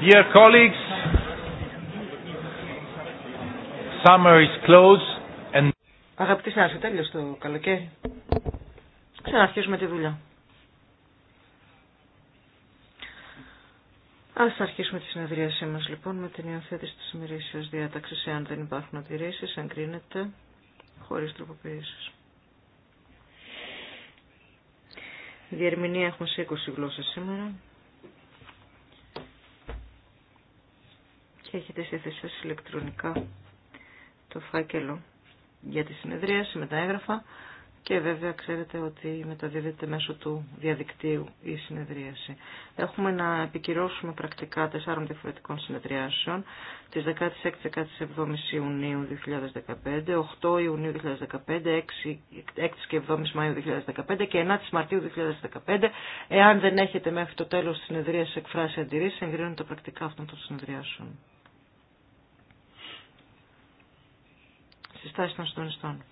Dear colleagues, summer is close and... Αγαπητοί συνάδελφοι, τέλειωσε το καλοκαίρι. Ξαναρχίζουμε τη δουλειά. Ας αρχίσουμε τη συνεδρίασή μας λοιπόν με την υιοθέτηση της ημερήσιας διάταξης εάν δεν υπάρχουν αντιρρήσεις, εγκρίνεται χωρίς τροποποιήσεις. Διερμηνία έχουμε σε 20 γλώσσες σήμερα. Και έχετε σε θέση ηλεκτρονικά το φάκελο για τη συνεδρίαση με τα έγγραφα και βέβαια ξέρετε ότι μεταδίδεται μέσω του διαδικτύου η συνεδρίαση. Έχουμε να επικυρώσουμε πρακτικά τεσσάρων διαφορετικών συνεδριάσεων τις 16-17 Ιουνίου 2015, 8 Ιουνίου 2015, 6 και 7 Μαΐου 2015 και 9 Μαρτίου 2015. Εάν δεν έχετε μέχρι το τέλος της συνεδρίασης εκφράσει αντιρρήσεις, εγκρίνονται τα πρακτικά αυτών των συνεδριάσεων. Συστάσεις των συντονιστών.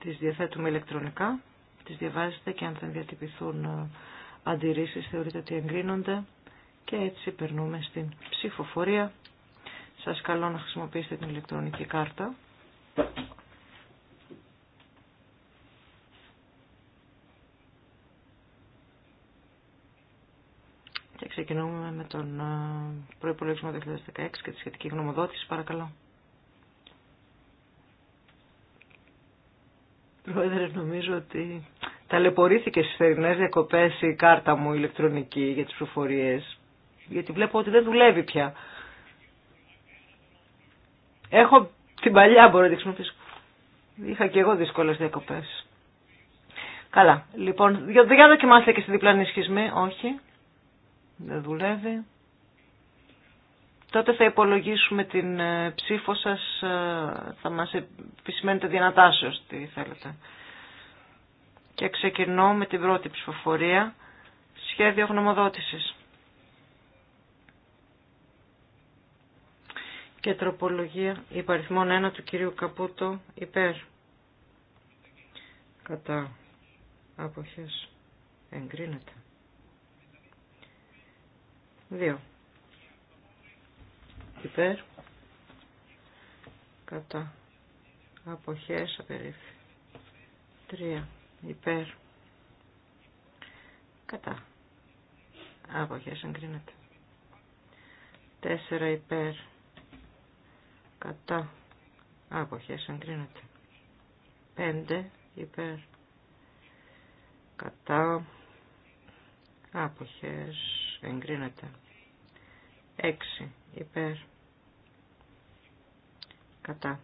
τις διαθέτουμε ηλεκτρονικά, τις διαβάζετε και αν δεν διατυπηθούν ε, αντιρρήσεις θεωρείτε ότι εγκρίνονται και έτσι περνούμε στην ψηφοφορία. Σας καλώ να χρησιμοποιήσετε την ηλεκτρονική κάρτα. Και ξεκινούμε με τον ε, προϋπολογισμό 2016 και τη σχετική γνωμοδότηση. Παρακαλώ. Πρόεδρε, νομίζω ότι ταλαιπωρήθηκε στι θερινέ διακοπέ η κάρτα μου ηλεκτρονική για τις προφορίε. Γιατί βλέπω ότι δεν δουλεύει πια. Έχω την παλιά μπορώ να τη Είχα και εγώ δυσκολε διακοπέ. Καλά. Λοιπόν, για δοκιμάστε και στη διπλανή σχισμή. Όχι. Δεν δουλεύει τότε θα υπολογίσουμε την ε, ψήφο σας, ε, θα μας επισημαίνετε σε τι θέλετε. Και ξεκινώ με την πρώτη ψηφοφορία, σχέδιο γνωμοδότησης. Και τροπολογία υπαριθμών 1 του κυρίου Καπούτο υπέρ. Κατά αποχές εγκρίνεται. 2 υπέρ κατά αποχές απερίφθη 3 υπέρ κατά αποχές εγκρίνεται 4 υπέρ κατά αποχές εγκρίνεται 5 υπέρ κατά άποχες εγκρίνεται 6 υπέρ κατά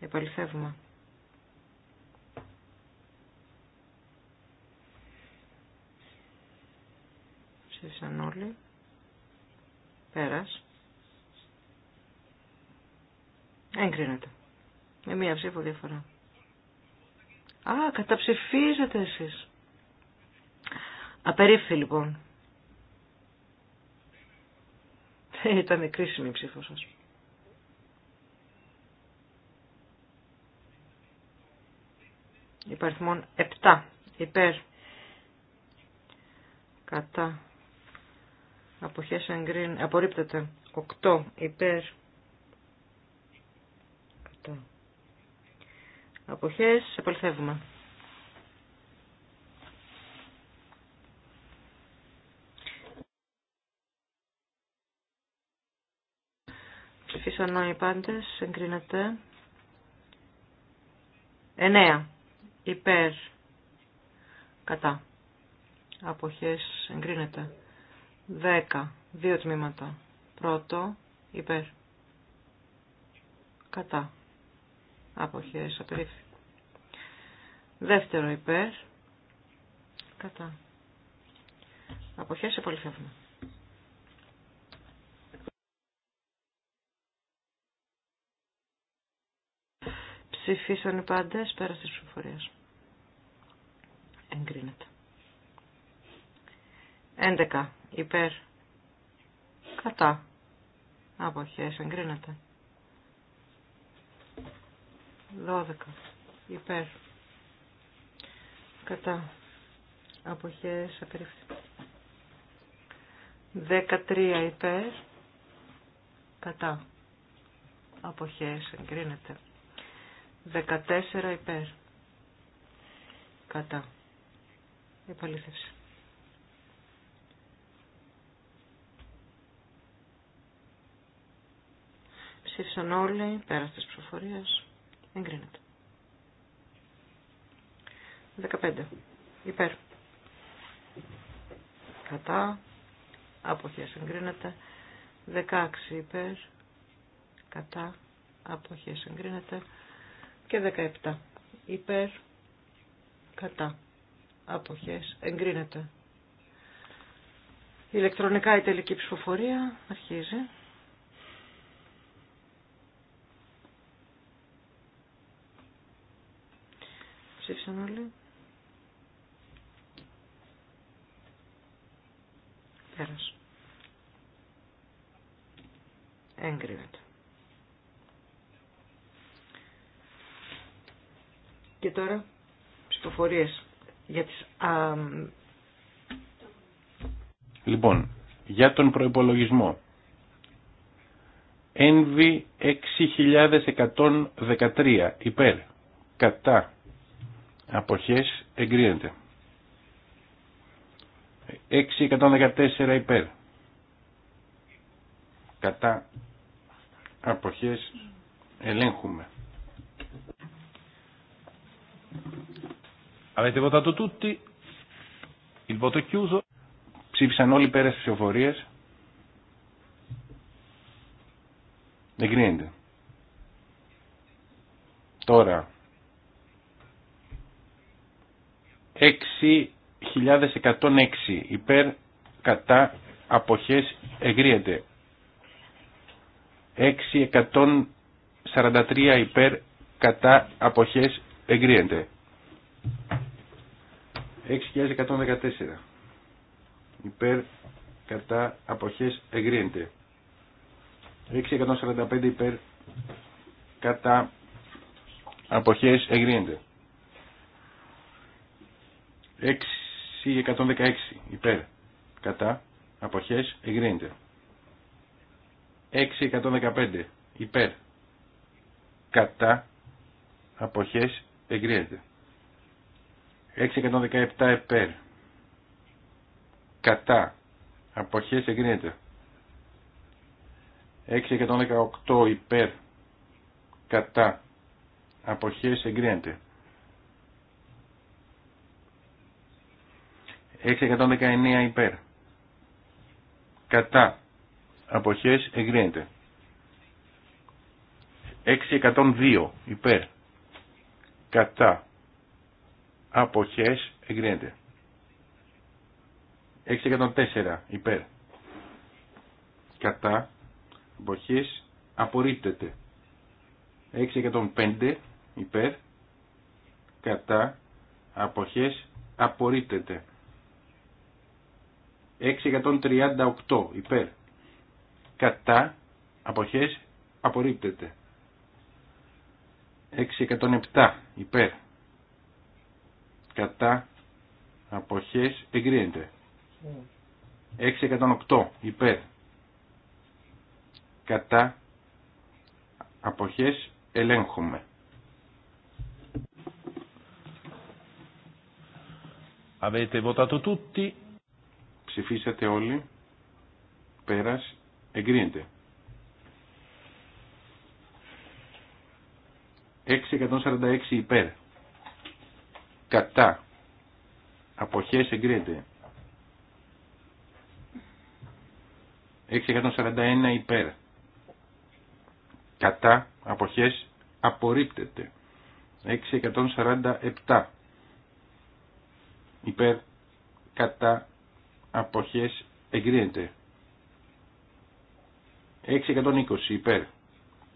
επαληθεύουμε ψήφισαν όλοι πέρας έγκρινεται με μία ψήφο διαφορά Α, καταψηφίζετε εσείς. Απερίφθη λοιπόν. Ήταν κρίσιμη η ψήφο σας. Υπαριθμόν 7 υπέρ κατά αποχές εγκρίν. απορρίπτεται 8 υπέρ κατά αποχές επαληθεύουμε. Ψηφίσαν οι πάντες. Εγκρίνεται. 9. Υπέρ. Κατά. Αποχές. Εγκρίνεται. 10. Δύο τμήματα. Πρώτο. Υπέρ. Κατά. Αποχές. Απερίφθη. Δεύτερο υπέρ. Κατά. Αποχές σε Ψηφίσαν οι πάντες πέρα στις ψηφοφορίας. Εγκρίνεται. 11. Υπέρ. Κατά. Αποχές. Εγκρίνεται. 12. Υπέρ. Κατά. Αποχές. Απερίφθη. 13. Υπέρ. Κατά. Αποχές. Εγκρίνεται. 14 υπέρ. Κατά. Επαλήθευση. Ψήφισαν όλοι πέρα τη ψηφοφορία. Εγκρίνεται. 15. Υπέρ. Κατά. Αποχές εγκρίνεται. 16 υπέρ. Κατά. Αποχές εγκρίνεται και 17. Υπέρ, κατά, αποχές, εγκρίνεται. Ηλεκτρονικά η τελική ψηφοφορία αρχίζει. Ψήφισαν όλοι. Πέρασε. Έγκρινεται. Και τώρα ψηφοφορίε για τις... λοιπόν, για τον προϋπολογισμό. Ένβη 6113 υπέρ, κατά, αποχές εγκρίνεται. 6.114 υπέρ, κατά, αποχές ελέγχουμε. Avete votato tutti? Il voto è chiuso. Ψήφισαν όλοι πέρα στις ψηφοφορίες. Εγκρίνεται. Τώρα. 6.106 υπέρ κατά αποχές εγκρίνεται. 6.143 υπέρ κατά αποχές εγκρίνεται. 6.114 υπέρ κατά αποχές εγκρίνεται 6.145 υπέρ κατά αποχές εγκρίνεται 6.116 υπέρ κατά αποχές εγκρίνεται 6.115 υπέρ κατά αποχές εγκρίνεται 617 υπέρ. Κατά. Αποχές εγκρίνεται. 618 υπέρ. Κατά. Αποχές εγκρίνεται. 619 υπέρ. Κατά. Αποχές εγκρίνεται. 602 υπέρ. Κατά αποχές εγκρίνεται. 604 υπέρ κατά αποχές απορρίπτεται. 605 υπέρ κατά αποχές απορρίπτεται. 638 υπέρ κατά αποχές απορρίπτεται. 607 υπέρ κατά αποχές εγκρίνεται. 608 υπέρ κατά αποχές ελέγχουμε. Avete votato tutti? Ψηφίσατε όλοι. Πέρας εγκρίνεται. 646 υπέρ κατά αποχές εγκρίνεται 641 υπέρ κατά αποχές απορρίπτεται 647 υπέρ κατά αποχές εγκρίνεται 620 υπέρ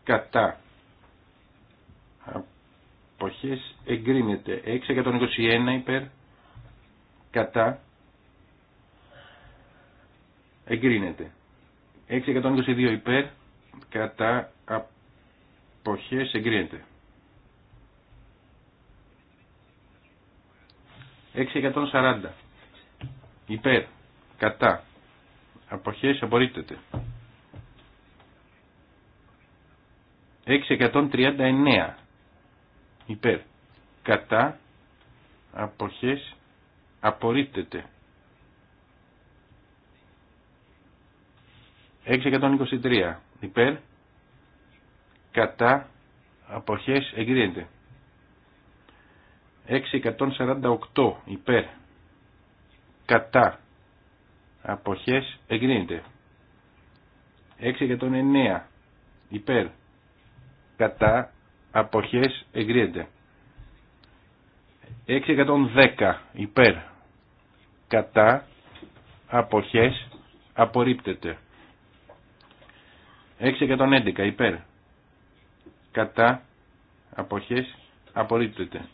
κατά εποχές εγκρίνεται 621 υπέρ κατά εγκρίνεται 622 υπέρ κατά αποχές εγκρίνεται 640 υπέρ κατά αποχές απορρίπτεται 639 υπέρ κατά αποχές απορρίπτεται 623 υπέρ κατά αποχές εγκρίνεται 648 υπέρ κατά αποχές εγκρίνεται 609 υπέρ κατά αποχές εγκρίνεται. 610 υπέρ κατά αποχές απορρίπτεται. 611 υπέρ κατά αποχές απορρίπτεται.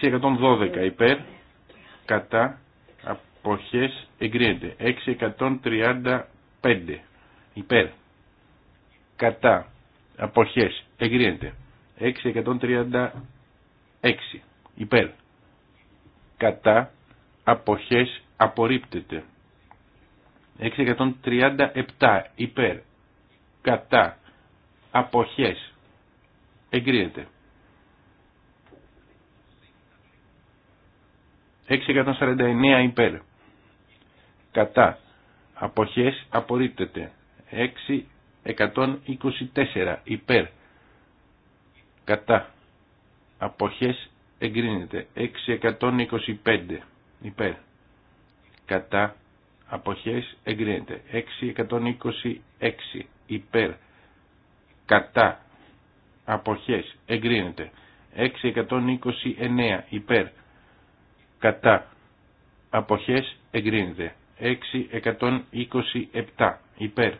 612 υπέρ κατά αποχές εγκρίνεται. 635 υπέρ κατά αποχές εγκρίνεται 636 υπέρ κατά αποχές απορρίπτεται 637 υπέρ κατά αποχές εγκρίνεται 649 υπέρ κατά αποχές απορρίπτεται 124 υπέρ κατά αποχές εγκρίνεται 625 υπέρ κατά αποχές εγκρίνεται 626 υπέρ κατά αποχές εγκρίνεται 629 υπέρ κατά αποχές εγκρίνεται 627 υπέρ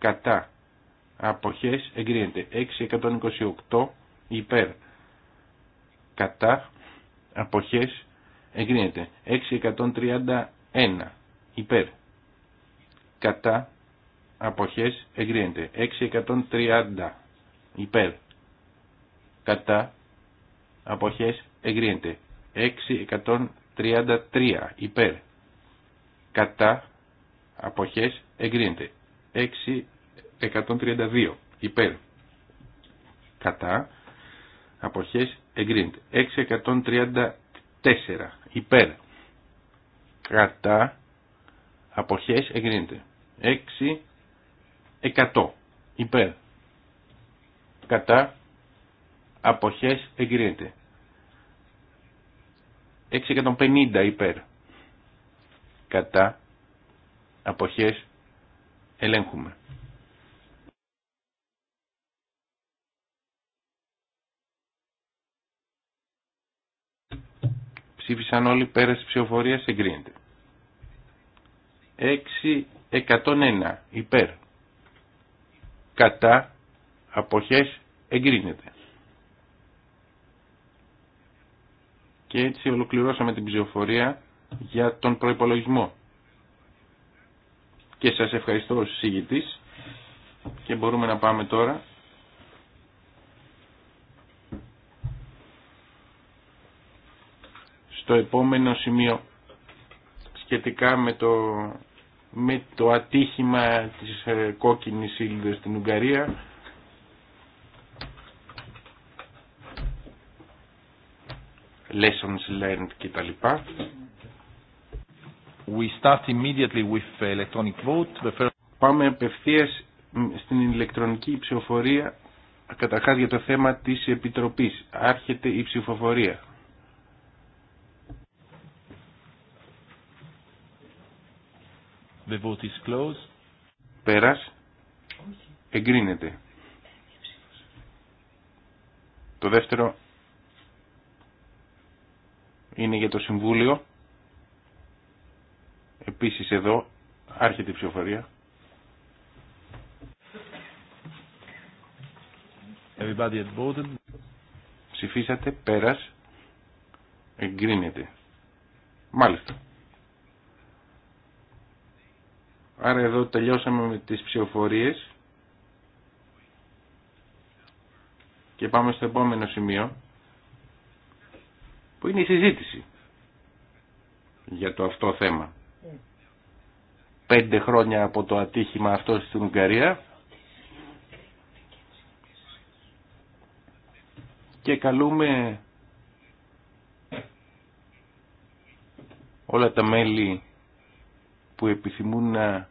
κατά αποχές εγκρίνεται 628 υπέρ κατά αποχές εγκρίνεται 631 υπέρ κατά αποχές εγκρίνεται 630 υπέρ κατά αποχές εγκρίνεται 633 υπέρ κατά αποχές εγκρίνεται 6132 υπέρ κατά αποχές εγκρίνεται 634 υπέρ κατά αποχές εγκρίνεται 6100 υπέρ κατά αποχές εγκρίνεται 650 υπέρ κατά αποχές Ελέγχουμε. Ψήφισαν όλοι πέρα τη ψηφοφορία. Εγκρίνεται. 6.101 υπέρ. Κατά αποχές εγκρίνεται. Και έτσι ολοκληρώσαμε την ψηφοφορία για τον προϋπολογισμό και σας ευχαριστώ ως συγητής και μπορούμε να πάμε τώρα στο επόμενο σημείο σχετικά με το, με το ατύχημα της ε, κόκκινης σύλληδας στην Ουγγαρία lessons learned κτλ. We start immediately with uh, electronic vote. Πάμε απευθεία στην ηλεκτρονική ψηφοφορία Καταρχά για το θέμα της Επιτροπής. Άρχεται η ψηφοφορία. The vote Πέρας. Εγκρίνεται. Το δεύτερο είναι για το Συμβούλιο επίσης εδώ άρχεται η ψηφοφορία. Everybody at Ψηφίσατε, πέρας, εγκρίνεται. Μάλιστα. Άρα εδώ τελειώσαμε με τις ψηφοφορίες και πάμε στο επόμενο σημείο που είναι η συζήτηση για το αυτό θέμα πέντε χρόνια από το ατύχημα αυτό στην Ουγγαρία και καλούμε όλα τα μέλη που επιθυμούν να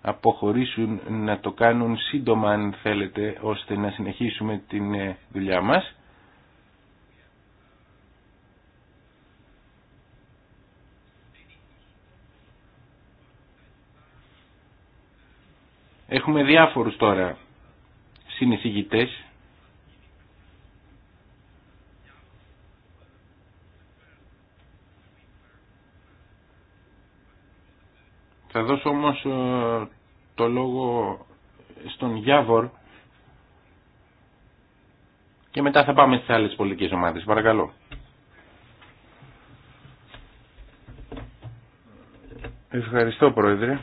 αποχωρήσουν να το κάνουν σύντομα αν θέλετε ώστε να συνεχίσουμε την ε, δουλειά μας Έχουμε διάφορους τώρα συνεισηγητές. Θα δώσω όμως ε, το λόγο στον Γιάβορ και μετά θα πάμε στις άλλες πολιτικές ομάδες. Παρακαλώ. Ευχαριστώ Πρόεδρε.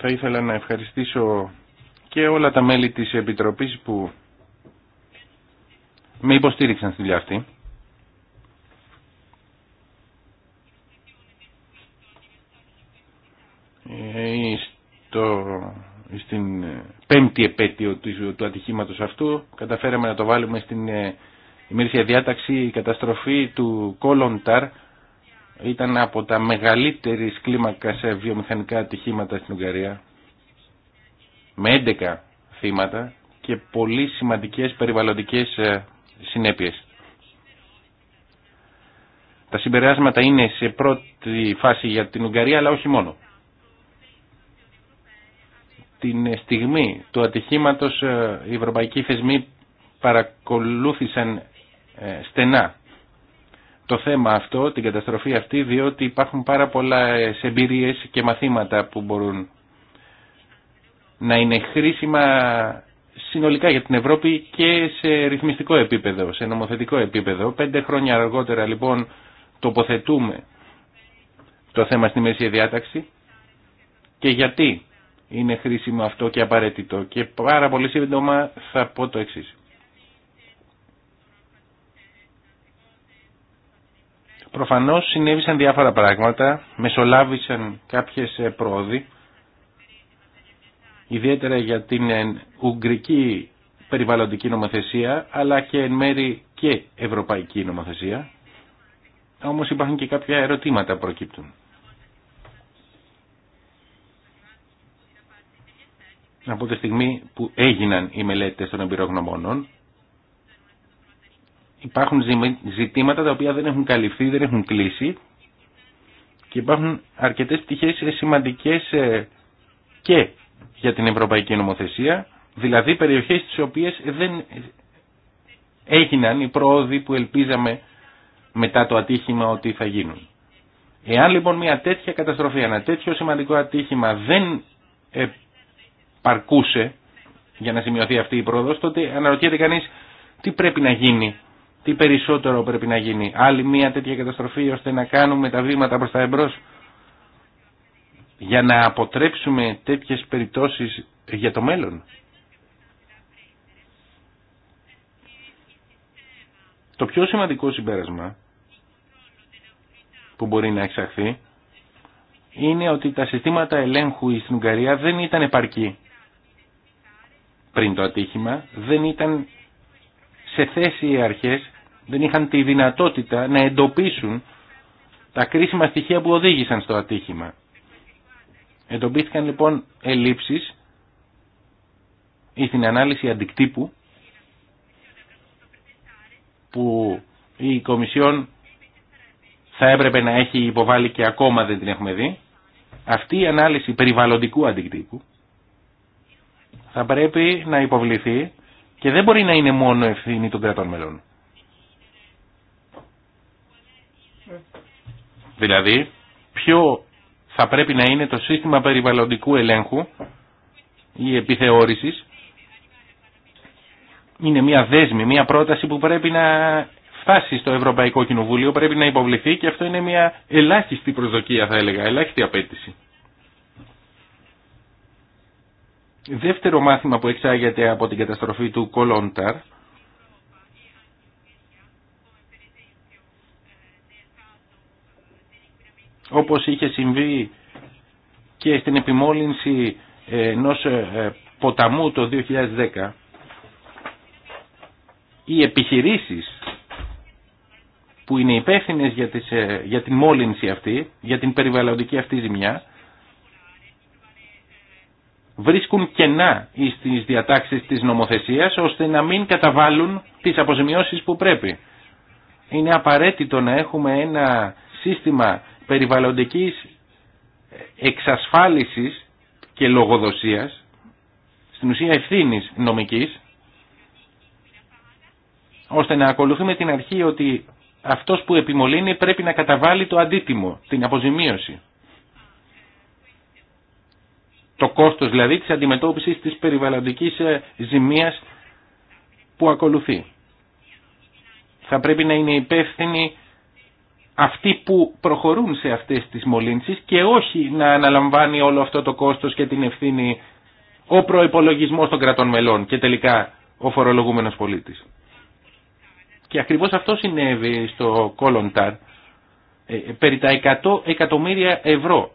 Θα ήθελα να ευχαριστήσω και όλα τα μέλη της Επιτροπής που με υποστήριξαν στη δουλειά αυτή. Ε, στο, στην πέμπτη επέτειο του, του ατυχήματος αυτού καταφέραμε να το βάλουμε στην ε, ημερήσια διάταξη η καταστροφή του Κόλονταρ ήταν από τα μεγαλύτερη κλίμακα σε βιομηχανικά ατυχήματα στην Ουγγαρία με 11 θύματα και πολύ σημαντικές περιβαλλοντικές ε, συνέπειες. Τα συμπεράσματα είναι σε πρώτη φάση για την Ουγγαρία αλλά όχι μόνο. Την στιγμή του ατυχήματος ε, οι ευρωπαϊκοί θεσμοί παρακολούθησαν ε, στενά το θέμα αυτό, την καταστροφή αυτή, διότι υπάρχουν πάρα πολλά εμπειρίες και μαθήματα που μπορούν να είναι χρήσιμα συνολικά για την Ευρώπη και σε ρυθμιστικό επίπεδο, σε νομοθετικό επίπεδο. Πέντε χρόνια αργότερα λοιπόν τοποθετούμε το θέμα στη μέση διάταξη και γιατί είναι χρήσιμο αυτό και απαραίτητο. Και πάρα πολύ σύντομα θα πω το εξής. Προφανώς συνέβησαν διάφορα πράγματα, μεσολάβησαν κάποιες ε, πρόοδοι, ιδιαίτερα για την ε, ουγγρική περιβαλλοντική νομοθεσία, αλλά και εν μέρη και ευρωπαϊκή νομοθεσία. Όμως υπάρχουν και κάποια ερωτήματα που προκύπτουν. Από τη στιγμή που έγιναν οι μελέτες των εμπειρογνωμόνων, υπάρχουν ζητήματα τα οποία δεν έχουν καλυφθεί, δεν έχουν κλείσει και υπάρχουν αρκετές πτυχές ε, σημαντικές ε, και για την Ευρωπαϊκή Νομοθεσία, δηλαδή περιοχές τις οποίες δεν έγιναν οι πρόοδοι που ελπίζαμε μετά το ατύχημα ότι θα γίνουν. Εάν λοιπόν μια τέτοια καταστροφή, ένα τέτοιο σημαντικό ατύχημα δεν παρκούσε για να σημειωθεί αυτή η πρόοδος, τότε αναρωτιέται κανείς τι πρέπει να γίνει τι περισσότερο πρέπει να γίνει. Άλλη μια τέτοια καταστροφή ώστε να κάνουμε τα βήματα προς τα εμπρός για να αποτρέψουμε τέτοιες περιπτώσεις για το μέλλον. Το πιο σημαντικό συμπέρασμα που μπορεί να εξαχθεί είναι ότι τα συστήματα ελέγχου στην Ουγγαρία δεν ήταν επαρκή πριν το ατύχημα, δεν ήταν σε θέση οι αρχές δεν είχαν τη δυνατότητα να εντοπίσουν τα κρίσιμα στοιχεία που οδήγησαν στο ατύχημα. Εντοπίστηκαν λοιπόν ελλείψεις ή την ανάλυση αντικτύπου που η Κομισιόν θα έπρεπε να έχει υποβάλει και ακόμα δεν την έχουμε δει. Αυτή η ανάλυση περιβαλλοντικού αντικτύπου θα πρέπει να υποβληθεί και δεν μπορεί να είναι μόνο ευθύνη των κρατών μελών. Δηλαδή, ποιο θα πρέπει να είναι το σύστημα περιβαλλοντικού ελέγχου ή επιθεώρησης είναι μια δέσμη, μια πρόταση που πρέπει να φτάσει στο Ευρωπαϊκό Κοινοβούλιο, πρέπει να υποβληθεί και αυτό είναι μια ελάχιστη προσδοκία θα έλεγα, ελάχιστη απέτηση. δεύτερο μάθημα που εξάγεται από την καταστροφή του Κολόνταρ όπως είχε συμβεί και στην επιμόλυνση ενός ε, ποταμού το 2010 οι επιχειρήσεις που είναι υπεύθυνε για, ε, για την μόλυνση αυτή, για την περιβαλλοντική αυτή ζημιά, βρίσκουν κενά στις διατάξεις της νομοθεσίας ώστε να μην καταβάλουν τις αποζημιώσεις που πρέπει. Είναι απαραίτητο να έχουμε ένα σύστημα περιβαλλοντικής εξασφάλισης και λογοδοσίας, στην ουσία ευθύνης νομικής, ώστε να ακολουθούμε την αρχή ότι αυτός που επιμολύνει πρέπει να καταβάλει το αντίτιμο, την αποζημίωση το κόστος δηλαδή της αντιμετώπισης της περιβαλλοντικής ε, ζημίας που ακολουθεί. Θα πρέπει να είναι υπεύθυνοι αυτοί που προχωρούν σε αυτές τις μολύνσεις και όχι να αναλαμβάνει όλο αυτό το κόστος και την ευθύνη ο προϋπολογισμός των κρατών μελών και τελικά ο φορολογούμενος πολίτης. Και ακριβώς αυτό συνέβη στο Κόλονταρ. Ε, ε, περί τα 100 εκατομμύρια ευρώ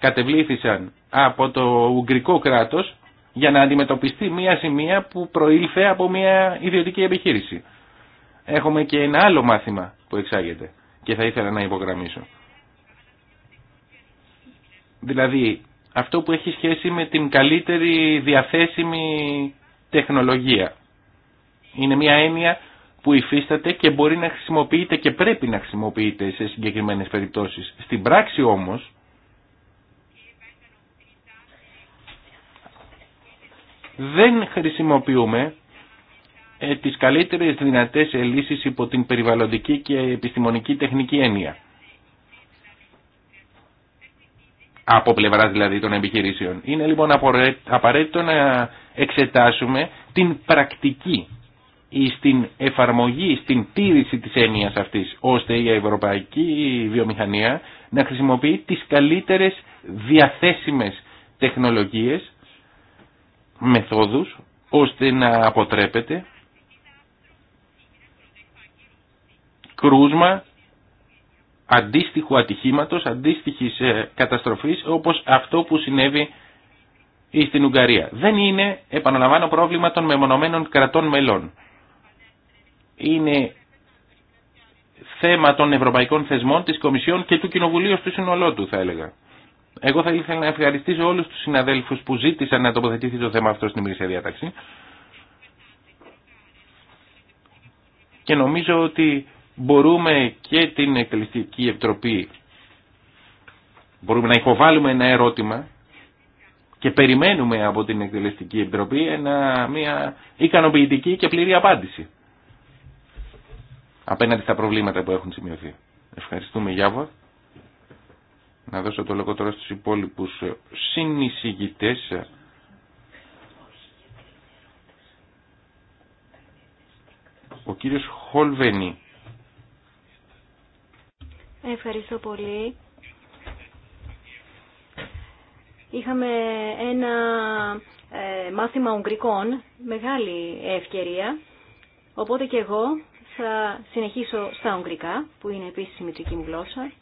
κατεβλήθησαν από το Ουγγρικό κράτος για να αντιμετωπιστεί μια σημεία που προήλθε από μια ιδιωτική επιχείρηση. Έχουμε και ένα άλλο μάθημα που εξάγεται και θα ήθελα να υπογραμμίσω. Δηλαδή αυτό που έχει σχέση με την καλύτερη διαθέσιμη τεχνολογία. Είναι μια έννοια που υφίσταται και μπορεί να χρησιμοποιείται και πρέπει να χρησιμοποιείται σε συγκεκριμένες περιπτώσεις. Στην πράξη όμως δεν χρησιμοποιούμε ε, τις καλύτερες δυνατές λύσεις υπό την περιβαλλοντική και επιστημονική τεχνική έννοια. Από πλευρά δηλαδή των επιχειρήσεων. Είναι λοιπόν απαραίτητο να εξετάσουμε την πρακτική ή στην εφαρμογή, στην τήρηση της έννοιας αυτής, ώστε η ευρωπαϊκή βιομηχανία να χρησιμοποιεί τις καλύτερες διαθέσιμες τεχνολογίες μεθόδους ώστε να αποτρέπεται κρούσμα αντίστοιχου ατυχήματος, αντίστοιχης ε, καταστροφής όπως αυτό που συνέβη στην Ουγγαρία. Δεν είναι, επαναλαμβάνω, πρόβλημα των μεμονωμένων κρατών μελών. Είναι θέμα των ευρωπαϊκών θεσμών, της Κομισιόν και του Κοινοβουλίου του συνολό του, θα έλεγα. Εγώ θα ήθελα να ευχαριστήσω όλου του συναδέλφους που ζήτησαν να τοποθετηθεί το θέμα αυτό στην ημερήσια διάταξη. Και νομίζω ότι μπορούμε και την Εκτελεστική Επιτροπή μπορούμε να υποβάλουμε ένα ερώτημα και περιμένουμε από την Εκτελεστική Επιτροπή ένα, μια ικανοποιητική και πλήρη απάντηση απέναντι στα προβλήματα που έχουν σημειωθεί. Ευχαριστούμε Γιάβο να δώσω το λόγο τώρα στους υπόλοιπους συνεισηγητές ο κύριος Χολβενή Ευχαριστώ πολύ Είχαμε ένα ε, μάθημα Ουγγρικών μεγάλη ευκαιρία οπότε και εγώ θα συνεχίσω στα Ουγγρικά που είναι επίσης η μητρική μου γλώσσα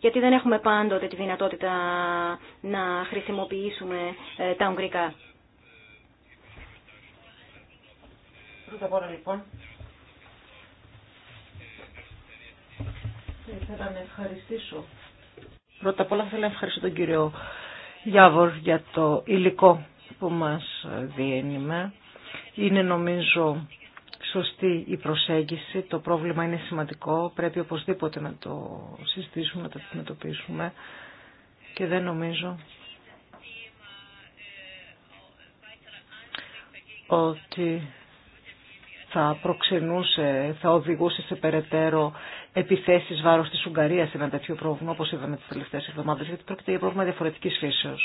γιατί δεν έχουμε πάντοτε τη δυνατότητα να χρησιμοποιήσουμε ε, τα Ουγγρικά. Πρώτα απ' όλα λοιπόν, ήθελα να ευχαριστήσω. Πρώτα απ' όλα θέλω να ευχαριστήσω τον κύριο Γιάβορ για το υλικό που μας διένυμε. Είναι νομίζω σωστή η προσέγγιση. Το πρόβλημα είναι σημαντικό. Πρέπει οπωσδήποτε να το συζητήσουμε, να το αντιμετωπίσουμε. Και δεν νομίζω ότι θα προξενούσε, θα οδηγούσε σε περαιτέρω επιθέσεις βάρο τη Ουγγαρία σε ένα τέτοιο πρόβλημα, όπω είδαμε τις τελευταίες εβδομάδε. γιατί πρόκειται για πρόβλημα διαφορετική φύσεω.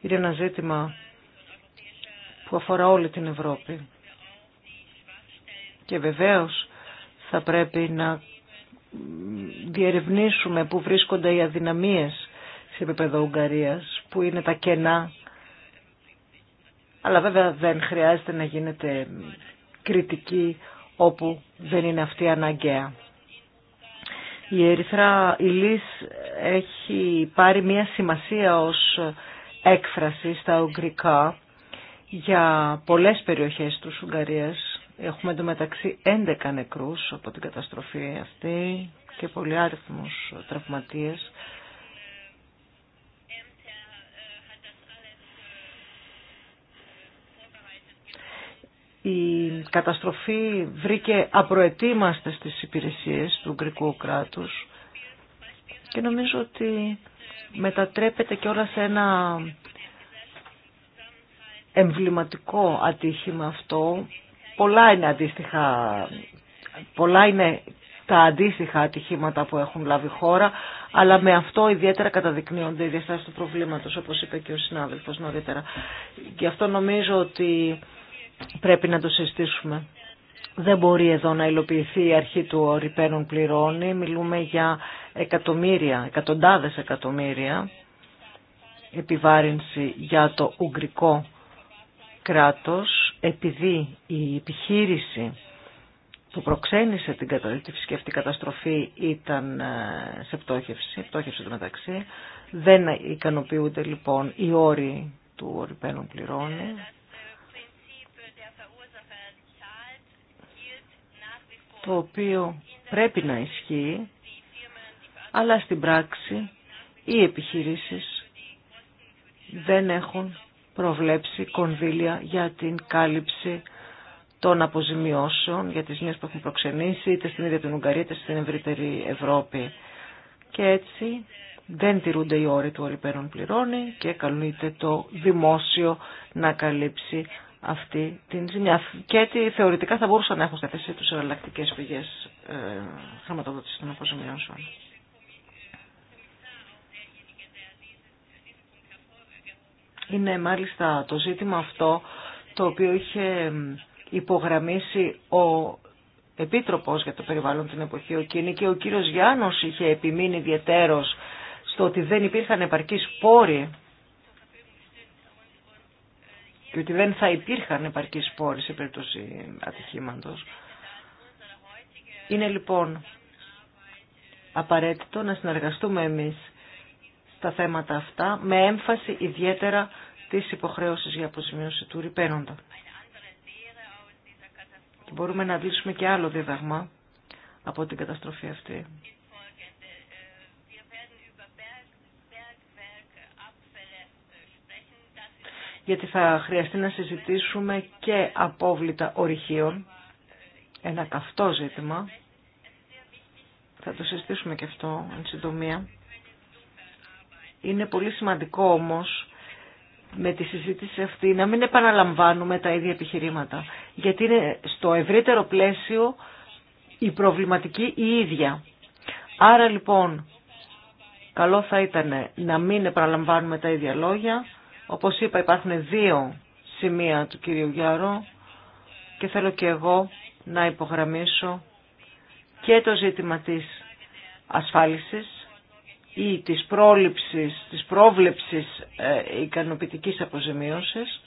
Είναι ένα ζήτημα που αφορά όλη την Ευρώπη και βεβαίως θα πρέπει να διερευνήσουμε πού βρίσκονται οι αδυναμίες σε επίπεδο Ουγγαρίας, πού είναι τα κενά. Αλλά βέβαια δεν χρειάζεται να γίνεται κριτική όπου δεν είναι αυτή αναγκαία. Η Ερυθρά Ηλής έχει πάρει μια σημασία ως έκφραση στα ουγγρικά για πολλές περιοχές του Ουγγαρίας Έχουμε εντωμεταξύ 11 νεκρούς από την καταστροφή αυτή και πολλοί άριθμους τραυματίες. Η καταστροφή βρήκε απροετοίμαστε στις υπηρεσίες του Ουγγρικού κράτους και νομίζω ότι μετατρέπεται και όλα σε ένα εμβληματικό ατύχημα αυτό Πολλά είναι αντίστοιχα, πολλά είναι τα αντίστοιχα ατυχήματα που έχουν λάβει χώρα, αλλά με αυτό ιδιαίτερα καταδεικνύονται οι διαστάσεις του προβλήματος, όπως είπε και ο συνάδελφος νωρίτερα. Γι' αυτό νομίζω ότι πρέπει να το συζητήσουμε. Δεν μπορεί εδώ να υλοποιηθεί η αρχή του ρηπαίνων πληρώνει. Μιλούμε για εκατομμύρια, εκατοντάδες εκατομμύρια επιβάρυνση για το ουγγρικό κράτος επειδή η επιχείρηση που προξένησε την φυσική αυτή καταστροφή ήταν ε, σε πτώχευση, πτώχευση του μεταξύ. Δεν ικανοποιούνται λοιπόν οι όροι του ορυπαίνων πληρώνει. Το οποίο πρέπει να ισχύει, αλλά στην πράξη οι επιχειρήσεις δεν έχουν προβλέψει κονδύλια για την κάλυψη των αποζημιώσεων για τις ζημίες που έχουν προξενήσει είτε στην ίδια την Ουγγαρία είτε στην ευρύτερη Ευρώπη. Και έτσι δεν τηρούνται οι όροι του πέραν πληρώνει και καλούνται το δημόσιο να καλύψει αυτή την ζημιά. Και έτσι θεωρητικά θα μπορούσαν να έχουν στα θέση τους εναλλακτικέ πηγές ε, χρηματοδότησης των αποζημιώσεων. Είναι μάλιστα το ζήτημα αυτό το οποίο είχε υπογραμμίσει ο Επίτροπος για το περιβάλλον την εποχή ο Κίνη και ο κύριος Γιάννος είχε επιμείνει ιδιαιτέρως στο ότι δεν υπήρχαν επαρκείς πόροι και ότι δεν θα υπήρχαν επαρκείς πόροι σε περίπτωση ατυχήματος. Είναι λοιπόν απαραίτητο να συνεργαστούμε εμείς τα θέματα αυτά, με έμφαση ιδιαίτερα της υποχρέωσης για αποζημίωση του ρηπαίνοντα. Και μπορούμε να αντλήσουμε και άλλο δίδαγμα από την καταστροφή αυτή. γιατί θα χρειαστεί να συζητήσουμε και απόβλητα ορυχείων, ένα καυτό ζήτημα. Θα το συζητήσουμε και αυτό εν συντομία. Είναι πολύ σημαντικό όμως με τη συζήτηση αυτή να μην επαναλαμβάνουμε τα ίδια επιχειρήματα. Γιατί είναι στο ευρύτερο πλαίσιο η προβληματική η ίδια. Άρα λοιπόν, καλό θα ήταν να μην επαναλαμβάνουμε τα ίδια λόγια. Όπως είπα υπάρχουν δύο σημεία του κυρίου Γιάρο και θέλω και εγώ να υπογραμμίσω και το ζήτημα της ασφάλισης ή της πρόληψης, της πρόβλεψης ε, ικανοποιητικής αποζημίωσης.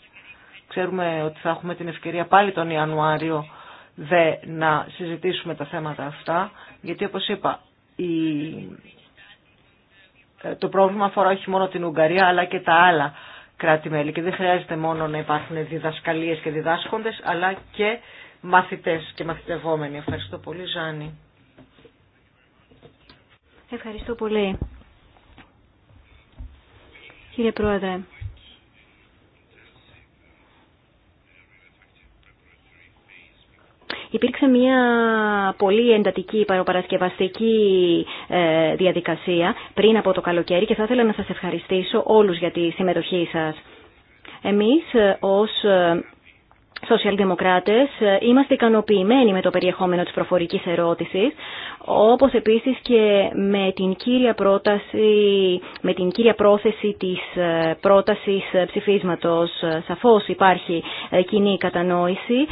Ξέρουμε ότι θα έχουμε την ευκαιρία πάλι τον Ιανουάριο δε να συζητήσουμε τα θέματα αυτά, γιατί όπως είπα, η... Ε, το πρόβλημα αφορά όχι μόνο την Ουγγαρία αλλά και τα άλλα κράτη-μέλη και δεν χρειάζεται μόνο να υπάρχουν διδασκαλίες και διδάσκοντες, αλλά και μαθητές και μαθητευόμενοι. Ευχαριστώ πολύ, Ζάνη. Ευχαριστώ πολύ. Κύριε Πρόεδρε, Υπήρξε μια πολύ εντατική παροπαρασκευαστική ε, διαδικασία πριν από το καλοκαίρι και θα ήθελα να σας ευχαριστήσω όλους για τη συμμετοχή σας. Εμείς ε, ως ε, σοσιαλδημοκράτες ε, είμαστε ικανοποιημένοι με το περιεχόμενο της προφορικής ερώτησης, όπως επίσης και με την κύρια, πρόταση, με την κύρια πρόθεση της ε, πρότασης ε, ψηφίσματος. Σαφώς υπάρχει κοινή κατανόηση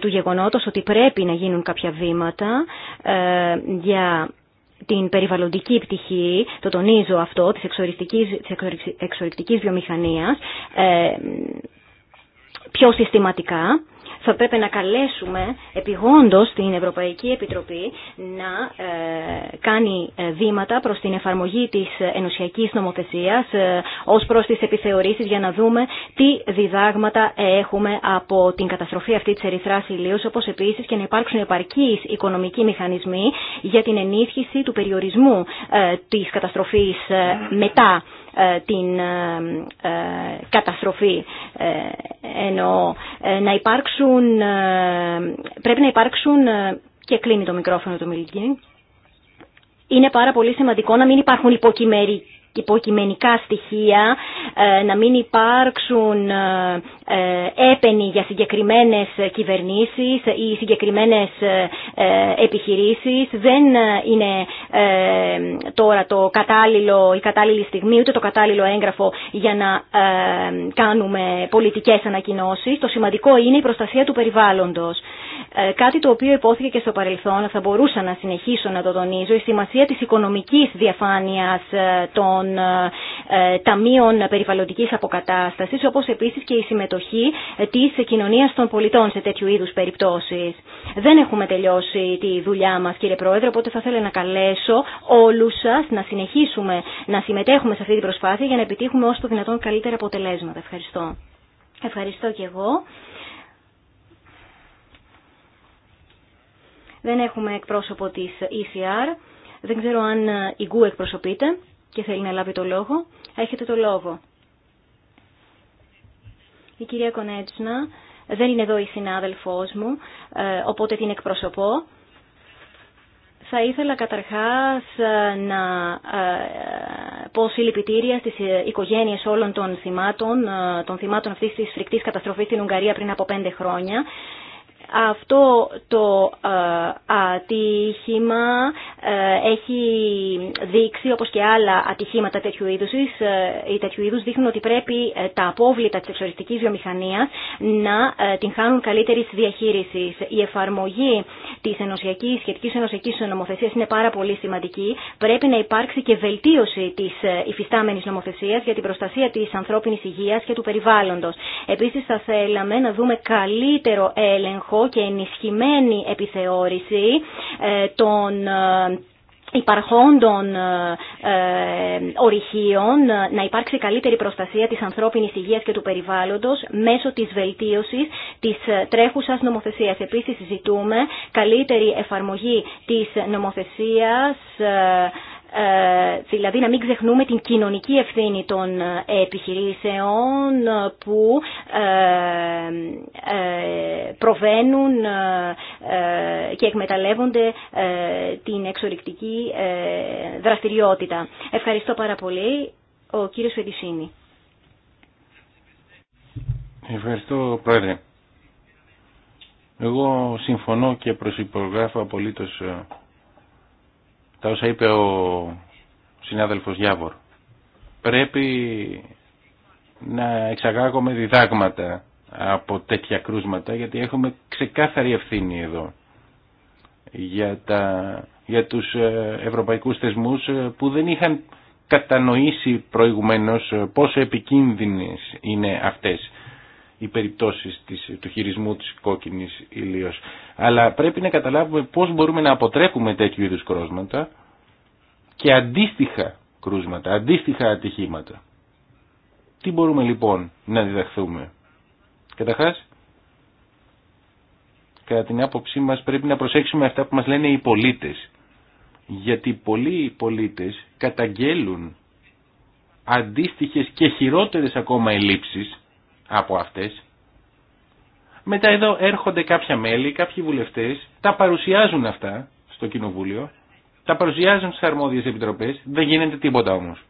του γεγονότος ότι πρέπει να γίνουν κάποια βήματα για την περιβαλλοντική πτυχή, το τονίζω αυτό, της εξορυκτικής, της πιο συστηματικά. Θα πρέπει να καλέσουμε επιγόντως την Ευρωπαϊκή Επιτροπή να ε, κάνει ε, βήματα προς την εφαρμογή της ενωσιακής νομοθεσίας ε, ως προς τις επιθεωρήσεις για να δούμε τι διδάγματα έχουμε από την καταστροφή αυτή της ερυθράς ηλίως όπως επίσης και να υπάρξουν επαρκείς οικονομικοί μηχανισμοί για την ενίσχυση του περιορισμού της καταστροφής μετά ε, την ε, ε, καταστροφή. Εννοώ να υπάρξουν, πρέπει να υπάρξουν και κλείνει το μικρόφωνο του Μιλική. Είναι πάρα πολύ σημαντικό να μην υπάρχουν υποκειμερικοί υποκειμενικά στοιχεία, ε, να μην υπάρξουν ε, ε, έπαινοι για συγκεκριμένες κυβερνήσεις ή συγκεκριμένες επιχειρήσεις. Δεν είναι τώρα το κατάλληλο, η κατάλληλη στιγμή ούτε το κατάλληλο έγγραφο για να κάνουμε πολιτικές ανακοινώσεις. Το σημαντικό είναι η προστασία του περιβάλλοντος. Ε, κάτι το οποίο υπόθηκε και στο παρελθόν, θα μπορούσα να συνεχίσω να το τονίζω, η σημασία της οικονομικής διαφάνειας ε, των ε, ταμείων περιβαλλοντικής αποκατάστασης, όπως επίσης και η συμμετοχή της κοινωνίας των πολιτών σε τέτοιου είδους περιπτώσεις. Δεν έχουμε τελειώσει τη δουλειά μας, κύριε Πρόεδρε, οπότε θα ήθελα να καλέσω όλους σας να συνεχίσουμε να συμμετέχουμε σε αυτή την προσπάθεια για να επιτύχουμε όσο το δυνατόν καλύτερα αποτελέσματα. Ευχαριστώ. Ευχαριστώ και εγώ. Δεν έχουμε εκπρόσωπο της ECR. Δεν ξέρω αν η Γκου εκπροσωπείται και θέλει να λάβει το λόγο. Έχετε το λόγο. Η κυρία Κονέτσνα δεν είναι εδώ η συνάδελφός μου, ε, οπότε την εκπροσωπώ. Θα ήθελα καταρχάς ε, να ε, πω συλληπιτήρια στις οικογένειες όλων των θυμάτων, των θυμάτων αυτής της φρικτής καταστροφής στην Ουγγαρία πριν από πέντε χρόνια. Αυτό το ε, ατύχημα ε, έχει δείξει, όπως και άλλα ατυχήματα τέτοιου είδους, ε, ή τέτοιου είδους δείχνουν ότι πρέπει τα απόβλητα της εξοριστικής βιομηχανίας να την χάνουν καλύτερης διαχείρισης. Η εφαρμογή της ενωσιακής, σχετικής ενωσιακής νομοθεσίας είναι πάρα πολύ σημαντική. Πρέπει να υπάρξει και βελτίωση της υφιστάμενης νομοθεσίας για την προστασία της ανθρώπινης υγείας και του περιβάλλοντος. Επίσης θα θέλαμε να δούμε καλύτερο έλεγχο και ενισχυμένη επιθεώρηση ε, των ε, υπαρχόντων ε, ε ορυχείων να υπάρξει καλύτερη προστασία της ανθρώπινης υγείας και του περιβάλλοντος μέσω της βελτίωσης της τρέχουσας νομοθεσίας. Επίσης ζητούμε καλύτερη εφαρμογή της νομοθεσίας ε, δηλαδή να μην ξεχνούμε την κοινωνική ευθύνη των ε, επιχειρήσεων ε, που προβαίνουν και εκμεταλλεύονται την εξορρυκτική δραστηριότητα. Ευχαριστώ πάρα πολύ. Ο κύριος Φετισίνη. Ευχαριστώ Πρόεδρε. Εγώ συμφωνώ και προσυπογράφω απολύτως τα όσα είπε ο συνάδελφος Γιάβορ. Πρέπει να εξαγάγουμε διδάγματα από τέτοια κρούσματα γιατί έχουμε ξεκάθαρη ευθύνη εδώ για, τα, για τους ε, ευρωπαϊκούς θεσμούς ε, που δεν είχαν κατανοήσει προηγουμένως ε, πόσο επικίνδυνες είναι αυτές οι περιπτώσεις της, του χειρισμού της κόκκινης ηλίως. Αλλά πρέπει να καταλάβουμε πώς μπορούμε να αποτρέπουμε τέτοιου είδους κρούσματα και αντίστοιχα κρούσματα, αντίστοιχα ατυχήματα. Τι μπορούμε λοιπόν να διδαχθούμε. Καταρχά, κατά την άποψή μας πρέπει να προσέξουμε αυτά που μας λένε οι πολίτες. Γιατί πολλοί πολίτες καταγγέλουν αντίστοιχες και χειρότερες ακόμα ελλείψεις από αυτές. Μετά εδώ έρχονται κάποια μέλη, κάποιοι βουλευτές, τα παρουσιάζουν αυτά στο Κοινοβούλιο, τα παρουσιάζουν στις αρμόδιες επιτροπές, δεν γίνεται τίποτα όμως.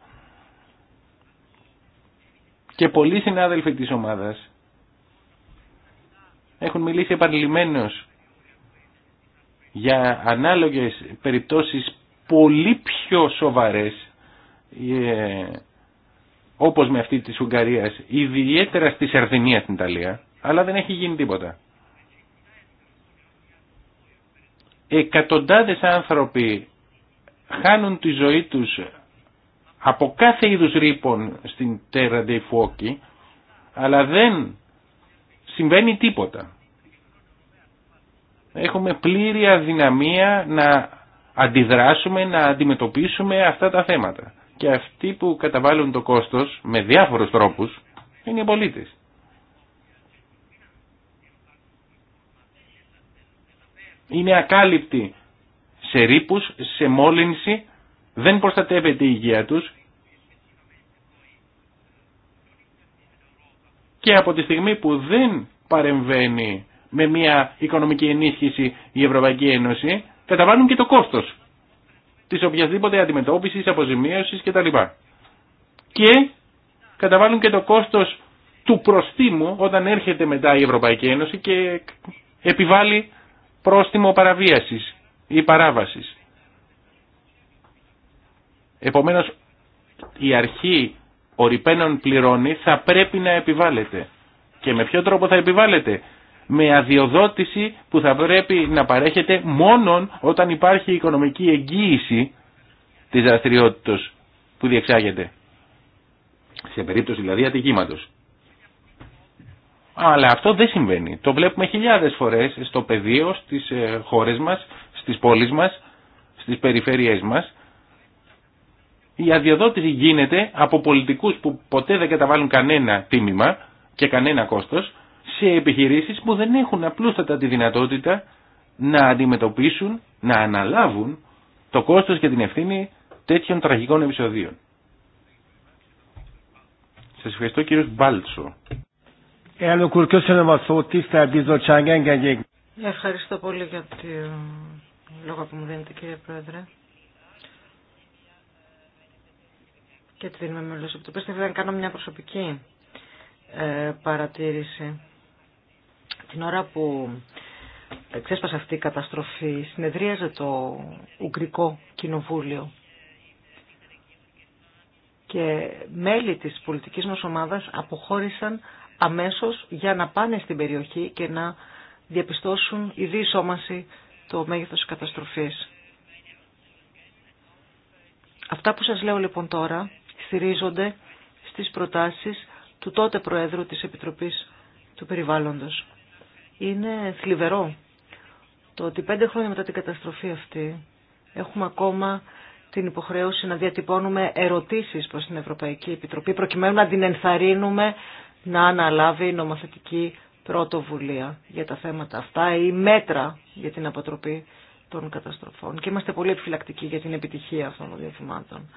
Και πολλοί συνάδελφοι της ομάδας έχουν μιλήσει επανειλημμένως για ανάλογες περιπτώσεις πολύ πιο σοβαρές ε, όπως με αυτή της Ουγγαρίας, ιδιαίτερα στη Σαρδινία στην Ιταλία, αλλά δεν έχει γίνει τίποτα. Εκατοντάδες άνθρωποι χάνουν τη ζωή τους από κάθε είδους ρήπων στην Terra dei αλλά δεν συμβαίνει τίποτα. Έχουμε πλήρη αδυναμία να αντιδράσουμε, να αντιμετωπίσουμε αυτά τα θέματα και αυτοί που καταβάλουν το κόστος με διάφορους τρόπους είναι οι πολίτες. Είναι ακάλυπτοι σε ρήπους, σε μόλυνση, δεν προστατεύεται η υγεία τους και από τη στιγμή που δεν παρεμβαίνει με μια οικονομική ενίσχυση η Ευρωπαϊκή Ένωση, καταβάλουν και το κόστος Τη οποιασδήποτε αντιμετώπιση, αποζημίωση κτλ. Και καταβάλουν και το κόστος του προστίμου όταν έρχεται μετά η Ευρωπαϊκή Ένωση και επιβάλλει πρόστιμο παραβίασης ή παράβασης. Επομένως η αρχή ορυπαίνων πληρώνει θα πρέπει να επιβάλλεται. Και με ποιο τρόπο θα επιβάλλεται με αδειοδότηση που θα πρέπει να παρέχεται μόνον όταν υπάρχει οικονομική εγγύηση της δραστηριότητα που διεξάγεται. Σε περίπτωση δηλαδή ατυχήματο. Αλλά αυτό δεν συμβαίνει. Το βλέπουμε χιλιάδες φορές στο πεδίο, στις ε, χώρες μας, στις πόλεις μας, στις περιφέρειές μας. Η αδειοδότηση γίνεται από πολιτικούς που ποτέ δεν καταβάλουν κανένα τίμημα και κανένα κόστος σε επιχειρήσεις που δεν έχουν απλούστατα τη δυνατότητα να αντιμετωπίσουν, να αναλάβουν το κόστος και την ευθύνη τέτοιων τραγικών επεισοδίων. Σας ευχαριστώ κύριος Μπάλτσο. Ευχαριστώ πολύ για τη λόγο που μου δίνετε κύριε Πρόεδρε. Και τη δίνουμε μέλος επιτροπής. Θα να κάνω μια προσωπική ε, παρατήρηση. Την ώρα που ξέσπασε αυτή η καταστροφή, συνεδρίαζε το Ουγγρικό Κοινοβούλιο και μέλη της πολιτικής μας ομάδας αποχώρησαν αμέσως για να πάνε στην περιοχή και να διαπιστώσουν η διεισόμαση το μέγεθος της καταστροφής. Αυτά που σας λέω λοιπόν τώρα στηρίζονται στις προτάσεις του τότε Προέδρου της Επιτροπής του Περιβάλλοντος. Είναι θλιβερό το ότι πέντε χρόνια μετά την καταστροφή αυτή έχουμε ακόμα την υποχρέωση να διατυπώνουμε ερωτήσεις προς την Ευρωπαϊκή Επιτροπή προκειμένου να την ενθαρρύνουμε να αναλάβει νομοθετική πρωτοβουλία για τα θέματα αυτά ή μέτρα για την αποτροπή των καταστροφών. Και είμαστε πολύ επιφυλακτικοί για την επιτυχία αυτών των διαθυμάτων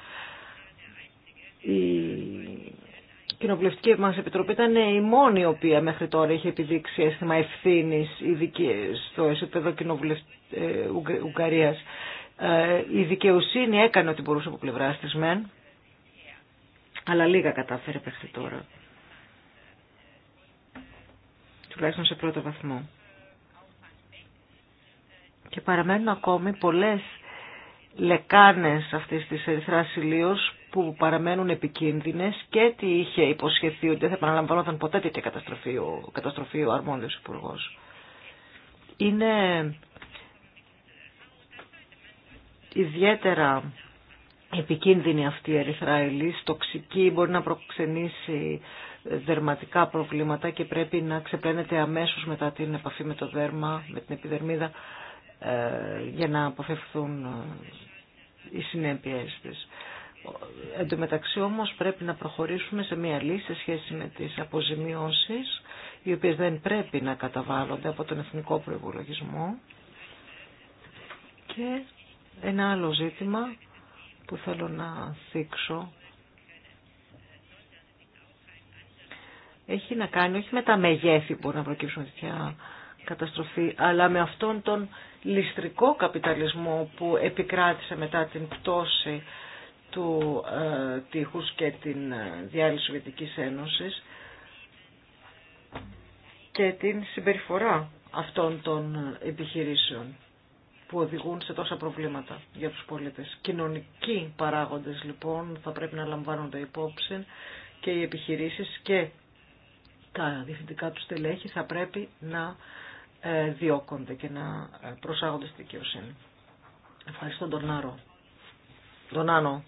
κοινοβουλευτική μα επιτροπή ήταν η μόνη η οποία μέχρι τώρα είχε επιδείξει αίσθημα ευθύνη στο επίπεδο κοινοβουλευτική ε, Ουγγαρία. Ε, η δικαιοσύνη έκανε ό,τι μπορούσε από πλευρά τη μεν, αλλά λίγα κατάφερε μέχρι τώρα. Τουλάχιστον σε πρώτο βαθμό. Και παραμένουν ακόμη πολλές λεκάνες αυτής της ερυθράς ηλίως που παραμένουν επικίνδυνες και τι είχε υποσχεθεί ότι δεν θα επαναλαμβανόταν ποτέ τέτοια καταστροφή ο, καταστροφή ο υπουργό. Είναι ιδιαίτερα επικίνδυνη αυτή η ερυθραηλής, τοξική, μπορεί να προξενήσει δερματικά προβλήματα και πρέπει να ξεπλένεται αμέσως μετά την επαφή με το δέρμα, με την επιδερμίδα, ε, για να αποφευθούν ε, οι συνέπειες της. Εν τω μεταξύ όμως πρέπει να προχωρήσουμε σε μια λύση σε σχέση με τις αποζημιώσεις, οι οποίες δεν πρέπει να καταβάλλονται από τον εθνικό προϋπολογισμό. Και ένα άλλο ζήτημα που θέλω να θίξω έχει να κάνει όχι με τα μεγέθη που μπορεί να προκύψουν τέτοια καταστροφή, αλλά με αυτόν τον ληστρικό καπιταλισμό που επικράτησε μετά την πτώση του ε, και την ε, διάλυση Σοβιετικής Ένωσης και την συμπεριφορά αυτών των ε, επιχειρήσεων που οδηγούν σε τόσα προβλήματα για τους πολίτες. Κοινωνικοί παράγοντες λοιπόν θα πρέπει να λαμβάνονται υπόψη και οι επιχειρήσεις και τα διευθυντικά του τελέχη θα πρέπει να ε, διώκονται και να ε, προσάγονται στη δικαιοσύνη. Ευχαριστώ τον Νάρο. Τον Άνω.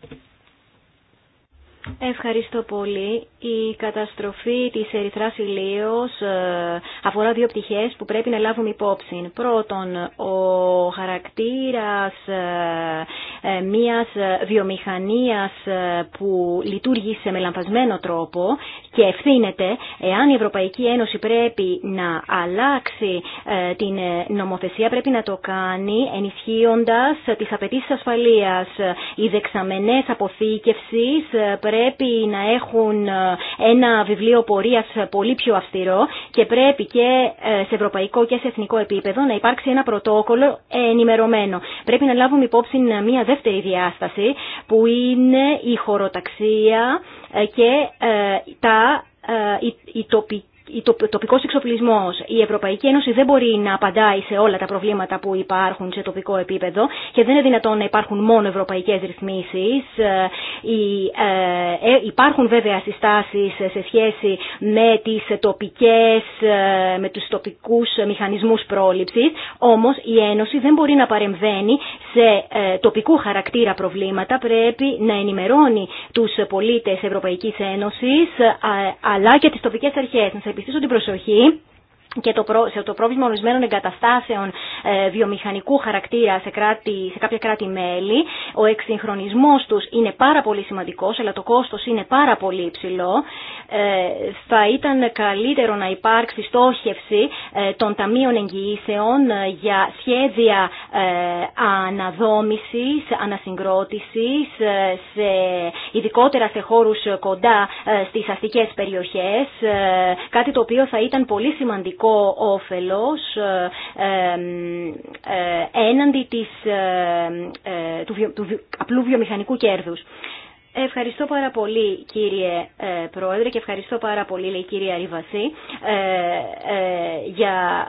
Ευχαριστώ πολύ. Η καταστροφή της Ερυθράς Ηλίως ε, αφορά δύο πτυχές που πρέπει να λάβουμε υπόψη. Πρώτον, ο χαρακτήρας ε, ε, μιας βιομηχανίας που λειτουργεί σε μελαμφασμένο τρόπο και ευθύνεται εάν η Ευρωπαϊκή Ένωση πρέπει να αλλάξει την νομοθεσία πρέπει να το κάνει ενισχύοντας τις απαιτήσεις ασφαλείας. Οι δεξαμενές αποθήκευσης πρέπει πρέπει να έχουν ε, ένα βιβλίο πορείας ε, πολύ πιο αυστηρό και πρέπει και ε, σε ευρωπαϊκό και σε εθνικό επίπεδο να υπάρξει ένα πρωτόκολλο ενημερωμένο. Πρέπει να λάβουμε υπόψη μια δεύτερη διάσταση που είναι η χωροταξία και τα, η, η τοπική ο τοπικός εξοπλισμός, η Ευρωπαϊκή Ένωση δεν μπορεί να απαντάει σε όλα τα προβλήματα που υπάρχουν σε τοπικό επίπεδο και δεν είναι δυνατόν να υπάρχουν μόνο ευρωπαϊκές ρυθμίσεις. Ε, ε, ε, υπάρχουν βέβαια συστάσεις σε σχέση με, τις τοπικές, με τους τοπικούς μηχανισμούς πρόληψης, όμως η Ένωση δεν μπορεί να παρεμβαίνει σε τοπικού χαρακτήρα προβλήματα. Πρέπει να ενημερώνει τους πολίτες Ευρωπαϊκής Ένωσης αλλά και τις τοπικές αρχές επιστήσω την προσοχή και το, προ, το πρόβλημα ορισμένων εγκαταστάσεων ε, βιομηχανικού χαρακτήρα σε, κάποια κράτη-μέλη. Ο εξυγχρονισμός τους είναι πάρα πολύ σημαντικός, αλλά το κόστος είναι πάρα πολύ υψηλό. Ε, θα ήταν καλύτερο να υπάρξει στόχευση ε, των ταμείων εγγυήσεων για σχέδια αναδόμησης, ανασυγκρότησης, σε, ειδικότερα σε χώρους κοντά στις αστικές περιοχές, κάτι το οποίο θα ήταν πολύ σημαντικό ο όφελος ε, ε, έναντι της, ε, του, του απλού βιομηχανικού κέρδους. Ευχαριστώ πάρα πολύ κύριε Πρόεδρε και ευχαριστώ πάρα πολύ λέει η κυρία Ριβασή για,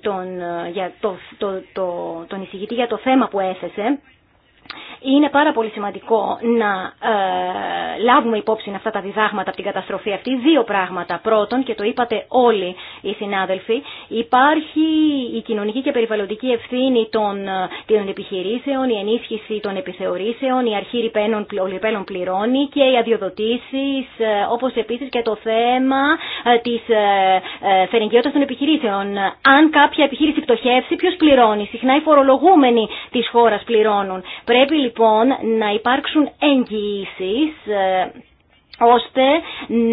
τον, για το, το, το, τον εισηγητή για το θέμα που έθεσε. Είναι πάρα πολύ σημαντικό να ε, λάβουμε υπόψη αυτά τα διδάγματα από την καταστροφή αυτή. Δύο πράγματα. Πρώτον, και το είπατε όλοι οι συνάδελφοι, υπάρχει η κοινωνική και περιβαλλοντική ευθύνη των, ε, των επιχειρήσεων, η ενίσχυση των επιθεωρήσεων, η αρχή ρηπαίνων, πληρώνει και οι αδειοδοτήσεις, ε, όπω επίση και το θέμα ε, της φερεγγιότητας των επιχειρήσεων. Αν κάποια επιχείρηση πτωχεύσει, ποιο πληρώνει. Συχνά οι φορολογούμενοι τη χώρα πληρώνουν. Πρέπει λοιπόν να υπάρξουν εγγυήσεις ε, ώστε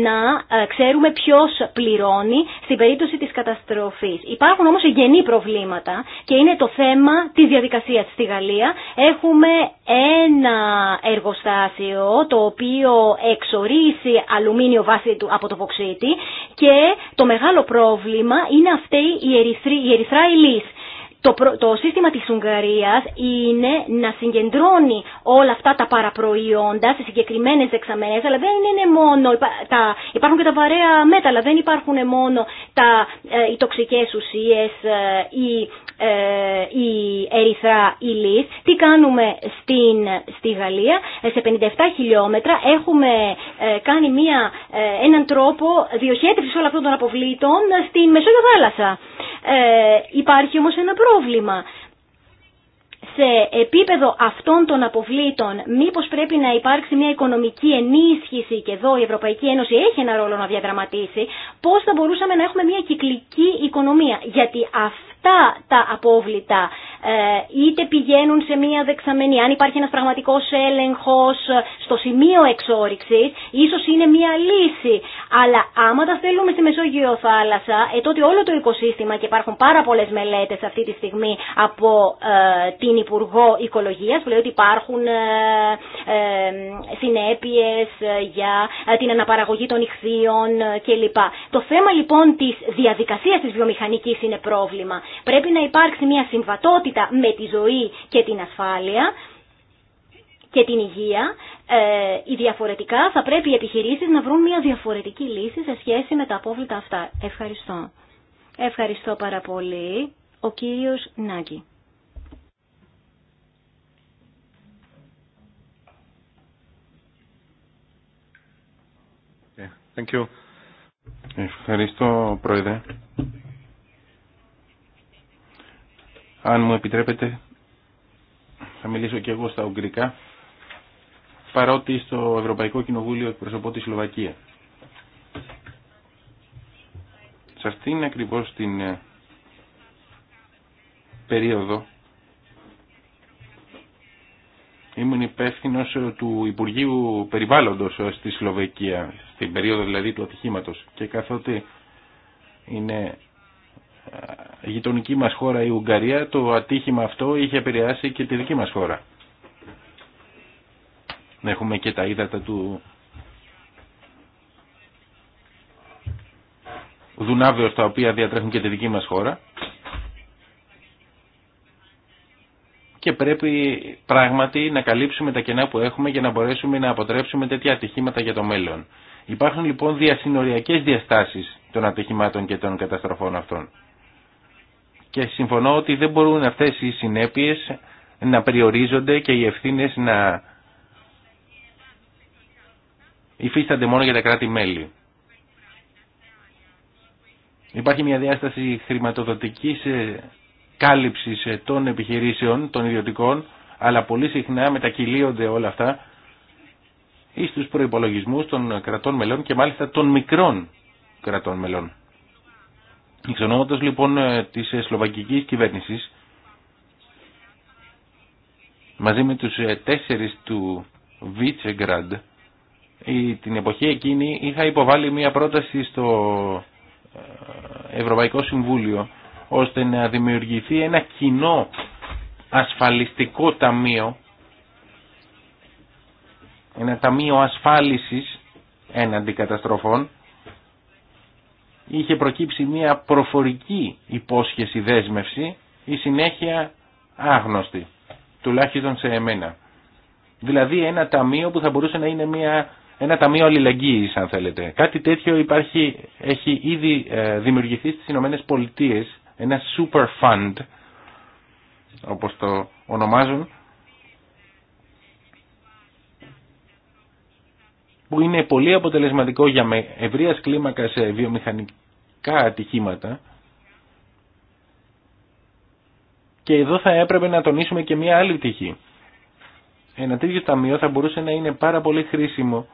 να ε, ξέρουμε ποιος πληρώνει στην περίπτωση της καταστροφής. Υπάρχουν όμως γενή προβλήματα και είναι το θέμα της διαδικασίας στη Γαλλία. Έχουμε ένα εργοστάσιο το οποίο εξορίζει αλουμίνιο βάση από το βοξίτη και το μεγάλο πρόβλημα είναι αυτή η ερυθρά το, το σύστημα της Ουγγαρίας είναι να συγκεντρώνει όλα αυτά τα παραπροϊόντα σε συγκεκριμένες δεξαμενές, αλλά δεν είναι μόνο τα... υπάρχουν και τα βαρέα μέταλλα, δεν υπάρχουν μόνο τα... Ε, οι τοξικές ουσίες, ε, ε, η ερυθρά υλής. Τι κάνουμε στην, στη Γαλλία, ε, σε 57 χιλιόμετρα έχουμε ε, κάνει μια, έναν τρόπο διοχέτευση όλων αυτών των αποβλήτων στην Μεσόγειο θάλασσα. υπάρχει όμως ένα πρόβλημα σε επίπεδο αυτών των αποβλήτων μήπως πρέπει να υπάρξει μια οικονομική ενίσχυση και εδώ η Ευρωπαϊκή Ένωση έχει ένα ρόλο να διαδραματίσει πώς θα μπορούσαμε να έχουμε μια κυκλική οικονομία γιατί αυτά τα απόβλητα ε, είτε πηγαίνουν σε μία δεξαμενή. Αν υπάρχει ένας πραγματικός έλεγχος στο σημείο εξόριξης, ίσως είναι μία λύση. Αλλά άμα τα θέλουμε στη Μεσόγειο θάλασσα, ε, τότε όλο το οικοσύστημα και υπάρχουν πάρα πολλές μελέτες αυτή τη στιγμή από ε, την Υπουργό Οικολογίας που λέει ότι υπάρχουν ε, ε συνέπειες για την αναπαραγωγή των ηχθείων κλπ. Το θέμα λοιπόν της διαδικασίας της βιομηχανικής είναι πρόβλημα. Πρέπει να υπάρξει μια συμβατότητα με τη ζωή και την ασφάλεια και την υγεία, ε, διαφορετικά θα πρέπει οι επιχειρήσεις να βρουν μια διαφορετική λύση σε σχέση με τα απόβλητα αυτά. Ευχαριστώ. Ευχαριστώ πάρα πολύ. Ο κύριος Νάκη. thank you. Ευχαριστώ, Πρόεδρε. Αν μου επιτρέπετε, θα μιλήσω και εγώ στα Ουγγρικά, παρότι στο Ευρωπαϊκό Κοινοβούλιο εκπροσωπώ τη Σλοβακία. Σε αυτήν ακριβώς την ε, περίοδο ήμουν υπεύθυνο ε, του Υπουργείου Περιβάλλοντος ε, στη Σλοβακία, στην περίοδο δηλαδή του ατυχήματος και καθότι είναι ε, η γειτονική μας χώρα η Ουγγαρία το ατύχημα αυτό είχε επηρεάσει και τη δική μας χώρα. Έχουμε και τα ύδατα του Δουνάβεως τα οποία διατρέχουν και τη δική μας χώρα και πρέπει πράγματι να καλύψουμε τα κενά που έχουμε για να μπορέσουμε να αποτρέψουμε τέτοια ατυχήματα για το μέλλον. Υπάρχουν λοιπόν διασυνοριακές διαστάσεις των ατυχημάτων και των καταστροφών αυτών και συμφωνώ ότι δεν μπορούν αυτές οι συνέπειες να περιορίζονται και οι ευθύνες να υφίστανται μόνο για τα κράτη-μέλη. Υπάρχει μια διάσταση χρηματοδοτικής ε, κάλυψης ε, των επιχειρήσεων, των ιδιωτικών, αλλά πολύ συχνά μετακυλίονται όλα αυτά ή στους προϋπολογισμούς των κρατών μελών και μάλιστα των μικρών κρατών μελών. Εξ ονόματος λοιπόν ε, της ε, Σλοβακικής κυβέρνησης μαζί με τους ε, τέσσερις του Βίτσεγκραντ την εποχή εκείνη είχα υποβάλει μια πρόταση στο Ευρωπαϊκό Συμβούλιο ώστε να δημιουργηθεί ένα κοινό ασφαλιστικό ταμείο ένα ταμείο ασφάλισης έναντι καταστροφών είχε προκύψει μια προφορική υπόσχεση δέσμευση η συνέχεια άγνωστη, τουλάχιστον σε εμένα. Δηλαδή ένα ταμείο που θα μπορούσε να είναι μια, ένα ταμείο αλληλεγγύης αν θέλετε. Κάτι τέτοιο υπάρχει, έχει ήδη ε, δημιουργηθεί στις Ηνωμένες Πολιτείες, ένα super fund όπως το ονομάζουν, που είναι πολύ αποτελεσματικό για ευρεία κλίμακα σε βιομηχανικά ατυχήματα. Και εδώ θα έπρεπε να τονίσουμε και μια άλλη πτυχή. Ένα τέτοιο ταμείο θα μπορούσε να είναι πάρα πολύ χρήσιμο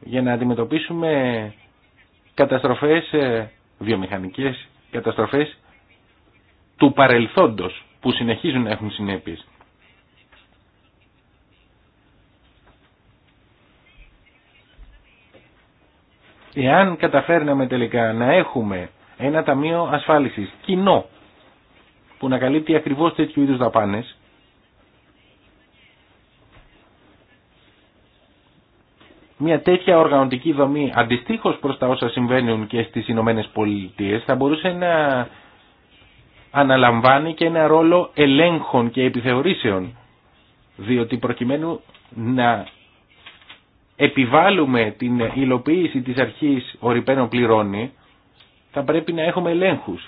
για να αντιμετωπίσουμε καταστροφές, ε, βιομηχανικές καταστροφές του παρελθόντος που συνεχίζουν να έχουν συνέπειες. Εάν καταφέρναμε τελικά να έχουμε ένα ταμείο ασφάλισης κοινό που να καλύπτει ακριβώς τέτοιου είδους δαπάνες μια τέτοια οργανωτική δομή αντιστοίχως προς τα όσα συμβαίνουν και στις Ηνωμένε Πολιτείες, θα μπορούσε να αναλαμβάνει και ένα ρόλο ελέγχων και επιθεωρήσεων διότι προκειμένου να επιβάλλουμε την υλοποίηση της αρχής ορυπαίνων πληρώνει, θα πρέπει να έχουμε ελέγχου.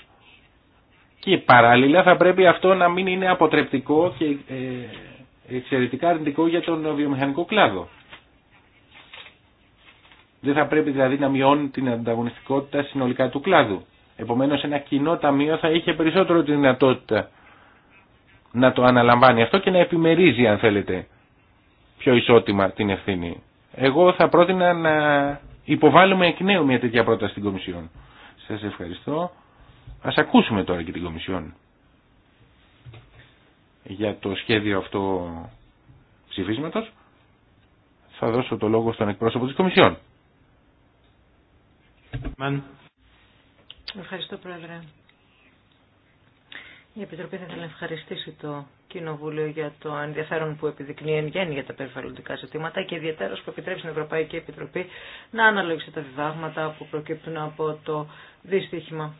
Και παράλληλα θα πρέπει αυτό να μην είναι αποτρεπτικό και ε, εξαιρετικά αρνητικό για τον βιομηχανικό κλάδο. Δεν θα πρέπει δηλαδή να μειώνει την ανταγωνιστικότητα συνολικά του κλάδου. Επομένως ένα κοινό ταμείο θα είχε περισσότερο τη δυνατότητα να το αναλαμβάνει αυτό και να επιμερίζει αν θέλετε πιο ισότιμα την ευθύνη. Εγώ θα πρότεινα να υποβάλουμε εκ νέου μια τέτοια πρόταση στην Κομισιόν. Σας ευχαριστώ. Ας ακούσουμε τώρα και την Κομισιόν για το σχέδιο αυτό ψηφίσματος. Θα δώσω το λόγο στον εκπρόσωπο της Κομισιόν. Ευχαριστώ Πρόεδρε. Η Επιτροπή θα ήθελα να ευχαριστήσει το Κοινοβούλιο για το ενδιαφέρον που επιδεικνύει εν γέννη για τα περιβαλλοντικά ζητήματα και ιδιαίτερα που επιτρέψει στην Ευρωπαϊκή Επιτροπή να αναλογίσει τα διδάγματα που προκύπτουν από το δυστύχημα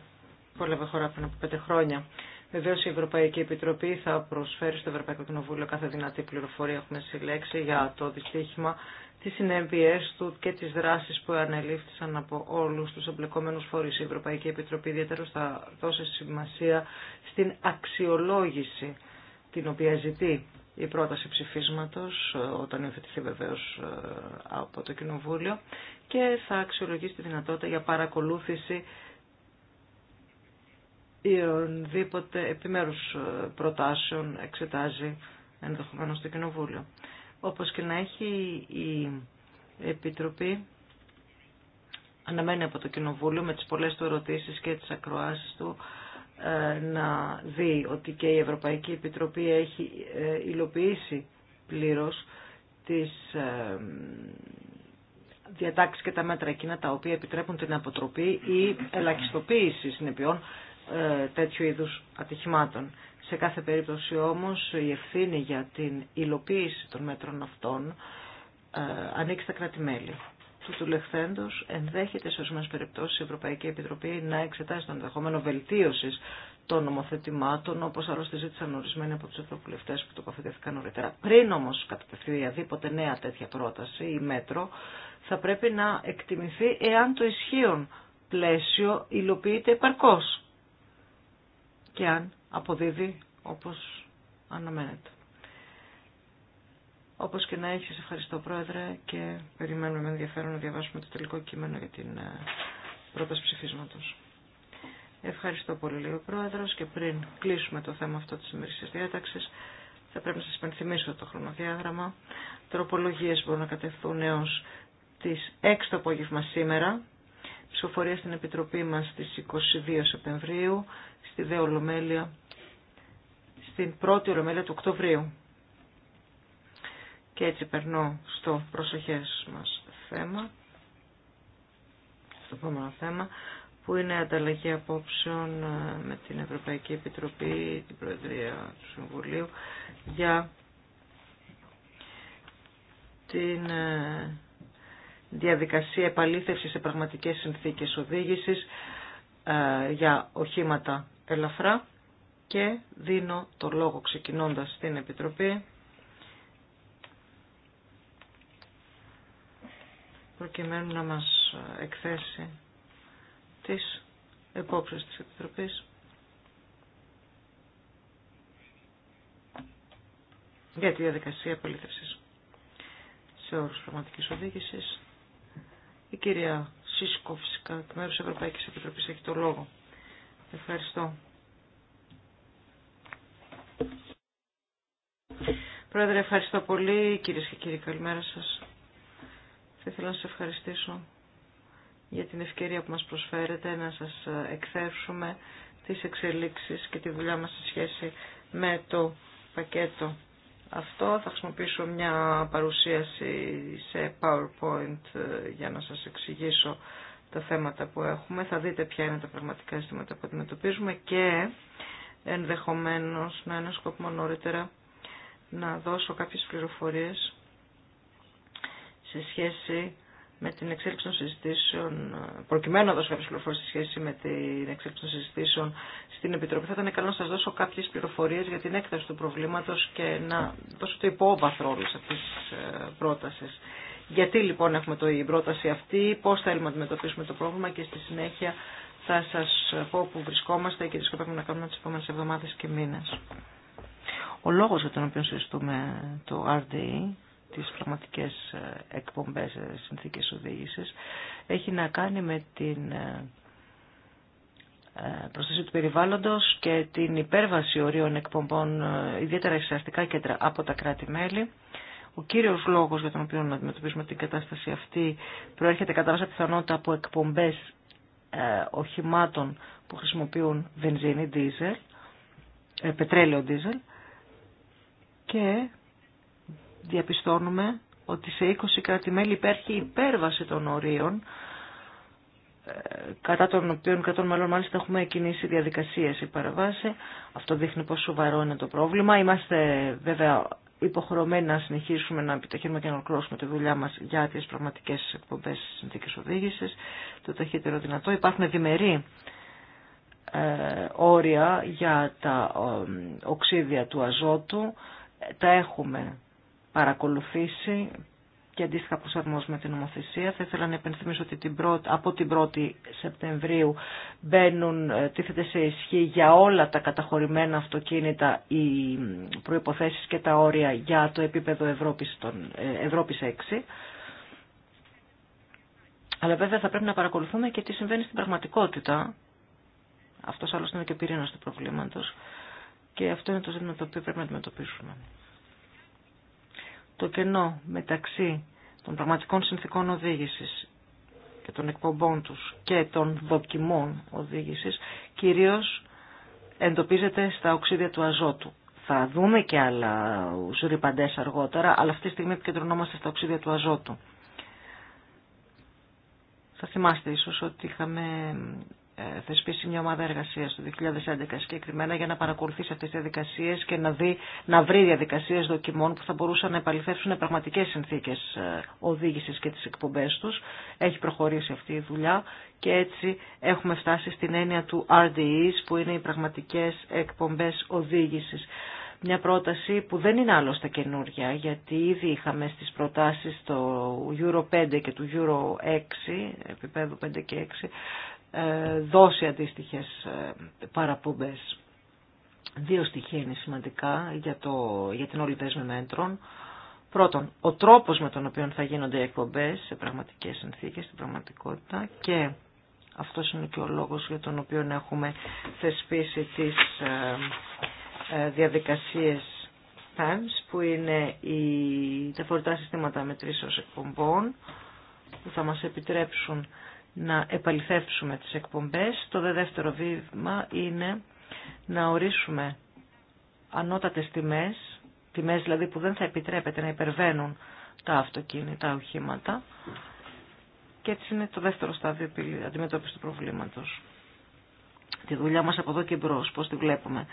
που έλαβε χώρα πριν από πέντε χρόνια. Βεβαίω η Ευρωπαϊκή Επιτροπή θα προσφέρει στο Ευρωπαϊκό Κοινοβούλιο κάθε δυνατή πληροφορία έχουμε συλλέξει για το δυστύχημα τις συνέπειες του και τις δράσεις που ανελήφθησαν από όλους τους εμπλεκόμενους φορείς. Η Ευρωπαϊκή Επιτροπή ιδιαίτερα θα δώσει σημασία στην αξιολόγηση την οποία ζητεί η πρόταση ψηφίσματος, ε, όταν υιοθετηθεί βεβαίως ε, από το Κοινοβούλιο, και θα αξιολογήσει τη δυνατότητα για παρακολούθηση ονδήποτε επιμέρους ε, προτάσεων εξετάζει ενδεχομένως το Κοινοβούλιο. Όπως και να έχει η Επιτροπή αναμένει από το Κοινοβούλιο με τις πολλές του ερωτήσεις και τις ακροάσεις του ε, να δει ότι και η Ευρωπαϊκή Επιτροπή έχει ε, υλοποιήσει πλήρως τις ε, διατάξεις και τα μέτρα εκείνα τα οποία επιτρέπουν την αποτροπή ή ελαχιστοποίηση συνεπειών ε, τέτοιου είδου ατυχημάτων. Σε κάθε περίπτωση όμως η ευθύνη για την υλοποίηση των μέτρων αυτών ε, ανοίξει τα κράτη-μέλη. Του του λεχθέντος ενδέχεται σε ορισμένε περιπτώσεις η Ευρωπαϊκή Επιτροπή να εξετάσει τον ενδεχόμενο βελτίωση των νομοθετημάτων, όπω άλλωστε ζήτησαν ορισμένοι από του ευρωβουλευτέ που τοποθετήθηκαν νωρίτερα. Πριν όμω κατατεθεί οποιαδήποτε νέα τέτοια πρόταση ή μέτρο, θα πρέπει να εκτιμηθεί εάν το ισχύον πλαίσιο υλοποιείται επαρκώ και αν αποδίδει όπως αναμένεται. Όπως και να έχει, ευχαριστώ Πρόεδρε και περιμένουμε με ενδιαφέρον να διαβάσουμε το τελικό κείμενο για την ε, πρόταση ψηφίσματος. Ευχαριστώ πολύ λίγο Πρόεδρος και πριν κλείσουμε το θέμα αυτό της ημερήσιας διάταξης θα πρέπει να σας υπενθυμίσω το χρονοδιάγραμμα. Τροπολογίες μπορούν να κατευθούν έως τις 6 το απόγευμα σήμερα ψηφοφορία στην Επιτροπή μας στις 22 Σεπτεμβρίου, στη Δε Ολομέλεια, στην πρώτη Ολομέλεια του Οκτωβρίου. Και έτσι περνώ στο προσοχές μας θέμα, στο επόμενο θέμα, που είναι ανταλλαγή απόψεων ε, με την Ευρωπαϊκή Επιτροπή, την Προεδρία του Συμβουλίου, για την ε, διαδικασία επαλήθευσης σε πραγματικές συνθήκες οδήγησης ε, για οχήματα ελαφρά και δίνω το λόγο ξεκινώντας στην Επιτροπή προκειμένου να μας εκθέσει τις επόψεις της Επιτροπής για τη διαδικασία επαλήθευσης σε όρους πραγματικής οδήγησης η κυρία Σίσκο φυσικά, εκ μέρους Ευρωπαϊκής έχει το λόγο. Ευχαριστώ. Πρόεδρε, ευχαριστώ πολύ. κύριε και κύριοι, καλημέρα σα. Θα ήθελα να σα ευχαριστήσω για την ευκαιρία που μας προσφέρετε να σας εκθέσουμε τις εξελίξεις και τη δουλειά μας σε σχέση με το πακέτο αυτό. Θα χρησιμοποιήσω μια παρουσίαση σε PowerPoint ε, για να σας εξηγήσω τα θέματα που έχουμε. Θα δείτε ποια είναι τα πραγματικά αισθήματα που αντιμετωπίζουμε και ενδεχομένως να ένα σκοπό νωρίτερα να δώσω κάποιες πληροφορίες σε σχέση με την εξέλιξη των συζητήσεων, προκειμένου να δώσω κάποιε πληροφορίε σε σχέση με την εξέλιξη των συζητήσεων στην Επιτροπή, θα ήταν καλό να σα δώσω κάποιε πληροφορίε για την έκταση του προβλήματο και να δώσω το υπόβαθρο όλη αυτή τη ε, πρόταση. Γιατί λοιπόν έχουμε το, η πρόταση αυτή, πώ θέλουμε να αντιμετωπίσουμε το πρόβλημα και στη συνέχεια θα σα πω που βρισκόμαστε και τι σκοπεύουμε να κάνουμε τι επόμενε εβδομάδε και μήνε. Ο λόγο για τον οποίο συζητούμε το RDE τις πραγματικές ε, εκπομπές ε, συνθήκες οδήγησης έχει να κάνει με την ε, προστασία του περιβάλλοντος και την υπέρβαση ορίων εκπομπών ιδιαίτερα εξαρτικά κέντρα από τα κράτη-μέλη. Ο κύριος λόγος για τον οποίο να αντιμετωπίσουμε την κατάσταση αυτή προέρχεται κατά βάσα πιθανότητα από εκπομπές οχημάτων που χρησιμοποιούν βενζίνη, δίζελ, πετρέλαιο δίζελ και διαπιστώνουμε ότι σε 20 κράτη-μέλη υπάρχει υπέρβαση των ορίων, ε, κατά των οποίων των μελών μάλιστα έχουμε κινήσει διαδικασίες η Αυτό δείχνει πόσο σοβαρό είναι το πρόβλημα. Είμαστε βέβαια υποχρεωμένοι να συνεχίσουμε να επιταχύνουμε και να ολοκληρώσουμε τη δουλειά μας για τις πραγματικές εκπομπές συνθήκες οδήγησης, το ταχύτερο δυνατό. Υπάρχουν διμερεί ε, όρια για τα ε, οξύδια του αζότου. Τα έχουμε παρακολουθήσει και αντίστοιχα προσαρμόζουμε την νομοθεσία. Θα ήθελα να επενθυμίσω ότι την πρώτη, από την 1η Σεπτεμβρίου μπαίνουν, ε, τίθεται σε ισχύ για όλα τα καταχωρημένα αυτοκίνητα οι προϋποθέσεις και τα όρια για το επίπεδο Ευρώπης, των, ε, Ευρώπης 6. Αλλά βέβαια θα πρέπει να παρακολουθούμε και τι συμβαίνει στην πραγματικότητα. Αυτός άλλωστε είναι και ο πυρήνας του προβλήματος. Και αυτό είναι το ζήτημα το οποίο πρέπει να αντιμετωπίσουμε το κενό μεταξύ των πραγματικών συνθήκων οδήγησης και των εκπομπών τους και των δοκιμών οδήγησης κυρίως εντοπίζεται στα οξύδια του αζότου. Θα δούμε και άλλα ρηπαντές αργότερα, αλλά αυτή τη στιγμή επικεντρωνόμαστε στα οξύδια του αζότου. Θα θυμάστε ίσως ότι είχαμε ε, θεσπίσει μια ομάδα εργασία το 2011 συγκεκριμένα για να παρακολουθήσει αυτέ τι διαδικασίε και να, δει, να βρει διαδικασίε δοκιμών που θα μπορούσαν να επαληθεύσουν πραγματικέ συνθήκε οδήγηση και τι εκπομπέ του. Έχει προχωρήσει αυτή η δουλειά και έτσι έχουμε φτάσει στην έννοια του RDEs που είναι οι πραγματικέ εκπομπέ οδήγηση. Μια πρόταση που δεν είναι άλλωστε καινούρια, γιατί ήδη είχαμε στις προτάσεις του Euro 5 και του Euro 6, επίπεδο 5 και 6, ε, δώσει αντίστοιχε παραπομπέ. Δύο στοιχεία είναι σημαντικά για, το, για την όλη δέσμη μέτρων. Πρώτον, ο τρόπος με τον οποίο θα γίνονται οι εκπομπές σε πραγματικές συνθήκες, στην πραγματικότητα και αυτό είναι και ο λόγος για τον οποίο έχουμε θεσπίσει τις ε, ε, διαδικασίες PAMS που είναι οι, τα φορητά συστήματα μετρήσεως εκπομπών που θα μας επιτρέψουν να επαληθεύσουμε τις εκπομπές. Το δεύτερο βήμα είναι να ορίσουμε ανώτατες τιμές, τιμές δηλαδή που δεν θα επιτρέπεται να υπερβαίνουν τα αυτοκίνητα, οχήματα. Και έτσι είναι το δεύτερο στάδιο αντιμετώπιση του προβλήματος. Τη δουλειά μας από εδώ και μπρος, πώς τη βλέπουμε.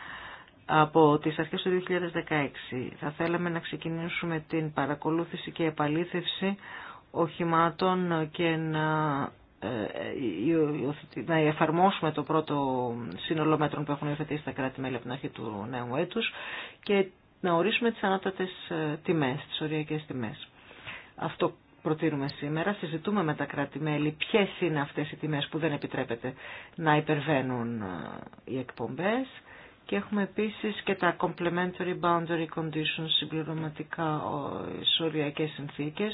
Από τις αρχές του 2016 θα θέλαμε να ξεκινήσουμε την παρακολούθηση και επαλήθευση οχημάτων και να ε, ε, ε, να εφαρμόσουμε το πρώτο σύνολο μέτρων που έχουν υιοθετήσει τα κράτη-μέλη από την αρχή του νέου έτους και να ορίσουμε τις ανώτατες τιμές, τις οριακές τιμές. Αυτό προτείνουμε σήμερα. Συζητούμε με τα κράτη-μέλη ποιες είναι αυτές οι τιμές που δεν επιτρέπεται να υπερβαίνουν οι εκπομπές και έχουμε επίσης και τα complementary boundary conditions, συμπληρωματικά οριακές συνθήκες,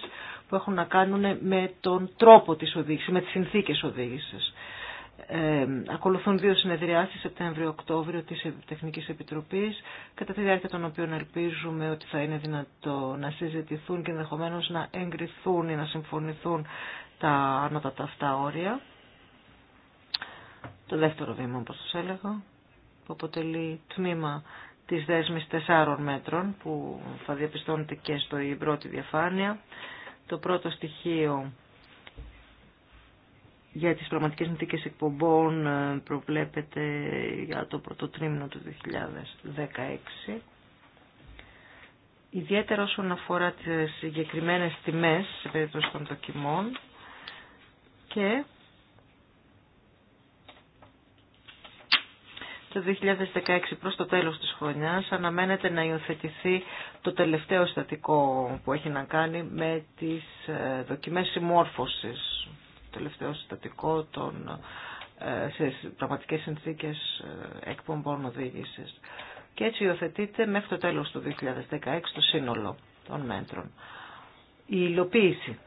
που έχουν να κάνουν με τον τρόπο της οδήγησης, με τις συνθήκες οδήγησης. Ε, ακολουθούν δύο συνεδριάσεις, Σεπτέμβριο-Οκτώβριο της Τεχνικής Επιτροπής, κατά τη διάρκεια των οποίων ελπίζουμε ότι θα είναι δυνατό να συζητηθούν και ενδεχομένω να εγκριθούν ή να συμφωνηθούν τα ανώτατα αυτά όρια. Το δεύτερο βήμα, όπως σας έλεγα που αποτελεί τμήμα της δέσμης 4 μέτρων που θα διαπιστώνεται και στο η πρώτη διαφάνεια. Το πρώτο στοιχείο για τις πραγματικές συνθήκε εκπομπών ε, προβλέπεται για το πρώτο τρίμηνο του 2016. Ιδιαίτερα όσον αφορά τις συγκεκριμένες τιμές σε περίπτωση των δοκιμών και Το 2016 προς το τέλος της χρονιάς αναμένεται να υιοθετηθεί το τελευταίο στατικό που έχει να κάνει με τις ε, δοκιμές συμμόρφωσης. Το τελευταίο στατικό των, ε, σε πραγματικές συνθήκες ε, εκπομπών οδήγηση. Και έτσι υιοθετείται μέχρι το τέλος του 2016 το σύνολο των μέτρων. Η υλοποίηση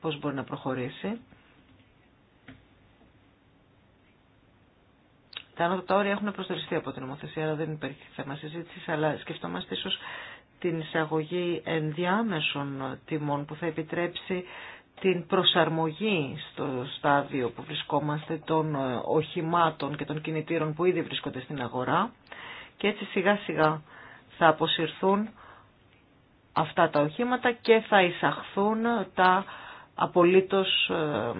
πώς μπορεί να προχωρήσει Τα όρια έχουν προσδιοριστεί από την νομοθεσία, αλλά δεν υπάρχει θέμα συζήτηση, αλλά σκεφτόμαστε ίσω την εισαγωγή ενδιάμεσων τιμών που θα επιτρέψει την προσαρμογή στο στάδιο που βρισκόμαστε των ε, οχημάτων και των κινητήρων που ήδη βρίσκονται στην αγορά και έτσι σιγά σιγά θα αποσυρθούν αυτά τα οχήματα και θα εισαχθούν τα απολύτως ε,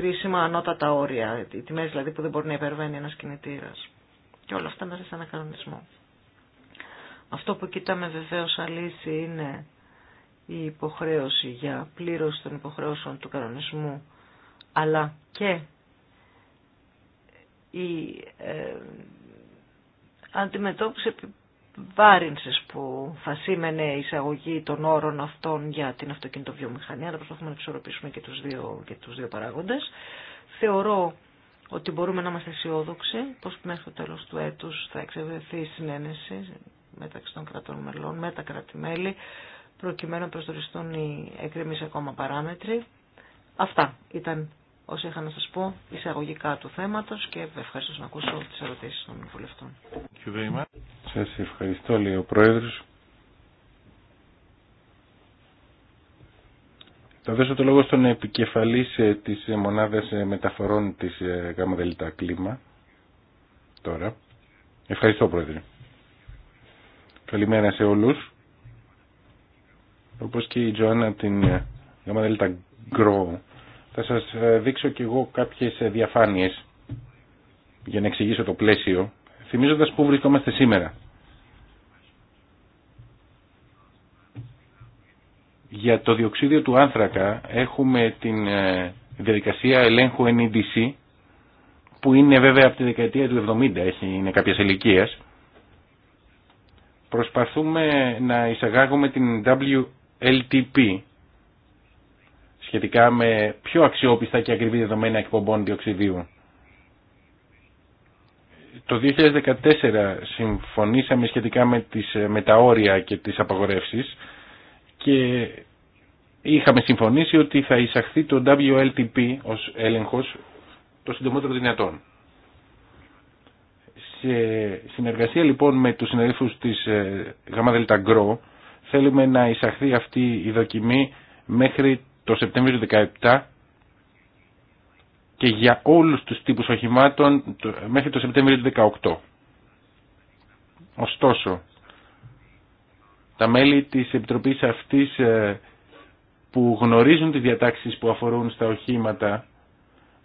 κρίσιμα ανώτατα όρια, οι τιμέ δηλαδή που δεν μπορεί να υπερβαίνει ένα κινητήρα. Και όλα αυτά μέσα σε ένα κανονισμό. Αυτό που κοιτάμε βεβαίως αλήθεια είναι η υποχρέωση για πλήρωση των υποχρεώσεων του κανονισμού, αλλά και η ε, αντιμετώπιση βάρυνσης που θα σήμαινε η εισαγωγή των όρων αυτών για την αυτοκινητοβιομηχανία, να προσπαθούμε να εξορροπήσουμε και τους δύο, και τους δύο παράγοντες. Θεωρώ ότι μπορούμε να είμαστε αισιόδοξοι πως μέχρι το τέλος του έτους θα εξευρεθεί η συνένεση μεταξύ των κρατών μελών, με τα κρατημέλη προκειμένου να προσδοριστούν οι εκκρεμείς ακόμα παράμετροι. Αυτά ήταν όσα είχα να σας πω εισαγωγικά του θέματος και ευχαριστώ να ακούσω τις ερωτήσεις των βουλευτών. Σα ευχαριστώ λέει ο Πρόεδρος. Θα δώσω το λόγο στον επικεφαλής ε, της μονάδας ε, μεταφορών της ε, ΓΔΛΤΑ Κλίμα τώρα. Ευχαριστώ Πρόεδρε. Καλημέρα σε όλους. Όπως και η Τζοάννα από την ΓΔΛΤΑ Γκρό θα σας ε, δείξω και εγώ κάποιες ε, διαφάνειες για να εξηγήσω το πλαίσιο, θυμίζοντας πού βρισκόμαστε σήμερα. Για το διοξίδιο του άνθρακα έχουμε την ε, διαδικασία ελέγχου NEDC, που είναι βέβαια από τη δεκαετία του 70, έχει, είναι κάποια ηλικία. Προσπαθούμε να εισαγάγουμε την WLTP, σχετικά με πιο αξιόπιστα και ακριβή δεδομένα εκπομπών διοξιδίου. Το 2014 συμφωνήσαμε σχετικά με, τις, με τα όρια και τις απαγορεύσεις και είχαμε συμφωνήσει ότι θα εισαχθεί το WLTP ως έλεγχος το συντομότερο δυνατόν. Σε συνεργασία λοιπόν με τους συνεργούς της Delta ε, Γκρό θέλουμε να εισαχθεί αυτή η δοκιμή μέχρι το Σεπτέμβριο του 2017 και για όλους τους τύπους οχημάτων μέχρι το Σεπτέμβριο του 2018. Ωστόσο, τα μέλη της Επιτροπής αυτής ε, που γνωρίζουν τις διατάξεις που αφορούν στα οχήματα,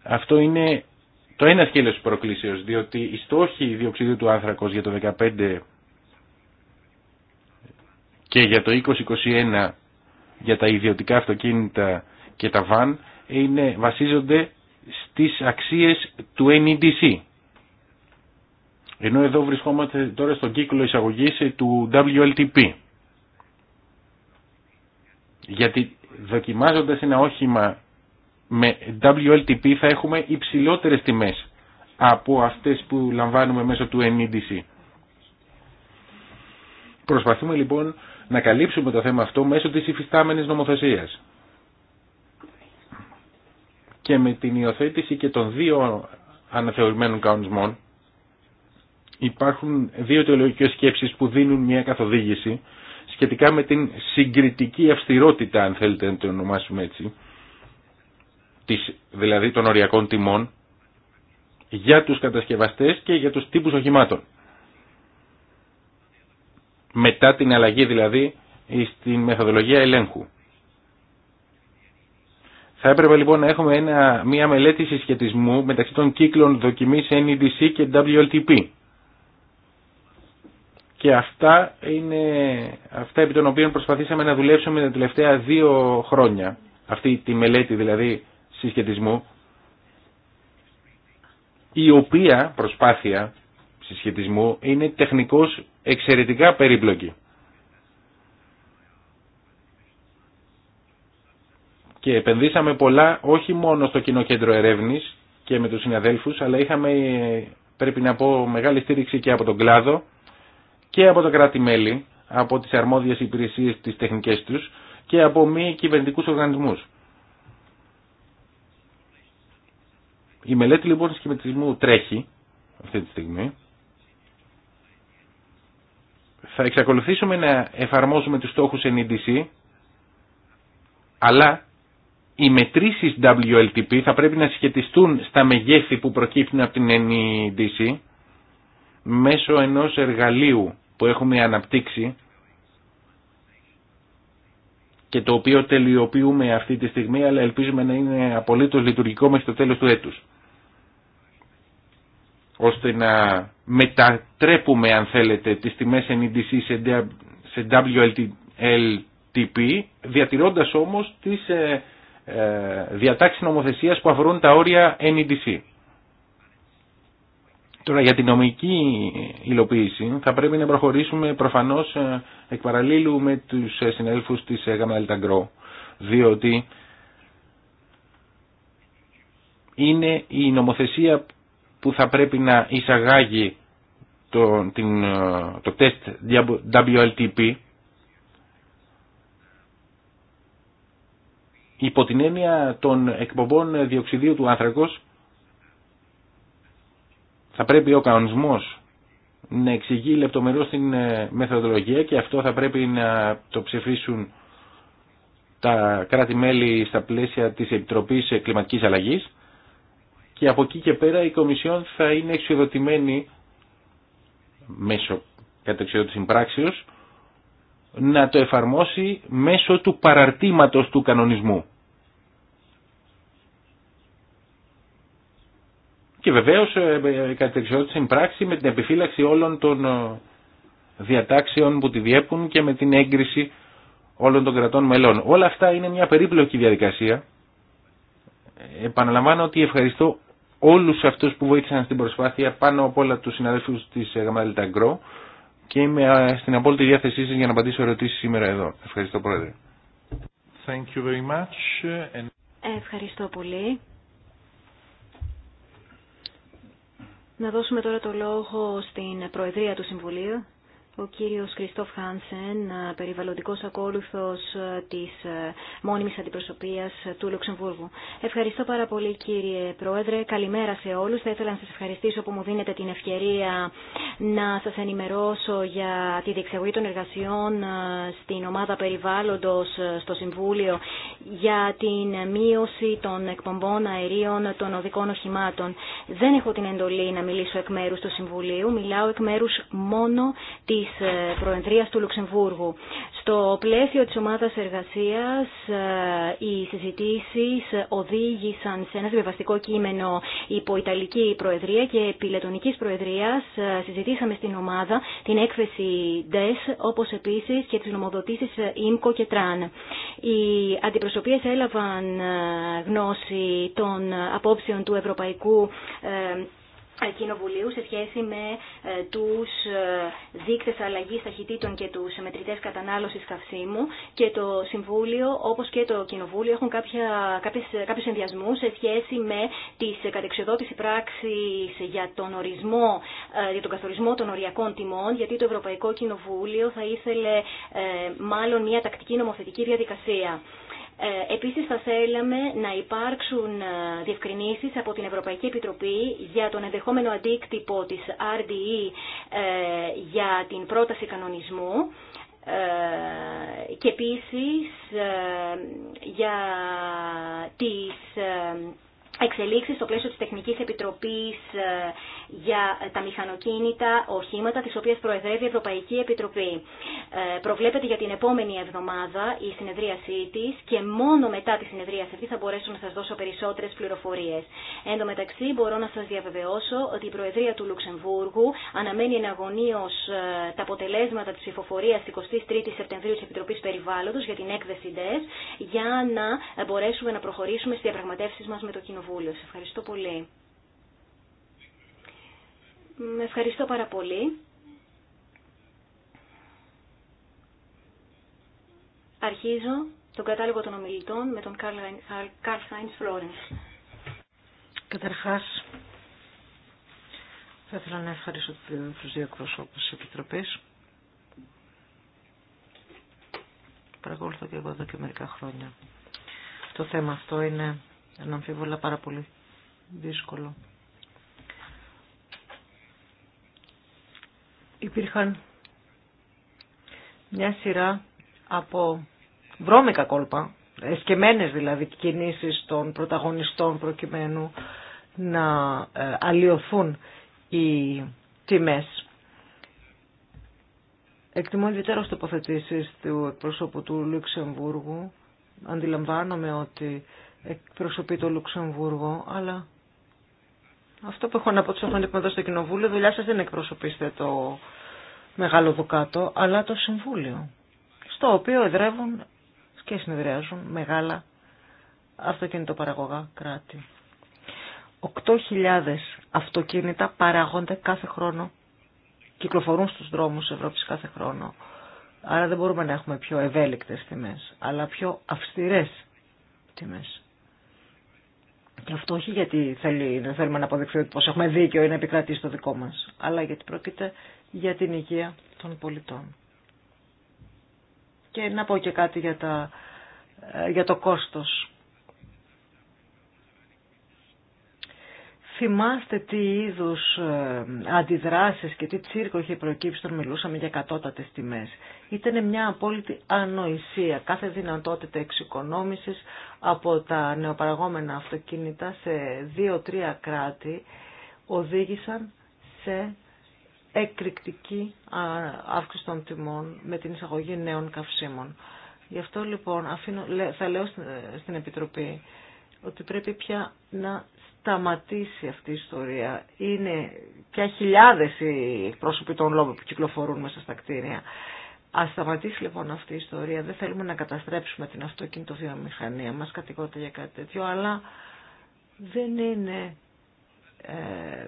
αυτό είναι το ένα σκέλος της προκλήσεως, διότι οι στόχοι διοξιδίου του άνθρακος για το 2015 και για το 2021 για τα ιδιωτικά αυτοκίνητα και τα βαν είναι, βασίζονται στις αξίες του NEDC. Ενώ εδώ βρισκόμαστε τώρα στον κύκλο εισαγωγής ε, του WLTP. Γιατί δοκιμάζοντας ένα όχημα με WLTP θα έχουμε υψηλότερες τιμές από αυτές που λαμβάνουμε μέσω του NEDC. Προσπαθούμε λοιπόν να καλύψουμε το θέμα αυτό μέσω της υφιστάμενης νομοθεσίας. Και με την υιοθέτηση και των δύο αναθεωρημένων κανονισμών υπάρχουν δύο τελογικές σκέψεις που δίνουν μια καθοδήγηση σχετικά με την συγκριτική αυστηρότητα, αν θέλετε να το ονομάσουμε έτσι, της, δηλαδή των οριακών τιμών για τους κατασκευαστές και για τους τύπους οχημάτων μετά την αλλαγή δηλαδή στη μεθοδολογία ελέγχου. Θα έπρεπε λοιπόν να έχουμε μια μελέτη συσχετισμού μεταξύ των κύκλων δοκιμής NEDC και WLTP. Και αυτά είναι αυτά επί των οποίων προσπαθήσαμε να δουλέψουμε τα τελευταία δύο χρόνια. Αυτή τη μελέτη δηλαδή συσχετισμού η οποία προσπάθεια Συσχετισμού είναι τεχνικώς εξαιρετικά περίπλοκη. Και επενδύσαμε πολλά όχι μόνο στο κοινό κέντρο ερεύνης και με τους συναδέλφους, αλλά είχαμε, πρέπει να πω, μεγάλη στήριξη και από τον κλάδο και από τα κράτη-μέλη, από τις αρμόδιες υπηρεσίες τις τεχνικές τους και από μη κυβερνητικούς οργανισμούς. Η μελέτη λοιπόν συσχετισμού τρέχει αυτή τη στιγμή θα εξακολουθήσουμε να εφαρμόζουμε τους στόχους NDC, αλλά οι μετρήσεις WLTP θα πρέπει να σχετιστούν στα μεγέθη που προκύπτουν από την NDC μέσω ενός εργαλείου που έχουμε αναπτύξει και το οποίο τελειοποιούμε αυτή τη στιγμή αλλά ελπίζουμε να είναι απολύτως λειτουργικό μέχρι το τέλος του έτους ώστε να μετατρέπουμε αν θέλετε τις τιμές NDC σε WLTP διατηρώντας όμως τις ε, ε, διατάξεις νομοθεσίας που αφορούν τα όρια NDC. Τώρα για την νομική υλοποίηση θα πρέπει να προχωρήσουμε προφανώς ε, εκ παραλίλου με τους συνέλφους της ΓΑΜΑΛΤΑΓΚΡΟ διότι είναι η νομοθεσία που θα πρέπει να εισαγάγει το, την, το τεστ WLTP υπό την έννοια των εκπομπών διοξιδίου του άνθρακος θα πρέπει ο κανονισμός να εξηγεί λεπτομερώς την ε, μεθοδολογία και αυτό θα πρέπει να το ψηφίσουν τα κράτη-μέλη στα πλαίσια της Επιτροπής Κλιματικής Αλλαγής και από εκεί και πέρα η Κομισιόν θα είναι εξοδοτημένη μέσω κατεξοδότηση πράξεως να το εφαρμόσει μέσω του παραρτήματος του κανονισμού. Και βεβαίως ε, ε, κατεξοδότηση πράξη με την επιφύλαξη όλων των ε, διατάξεων που τη διέπουν και με την έγκριση όλων των κρατών μελών. Όλα αυτά είναι μια περίπλοκη διαδικασία. Επαναλαμβάνω ότι ευχαριστώ όλους αυτούς που βοήθησαν στην προσπάθεια πάνω από όλα τους συναδέλφους της Γαμαλίτα ε, Γκρό και είμαι ε, στην απόλυτη διάθεσή σας για να απαντήσω ερωτήσεις σήμερα εδώ. Ευχαριστώ Πρόεδρε. Thank you very much. Ευχαριστώ πολύ. Να δώσουμε τώρα το λόγο στην Προεδρία του Συμβουλίου, ο κύριος Κριστόφ Χάνσεν, ε, περιβαλλοντικός ακόλουθος ε, της ε, μόνιμης αντιπροσωπείας του Λουξεμβούργου. Ευχαριστώ πάρα πολύ κύριε Πρόεδρε. Καλημέρα σε όλους. Θα ήθελα να σας ευχαριστήσω που μου δίνετε την ευκαιρία να σας ενημερώσω για τη διεξαγωγή των εργασιών στην ομάδα περιβάλλοντος στο Συμβούλιο για την μείωση των εκπομπών αερίων των οδικών οχημάτων. Δεν έχω την εντολή να μιλήσω εκ μέρους του Συμβουλίου. Μιλάω εκ μέρους μόνο τη της ε, Προεδρίας του Λουξεμβούργου. Στο πλαίσιο της ομάδας εργασίας ε, οι συζητήσεις οδήγησαν σε ένα συμβιβαστικό κείμενο υπό Ιταλική Προεδρία και επί Προεδρίας ε, συζητήσαμε στην ομάδα την έκθεση DES όπως επίσης και τις νομοδοτήσεις ΙΜΚΟ και ΤΡΑΝ. Οι αντιπροσωπείες έλαβαν γνώση των απόψεων του Ευρωπαϊκού Κοινοβουλίου σε σχέση με ε, τους ε, δείκτες αλλαγής ταχυτήτων και τους μετρητές κατανάλωσης καυσίμου και το Συμβούλιο όπως και το Κοινοβούλιο έχουν κάποια, κάποιες, κάποιους ενδιασμούς σε σχέση με τις κατεξοδότηση πράξης για τον, ορισμό, ε, για τον καθορισμό των οριακών τιμών γιατί το Ευρωπαϊκό Κοινοβούλιο θα ήθελε μάλλον μια τακτική νομοθετική διαδικασία. Ε, επίσης θα θέλαμε να υπάρξουν ε, διευκρινήσεις από την Ευρωπαϊκή Επιτροπή για τον ενδεχόμενο αντίκτυπο της RDE ε, για την πρόταση κανονισμού και επίσης για τις εξελίξει στο πλαίσιο της Τεχνικής Επιτροπής ε, για τα μηχανοκίνητα οχήματα, τις οποίες προεδρεύει η Ευρωπαϊκή Επιτροπή. Ε, προβλέπεται για την επόμενη εβδομάδα η συνεδρίασή της και μόνο μετά τη συνεδρίαση αυτή θα μπορέσω να σας δώσω περισσότερες πληροφορίες. Εν τω μεταξύ μπορώ να σας διαβεβαιώσω ότι η Προεδρία του Λουξεμβούργου αναμένει εναγωνίως ε, τα αποτελέσματα της ψηφοφορίας 23 23η Σεπτεμβρίου της Επιτροπής Περιβάλλοντος για την έκθεση για να μπορέσουμε να προχωρήσουμε στις διαπραγματεύσεις μας με το Κοινοβούλιο ευχαριστώ πολύ. Με ευχαριστώ πάρα πολύ. Αρχίζω τον κατάλογο των ομιλητών με τον Καρλ Χάινς Φλόρενς. Καταρχάς, θα ήθελα να ευχαριστώ τους δύο εκπροσώπους της Επιτροπής. Παρακολουθώ και εγώ εδώ και μερικά χρόνια. Το θέμα αυτό είναι αμφίβολα, πάρα πολύ δύσκολο. Υπήρχαν μια σειρά από βρώμικα κόλπα, εσκεμμένες δηλαδή κινήσεις των πρωταγωνιστών προκειμένου να ε, αλλοιωθούν οι τιμές. Εκτιμώ ιδιαίτερα τοποθετήσει του εκπρόσωπου του Λουξεμβούργου. Αντιλαμβάνομαι ότι εκπροσωπεί το Λουξεμβούργο, αλλά αυτό που έχω να πω τους έχω εδώ στο Κοινοβούλιο, δουλειά σας δεν εκπροσωπείστε το Μεγάλο Δουκάτο, αλλά το Συμβούλιο, στο οποίο εδρεύουν και συνεδριάζουν μεγάλα αυτοκίνητο παραγωγά κράτη. 8.000 αυτοκίνητα παράγονται κάθε χρόνο, κυκλοφορούν στους δρόμους της Ευρώπης κάθε χρόνο. Άρα δεν μπορούμε να έχουμε πιο ευέλικτες τιμές, αλλά πιο αυστηρές τιμές. Και αυτό όχι γιατί θέλει, δεν θέλουμε να αποδειχθεί ότι πως έχουμε δίκιο ή να επικρατήσει το δικό μας, αλλά γιατί πρόκειται για την υγεία των πολιτών. Και να πω και κάτι για, τα, ε, για το κόστος. Θυμάστε τι είδους ε, αντιδράσεις και τι τσίρκο είχε προκύψει όταν μιλούσαμε για κατώτατε τιμές. Ήταν μια απόλυτη ανοησία κάθε δυνατότητα εξοικονόμησης από τα νεοπαραγόμενα αυτοκίνητα σε δύο-τρία κράτη οδήγησαν σε εκρηκτική αύξηση των τιμών με την εισαγωγή νέων καυσίμων. Γι' αυτό λοιπόν θα λέω στην Επιτροπή ότι πρέπει πια να σταματήσει αυτή η ιστορία. Είναι πια χιλιάδες οι πρόσωποι των λόγων που κυκλοφορούν μέσα στα κτίρια. Α σταματήσει λοιπόν αυτή η ιστορία. Δεν θέλουμε να καταστρέψουμε την αυτοκίνητο βιομηχανία μας, κατηγορείται για κάτι τέτοιο, αλλά δεν είναι ε,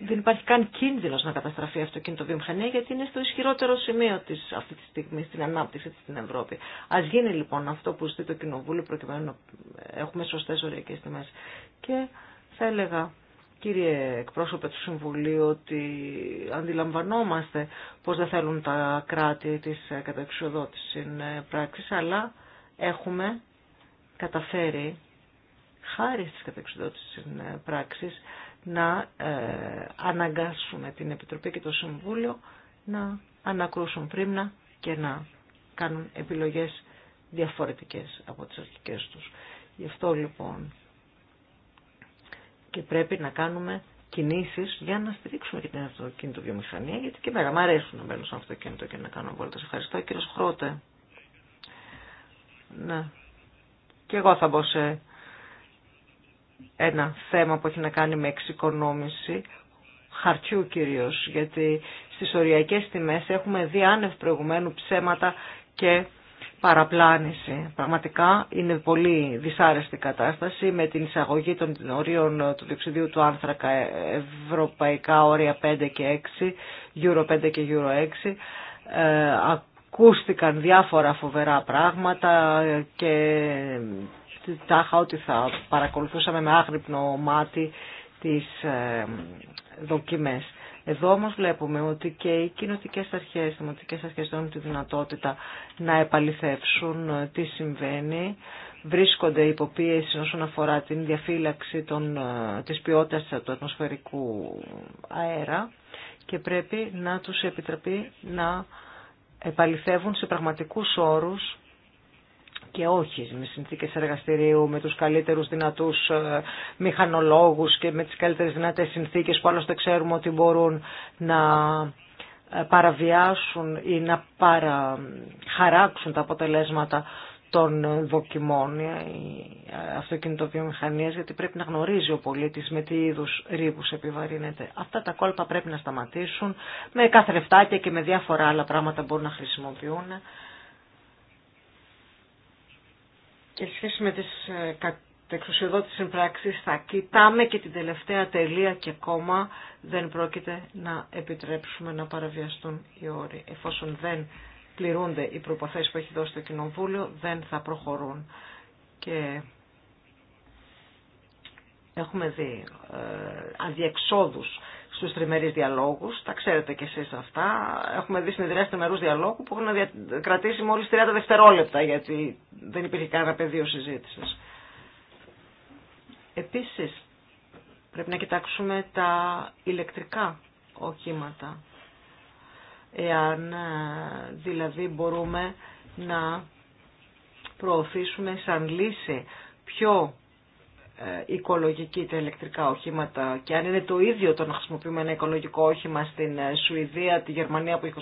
δεν υπάρχει καν κίνδυνο να καταστραφεί αυτό το αυτοκινητοβιομηχανία γιατί είναι στο ισχυρότερο σημείο τη αυτή τη στιγμή στην ανάπτυξη της στην Ευρώπη. Α γίνει λοιπόν αυτό που ζητεί το Κοινοβούλιο προκειμένου να έχουμε σωστέ οριακέ τιμέ. Και θα έλεγα κύριε εκπρόσωπε του Συμβουλίου ότι αντιλαμβανόμαστε πώ δεν θέλουν τα κράτη τη καταξιοδότηση πράξη, αλλά έχουμε καταφέρει χάρη στις καταξιδότητες πράξεις να ε, αναγκάσουμε την Επιτροπή και το Συμβούλιο να ανακρούσουν πρίμνα και να κάνουν επιλογές διαφορετικές από τις αρχικές τους. Γι' αυτό λοιπόν και πρέπει να κάνουμε κινήσεις για να στηρίξουμε και την αυτοκίνητο βιομηχανία, γιατί και μέρα μου αρέσουν να μπαίνω σε αυτοκίνητο και να κάνω βόλτες. Ευχαριστώ κύριος Χρότε. Ναι. Και εγώ θα μπω σε ένα θέμα που έχει να κάνει με εξοικονόμηση χαρτιού κυρίως, γιατί στις οριακές τιμές έχουμε δει άνευ προηγουμένου ψέματα και παραπλάνηση. Πραγματικά είναι πολύ δυσάρεστη κατάσταση με την εισαγωγή των ορίων του διοξιδίου του άνθρακα ευρωπαϊκά όρια 5 και 6, Euro 5 και Euro 6. Ε, ακούστηκαν διάφορα φοβερά πράγματα και τάχα ότι θα παρακολουθούσαμε με άγρυπνο μάτι τις ε, δοκιμές. Εδώ όμως βλέπουμε ότι και οι κοινοτικές αρχές, οι δημοτικές αρχές δίνουν τη δυνατότητα να επαληθεύσουν ε, τι συμβαίνει. Βρίσκονται υποπίεση όσον αφορά την διαφύλαξη των, ε, της ποιότητας του ατμοσφαιρικού αέρα και πρέπει να τους επιτραπεί να επαληθεύουν σε πραγματικούς όρους και όχι με συνθήκες εργαστηρίου, με τους καλύτερους δυνατούς ε, μηχανολόγους και με τις καλύτερες δυνατές συνθήκες που άλλωστε ξέρουμε ότι μπορούν να ε, παραβιάσουν ή να παραχαράξουν τα αποτελέσματα των δοκιμών ε, η αυτοκινητοβιομηχανίας γιατί πρέπει να γνωρίζει ο πολίτης με τι είδους ρήπους επιβαρύνεται. Αυτά τα κόλπα πρέπει να σταματήσουν με κάθε και με διάφορα άλλα πράγματα μπορούν να χρησιμοποιούν και σχέση με τις ε, εξουσιοδότηση πράξεις θα κοιτάμε και την τελευταία τελεία και κόμμα δεν πρόκειται να επιτρέψουμε να παραβιαστούν οι όροι. Εφόσον δεν πληρούνται οι προποθέσεις που έχει δώσει το Κοινοβούλιο δεν θα προχωρούν. Και έχουμε δει ε, αδιεξόδους στους τριμερείς διαλόγους, τα ξέρετε κι εσείς αυτά. Έχουμε δει συνεδριάσεις τριμερούς διαλόγου που έχουν κρατήσει μόλις 30 δευτερόλεπτα γιατί δεν υπήρχε κανένα πεδίο συζήτησης. Επίσης, πρέπει να κοιτάξουμε τα ηλεκτρικά οχήματα. Εάν ε, δηλαδή μπορούμε να προωθήσουμε σαν λύση πιο ε, οικολογική τα ηλεκτρικά οχήματα και αν είναι το ίδιο το να χρησιμοποιούμε ένα οικολογικό όχημα στην ε, Σουηδία, τη Γερμανία που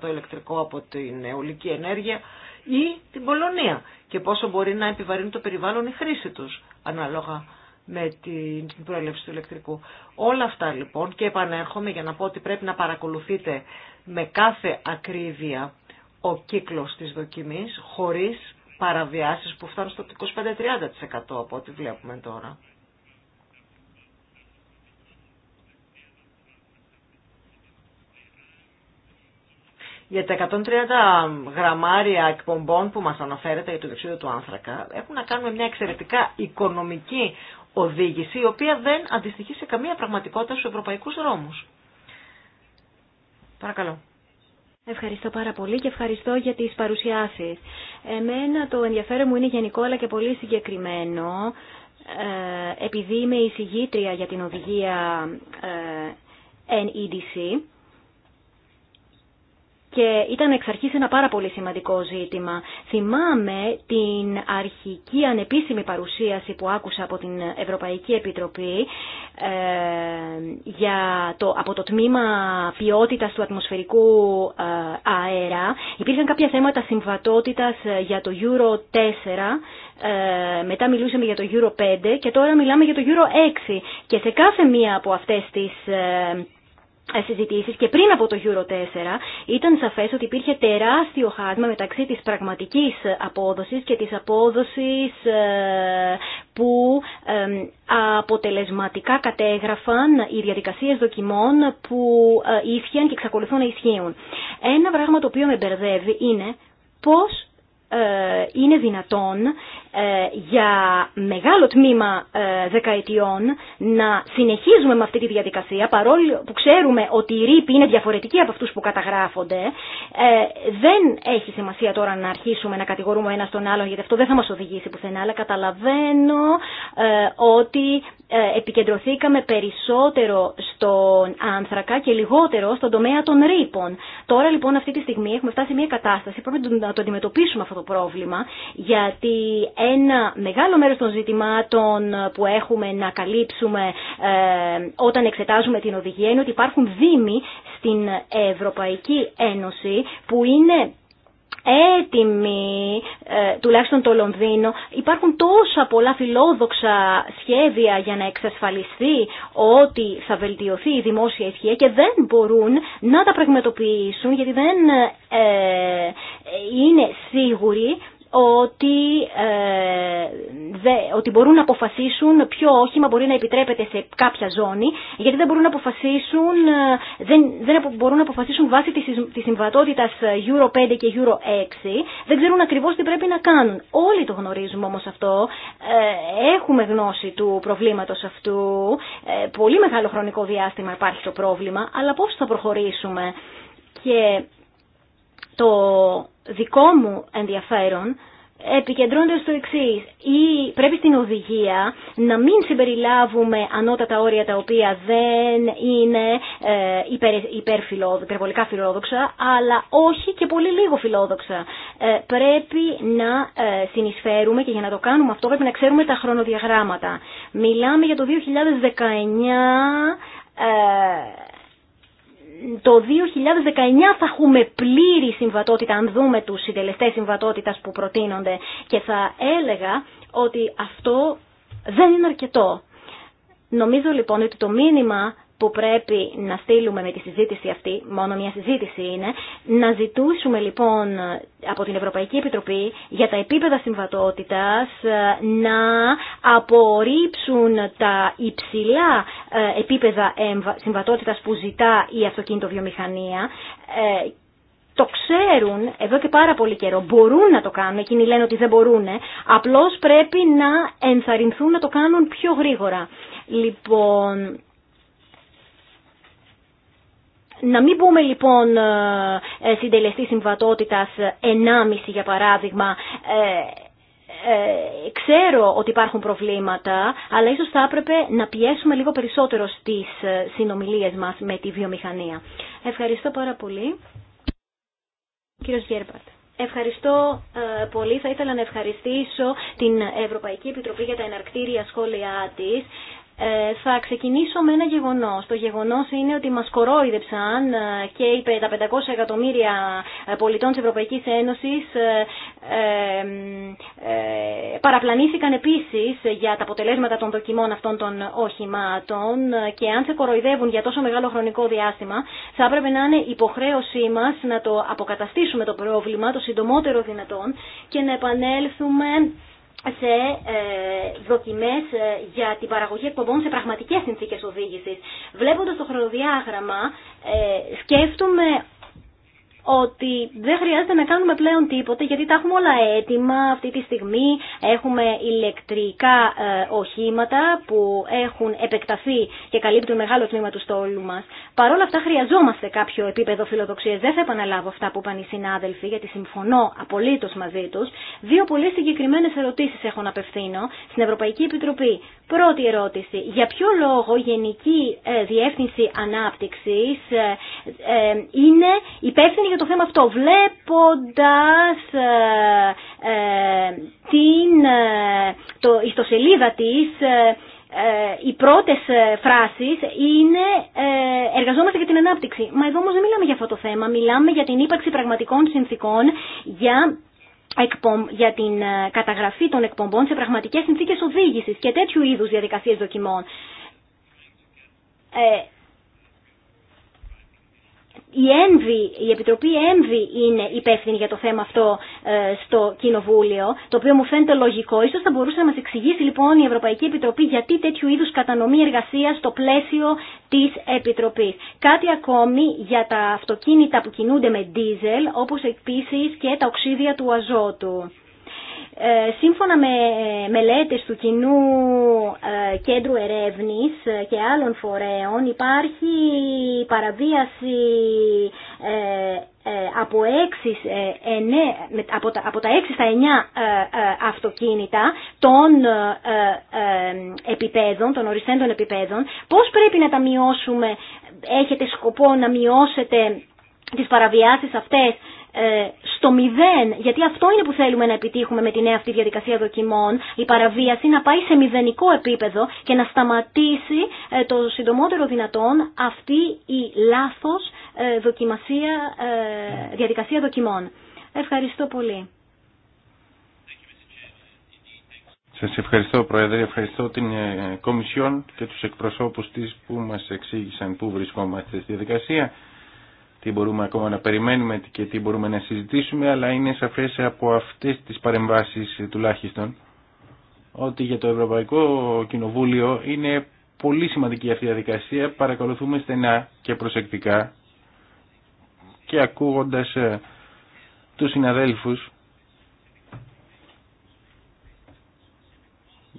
25% ηλεκτρικό από την αιωλική ενέργεια ή την Πολωνία και πόσο μπορεί να επιβαρύνει το περιβάλλον η χρήση τους ανάλογα με την προέλευση του ηλεκτρικού. Όλα αυτά λοιπόν και επανέρχομαι για να πω ότι πρέπει να παρακολουθείτε με κάθε ακρίβεια ο κύκλος της δοκιμής χωρίς παραβιάσεις που φτάνουν στο 25-30% από ό,τι βλέπουμε τώρα. Για τα 130 γραμμάρια εκπομπών που μας αναφέρεται για το διοξείδιο του άνθρακα έχουν να κάνουν μια εξαιρετικά οικονομική οδήγηση η οποία δεν αντιστοιχεί σε καμία πραγματικότητα στους ευρωπαϊκούς δρόμους. Παρακαλώ. Ευχαριστώ πάρα πολύ και ευχαριστώ για τις παρουσιάσεις. Εμένα το ενδιαφέρον μου είναι γενικό αλλά και πολύ συγκεκριμένο ε, επειδή είμαι εισηγήτρια για την οδηγία NEDC ε, και ήταν εξ αρχής ένα πάρα πολύ σημαντικό ζήτημα. Θυμάμαι την αρχική ανεπίσημη παρουσίαση που άκουσα από την Ευρωπαϊκή Επιτροπή ε, για το, από το τμήμα ποιότητας του ατμοσφαιρικού ε, αέρα. Υπήρχαν κάποια θέματα συμβατότητας ε, για το Euro 4, ε, μετά μιλούσαμε για το Euro 5 και τώρα μιλάμε για το Euro 6 και σε κάθε μία από αυτές τις συζητήσεις και πριν από το Euro 4 ήταν σαφές ότι υπήρχε τεράστιο χάσμα μεταξύ της πραγματικής απόδοσης και της απόδοσης ε, που ε, αποτελεσματικά κατέγραφαν οι διαδικασίες δοκιμών που ε, ίσχυαν και εξακολουθούν να ισχύουν. Ένα πράγμα το οποίο με μπερδεύει είναι πώς είναι δυνατόν ε, για μεγάλο τμήμα ε, δεκαετιών να συνεχίζουμε με αυτή τη διαδικασία παρόλο που ξέρουμε ότι η ρήπη είναι διαφορετική από αυτούς που καταγράφονται ε, δεν έχει σημασία τώρα να αρχίσουμε να κατηγορούμε ένα τον άλλον γιατί αυτό δεν θα μας οδηγήσει πουθενά αλλά καταλαβαίνω ότι ε, επικεντρωθήκαμε περισσότερο στον άνθρακα και λιγότερο στον τομέα των ρήπων. Τώρα λοιπόν αυτή τη στιγμή έχουμε φτάσει μια κατάσταση, πρέπει να το αντιμετωπίσουμε αυτό το πρόβλημα, γιατί ένα μεγάλο μέρος των ζητημάτων που έχουμε να καλύψουμε ε, όταν εξετάζουμε την οδηγία είναι ότι υπάρχουν δήμοι στην Ευρωπαϊκή Ένωση που είναι έτοιμοι, ε, τουλάχιστον το Λονδίνο, υπάρχουν τόσα πολλά φιλόδοξα σχέδια για να εξασφαλιστεί ότι θα βελτιωθεί η δημόσια ισχύ και δεν μπορούν να τα πραγματοποιήσουν γιατί δεν ε, ε, είναι σίγουροι ότι, ε, ότι μπορούν να αποφασίσουν ποιο όχημα μπορεί να επιτρέπεται σε κάποια ζώνη, γιατί δεν μπορούν να αποφασίσουν, ε, δεν, δεν μπορούν να αποφασίσουν βάσει της, της συμβατότητας Euro 5 και Euro 6, δεν ξέρουν ακριβώς τι πρέπει να κάνουν. Όλοι το γνωρίζουμε όμως αυτό, ε, έχουμε γνώση του προβλήματος αυτού, ε, πολύ μεγάλο χρονικό διάστημα υπάρχει το πρόβλημα, αλλά πώς θα προχωρήσουμε. Και το δικό μου ενδιαφέρον επικεντρώνεται στο εξή. Ή πρέπει στην οδηγία να μην συμπεριλάβουμε ανώτατα όρια τα οποία δεν είναι ε, υπερ, υπερβολικά φιλόδοξα, αλλά όχι και πολύ λίγο φιλόδοξα. Ε, πρέπει να ε, συνεισφέρουμε και για να το κάνουμε αυτό πρέπει να ξέρουμε τα χρονοδιαγράμματα. Μιλάμε για το 2019 το 2019 θα έχουμε πλήρη συμβατότητα, αν δούμε τους συντελεστές συμβατότητας που προτείνονται και θα έλεγα ότι αυτό δεν είναι αρκετό. Νομίζω λοιπόν ότι το μήνυμα που πρέπει να στείλουμε με τη συζήτηση αυτή, μόνο μια συζήτηση είναι, να ζητούσουμε λοιπόν από την Ευρωπαϊκή Επιτροπή για τα επίπεδα συμβατότητας ε, να απορρίψουν τα υψηλά ε, επίπεδα συμβατότητας που ζητά η βιομηχανία. Ε, το ξέρουν εδώ και πάρα πολύ καιρό. Μπορούν να το κάνουν, εκείνοι λένε ότι δεν μπορούν. Απλώς πρέπει να ενθαρρυνθούν να το κάνουν πιο γρήγορα. Λοιπόν, να μην πούμε λοιπόν ε, ε, συντελεστή συμβατότητας 1,5 ε, για παράδειγμα, ε, ξέρω ότι υπάρχουν προβλήματα, αλλά ίσως θα έπρεπε να πιέσουμε λίγο περισσότερο στις συνομιλίες μας με τη βιομηχανία. Ευχαριστώ πάρα πολύ. Κύριος Γέρπαρτ. Ευχαριστώ πολύ. Θα ήθελα να ευχαριστήσω την Ευρωπαϊκή Επιτροπή για τα εναρκτήρια σχόλιά της. Ε, θα ξεκινήσω με ένα γεγονός. Το γεγονός είναι ότι μας κορόιδεψαν ε, και τα 500 εκατομμύρια ε, πολιτών της Ευρωπαϊκής Ένωσης παραπλανήθηκαν επίσης για τα αποτελέσματα των δοκιμών αυτών των οχημάτων και αν σε κοροϊδεύουν για τόσο μεγάλο χρονικό διάστημα θα έπρεπε να είναι υποχρέωσή μας να το αποκαταστήσουμε το πρόβλημα το συντομότερο δυνατόν και να επανέλθουμε σε ε, δοκιμές ε, για την παραγωγή εκπομπών σε πραγματικές συνθήκες οδήγησης. Βλέποντας το χρονοδιάγραμμα ε, σκέφτομαι ότι δεν χρειάζεται να κάνουμε πλέον τίποτε γιατί τα έχουμε όλα έτοιμα αυτή τη στιγμή. Έχουμε ηλεκτρικά ε, οχήματα που έχουν επεκταθεί και καλύπτουν μεγάλο τμήμα του στόλου μας. Παρ' όλα αυτά χρειαζόμαστε κάποιο επίπεδο φιλοδοξία. Δεν θα επαναλάβω αυτά που είπαν οι συνάδελφοι γιατί συμφωνώ απολύτως μαζί τους. Δύο πολύ συγκεκριμένες ερωτήσεις έχω να απευθύνω στην Ευρωπαϊκή Επιτροπή. Πρώτη ερώτηση. Για ποιο λόγο Γενική ε, Διεύθυνση Ανάπτυξης ε, είναι υπεύθυνη για το θέμα αυτό, βλέποντας ε, ε την ε, το, ιστοσελίδα της, ε, ε οι πρώτες φράσεις είναι «εργαζόμαστε για την ανάπτυξη». Μα εδώ όμως δεν μιλάμε για αυτό το θέμα, μιλάμε για την ύπαρξη πραγματικών συνθήκων, για για την καταγραφή των εκπομπών σε πραγματικές συνθήκες οδήγησης και τέτοιου είδους διαδικασίες δοκιμών. Ε, η, η Επιτροπή ΕΜΒΗ είναι υπεύθυνη για το θέμα αυτό ε, στο Κοινοβούλιο, το οποίο μου φαίνεται λογικό. Ίσως θα μπορούσε να μας εξηγήσει λοιπόν η Ευρωπαϊκή Επιτροπή γιατί τέτοιου είδους κατανομή εργασία στο πλαίσιο της Επιτροπής. Κάτι ακόμη για τα αυτοκίνητα που κινούνται με ντίζελ, όπως επίσης και τα οξύδια του αζότου. Ε, σύμφωνα με ε, μελέτες του κοινού ε, κέντρου ερεύνης και άλλων φορέων υπάρχει παραβίαση από, από, τα, από τα 6 στα 9 αυτοκίνητα των επιπέδων, των οριστέντων επιπέδων. Πώς πρέπει να τα μειώσουμε, έχετε σκοπό να μειώσετε τις παραβιάσεις αυτές ε, στο μηδέν, γιατί αυτό είναι που θέλουμε να επιτύχουμε με τη νέα αυτή διαδικασία δοκιμών, η παραβίαση να πάει σε μηδενικό επίπεδο και να σταματήσει ε, το συντομότερο δυνατόν αυτή η λάθος ε, δοκιμασία, διαδικασία δοκιμών. Ευχαριστώ πολύ. Σας ευχαριστώ Πρόεδρε, ευχαριστώ την Κομισιόν και τους εκπροσώπους τη που μας εξήγησαν πού βρισκόμαστε στη διαδικασία τι μπορούμε ακόμα να περιμένουμε και τι μπορούμε να συζητήσουμε, αλλά είναι σαφές από αυτές τις παρεμβάσεις ε, τουλάχιστον ότι για το Ευρωπαϊκό Κοινοβούλιο είναι πολύ σημαντική αυτή η διαδικασία, παρακολουθούμε στενά και προσεκτικά και ακούγοντας ε, τους συναδέλφους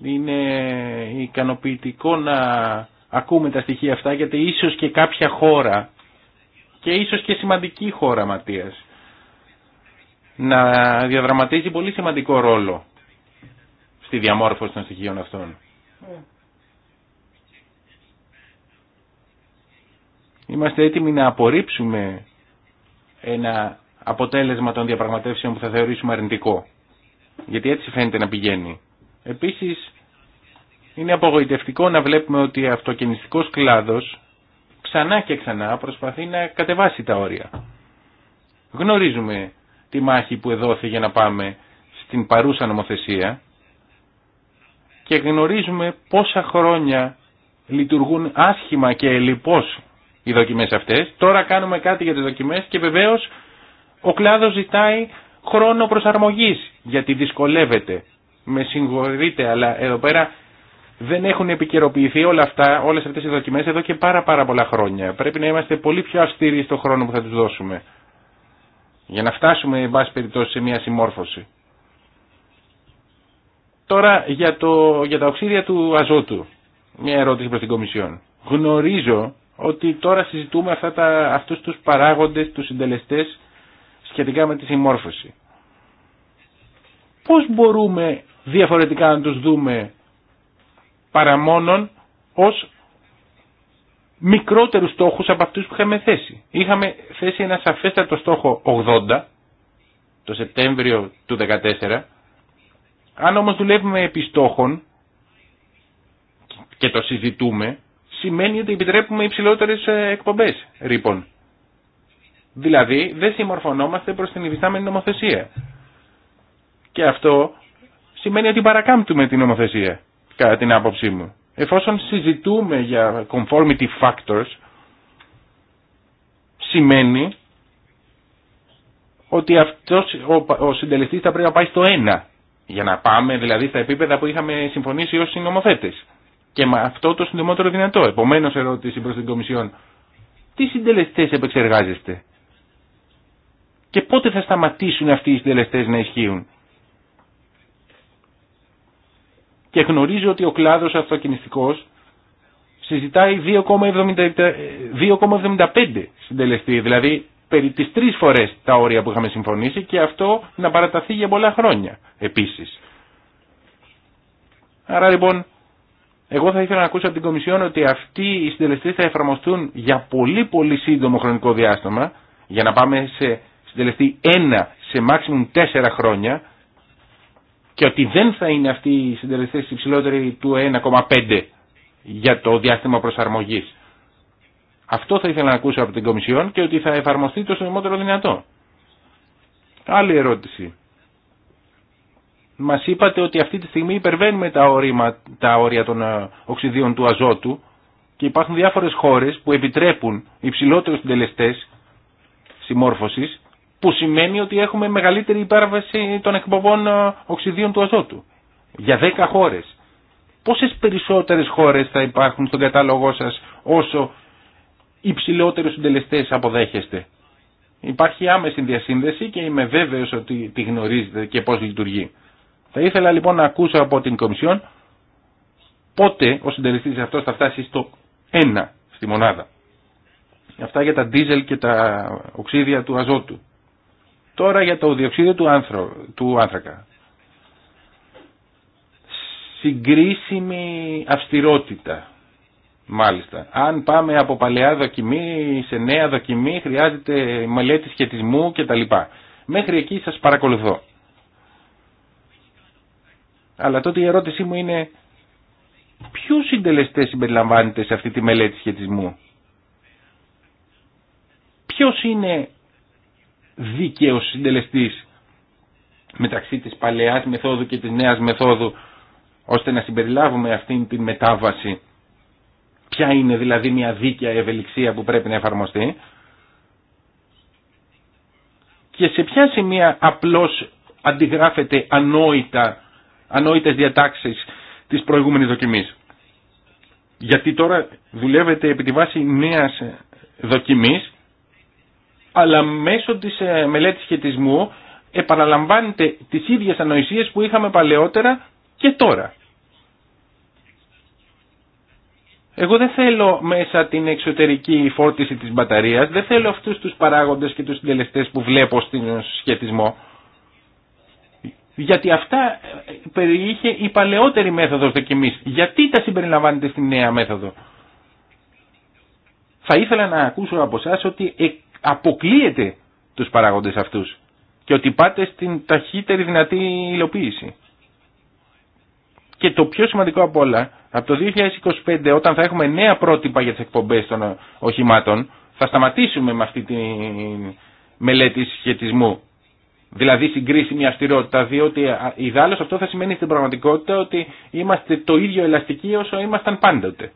είναι ικανοποιητικό να ακούμε τα στοιχεία αυτά γιατί ίσως και κάποια χώρα και ίσως και σημαντική χώρα Ματίας να διαδραματίζει πολύ σημαντικό ρόλο στη διαμόρφωση των στοιχείων αυτών. Είμαστε έτοιμοι να απορρίψουμε ένα αποτέλεσμα των διαπραγματεύσεων που θα θεωρήσουμε αρνητικό. Γιατί έτσι φαίνεται να πηγαίνει. Επίσης, είναι απογοητευτικό να βλέπουμε ότι ο αυτοκινηστικός κλάδος ξανά και ξανά προσπαθεί να κατεβάσει τα όρια. Γνωρίζουμε τη μάχη που εδόθη για να πάμε στην παρούσα νομοθεσία και γνωρίζουμε πόσα χρόνια λειτουργούν άσχημα και ελλειπώς οι δοκιμές αυτές. Τώρα κάνουμε κάτι για τις δοκιμές και βεβαίως ο κλάδος ζητάει χρόνο προσαρμογής γιατί δυσκολεύεται. Με συγχωρείτε αλλά εδώ πέρα δεν έχουν επικαιροποιηθεί όλα αυτά, όλες αυτές οι δοκιμές εδώ και πάρα πάρα πολλά χρόνια. Πρέπει να είμαστε πολύ πιο αυστηροί στον χρόνο που θα τους δώσουμε. Για να φτάσουμε, εν πάση περιπτώσει, σε μια συμμόρφωση. Τώρα για, το, για τα οξύδια του αζότου. Μια ερώτηση προς την Κομισιόν. Γνωρίζω ότι τώρα συζητούμε αυτά τα, αυτούς τους παράγοντες, τους συντελεστές σχετικά με τη συμμόρφωση. Πώς μπορούμε διαφορετικά να τους δούμε παρά μόνον ως μικρότερους στόχους από αυτούς που είχαμε θέσει. Είχαμε θέσει ένα σαφέστατο στόχο 80 το Σεπτέμβριο του 2014. Αν όμως δουλεύουμε επί στόχων και το συζητούμε, σημαίνει ότι επιτρέπουμε υψηλότερες ε, εκπομπές ρήπων. Δηλαδή δεν συμμορφωνόμαστε προς την υφιστάμενη νομοθεσία. Και αυτό σημαίνει ότι παρακάμπτουμε την νομοθεσία κατά την άποψή μου. Εφόσον συζητούμε για conformity factors, σημαίνει ότι αυτός ο συντελεστής θα πρέπει να πάει στο 1, για να πάμε δηλαδή στα επίπεδα που είχαμε συμφωνήσει ως συνομοθέτες. Και με αυτό το συντομότερο δυνατό. Επομένως ερώτηση προς την Κομισιόν, τι συντελεστές επεξεργάζεστε και πότε θα σταματήσουν αυτοί οι συντελεστές να ισχύουν. και γνωρίζω ότι ο κλάδος αυτοκινηστικός συζητάει 2,75 συντελεστή, δηλαδή περί τις τρεις φορές τα όρια που είχαμε συμφωνήσει και αυτό να παραταθεί για πολλά χρόνια επίσης. Άρα λοιπόν, εγώ θα ήθελα να ακούσω από την Κομισιόν ότι αυτοί οι συντελεστές θα εφαρμοστούν για πολύ πολύ σύντομο χρονικό διάστημα, για να πάμε σε συντελεστή 1 σε maximum 4 χρόνια, και ότι δεν θα είναι αυτοί οι συντελεστές υψηλότεροι του 1,5 για το διάστημα προσαρμογής. Αυτό θα ήθελα να ακούσω από την Κομισιόν και ότι θα εφαρμοστεί το συντομότερο δυνατό. Άλλη ερώτηση. Μας είπατε ότι αυτή τη στιγμή υπερβαίνουμε τα, τα όρια των ε, οξυδίων του αζότου και υπάρχουν διάφορες χώρες που επιτρέπουν υψηλότερους συντελεστές συμμόρφωσης που σημαίνει ότι έχουμε μεγαλύτερη υπέρβαση των εκπομπών ε, οξυδίων του αζότου. Για 10 χώρες. Πόσες περισσότερες χώρες θα υπάρχουν στον κατάλογό σας όσο υψηλότερου συντελεστέ αποδέχεστε. Υπάρχει άμεση διασύνδεση και είμαι βέβαιος ότι τη γνωρίζετε και πώς λειτουργεί. Θα ήθελα λοιπόν να ακούσω από την Κομισιόν πότε ο συντελεστής αυτός θα φτάσει στο 1 στη μονάδα. Αυτά για τα ντίζελ και τα οξύδια του αζότου. Τώρα για το διοξείδιο του, άνθρω του άνθρακα. Συγκρίσιμη αυστηρότητα, μάλιστα. Αν πάμε από παλαιά δοκιμή σε νέα δοκιμή χρειάζεται μελέτη σχετισμού κτλ. Μέχρι εκεί σας παρακολουθώ. Αλλά τότε η ερώτησή μου είναι ποιους συντελεστές συμπεριλαμβάνεται σε αυτή τη μελέτη σχετισμού. Ποιος είναι δίκαιος συντελεστής μεταξύ της παλαιάς μεθόδου και της νέας μεθόδου ώστε να συμπεριλάβουμε αυτήν την μετάβαση ποια είναι δηλαδή μια δίκαια ευελιξία που πρέπει να εφαρμοστεί και σε ποια σημεία απλώς αντιγράφεται ανόητα, ανόητες διατάξεις της προηγούμενης δοκιμής. Γιατί τώρα δουλεύετε επί τη βάση νέας δοκιμής αλλά μέσω της ε, μελέτης σχετισμού επαναλαμβάνεται τις ίδιες ανοησίες που είχαμε παλαιότερα και τώρα. Εγώ δεν θέλω μέσα την εξωτερική φόρτιση της μπαταρίας, δεν θέλω αυτούς τους παράγοντες και τους συντελεστές που βλέπω στην ε, σχετισμό. Γιατί αυτά ε, περιείχε η παλαιότερη μέθοδος δοκιμής. Γιατί τα συμπεριλαμβάνεται στη νέα μέθοδο. Θα ήθελα να ακούσω από εσά ότι αποκλείεται τους παράγοντες αυτούς και ότι πάτε στην ταχύτερη δυνατή υλοποίηση. Και το πιο σημαντικό από όλα, από το 2025 όταν θα έχουμε νέα πρότυπα για τις εκπομπές των οχημάτων, θα σταματήσουμε με αυτή τη μελέτη σχετισμού. Δηλαδή συγκρίσιμη αυστηρότητα, διότι ιδάλλως αυτό θα σημαίνει στην πραγματικότητα ότι είμαστε το ίδιο ελαστικοί όσο ήμασταν πάντοτε.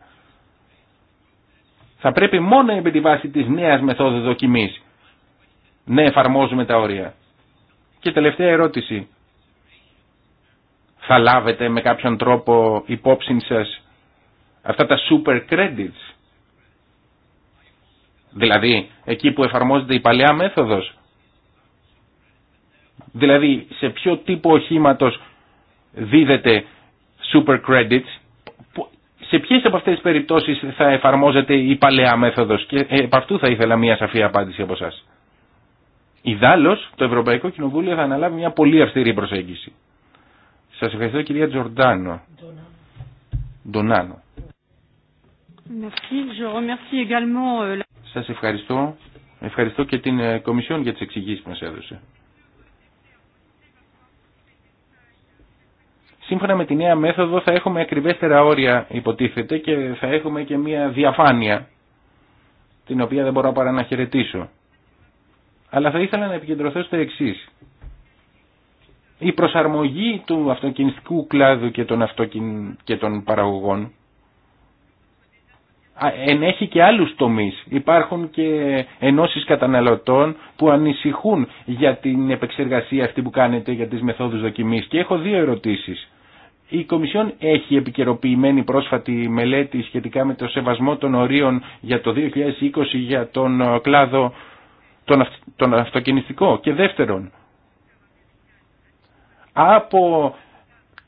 Θα πρέπει μόνο επί τη βάση της νέας μεθόδου δοκιμής να εφαρμόζουμε τα όρια. Και τελευταία ερώτηση. Θα λάβετε με κάποιον τρόπο υπόψη σας αυτά τα super credits. Δηλαδή, εκεί που εφαρμόζεται η παλιά μέθοδος. Δηλαδή, σε ποιο τύπο οχήματος δίδεται super credits σε ποιες από αυτές τις περιπτώσεις θα εφαρμόζεται η παλαιά μέθοδος και από ε, αυτού θα ήθελα μια σαφή απάντηση από εσά. Ιδάλλως το Ευρωπαϊκό Κοινοβούλιο θα αναλάβει μια πολύ αυστηρή προσέγγιση. Σας ευχαριστώ κυρία Τζορντάνο. Ντονάνο. Euh, σας ευχαριστώ. Ευχαριστώ και την ε, Κομισιόν για τις εξηγήσεις που μας έδωσε. Σύμφωνα με τη νέα μέθοδο θα έχουμε ακριβέστερα όρια υποτίθεται και θα έχουμε και μια διαφάνεια την οποία δεν μπορώ παρά να χαιρετήσω. Αλλά θα ήθελα να επικεντρωθώ στο εξή. Η προσαρμογή του αυτοκινητικού κλάδου και των, αυτοκιν... και των παραγωγών ενέχει και άλλους τομείς. Υπάρχουν και ενώσεις καταναλωτών που ανησυχούν για την επεξεργασία αυτή που κάνετε για τις μεθόδους δοκιμής. Και έχω δύο ερωτήσεις. Η Κομισιόν έχει επικαιροποιημένη πρόσφατη μελέτη σχετικά με το σεβασμό των ορίων για το 2020 για τον ε, κλάδο τον, τον αυτοκινηστικό. Και δεύτερον, από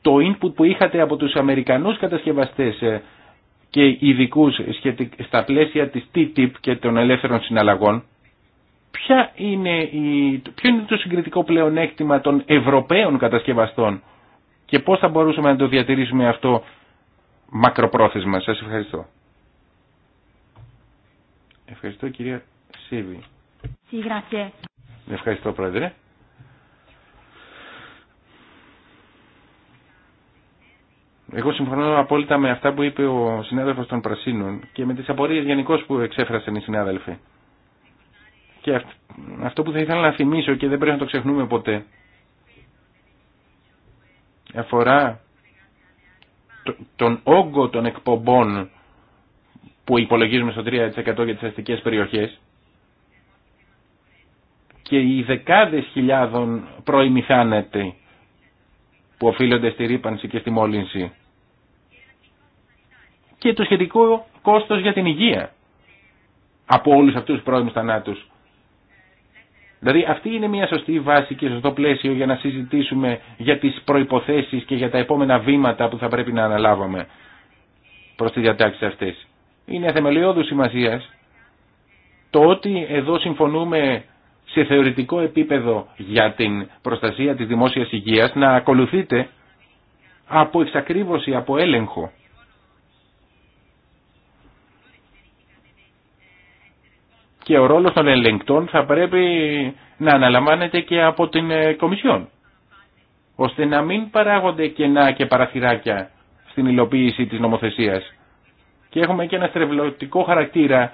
το input που είχατε από τους Αμερικανούς κατασκευαστές ε, και ειδικού στα πλαίσια της TTIP και των ελεύθερων συναλλαγών, ποια είναι η, ποιο είναι το συγκριτικό πλεονέκτημα των Ευρωπαίων κατασκευαστών και πώς θα μπορούσαμε να το διατηρήσουμε αυτό μακροπρόθεσμα. Σας ευχαριστώ. Ευχαριστώ κυρία Σίβη. Ευχαριστώ πρόεδρε. Εγώ συμφωνώ απόλυτα με αυτά που είπε ο συνάδελφος των Πρασίνων και με τις απορίες γενικώ που εξέφρασαν οι συνάδελφοι. Και αυτό που θα ήθελα να θυμίσω και δεν πρέπει να το ξεχνούμε ποτέ αφορά τον όγκο των εκπομπών που υπολογίζουμε στο 3% για τις αστικές περιοχές και οι δεκάδες χιλιάδων πρώιμοι που οφείλονται στη ρήπανση και στη μόλυνση και το σχετικό κόστος για την υγεία από όλους αυτούς τους πρώιμους θανάτους Δηλαδή αυτή είναι μια σωστή βάση και σωστό πλαίσιο για να συζητήσουμε για τις προϋποθέσεις και για τα επόμενα βήματα που θα πρέπει να αναλάβουμε προς τις διατάξεις αυτές. Είναι θεμελιώδους σημασία το ότι εδώ συμφωνούμε σε θεωρητικό επίπεδο για την προστασία της δημόσιας υγείας να ακολουθείτε από εξακρίβωση, από έλεγχο και ο ρόλος των ελεγκτών θα πρέπει να αναλαμβάνεται και από την ε, Κομισιόν ώστε να μην παράγονται κενά και παραθυράκια στην υλοποίηση της νομοθεσίας. Και έχουμε και ένα στρεβλωτικό χαρακτήρα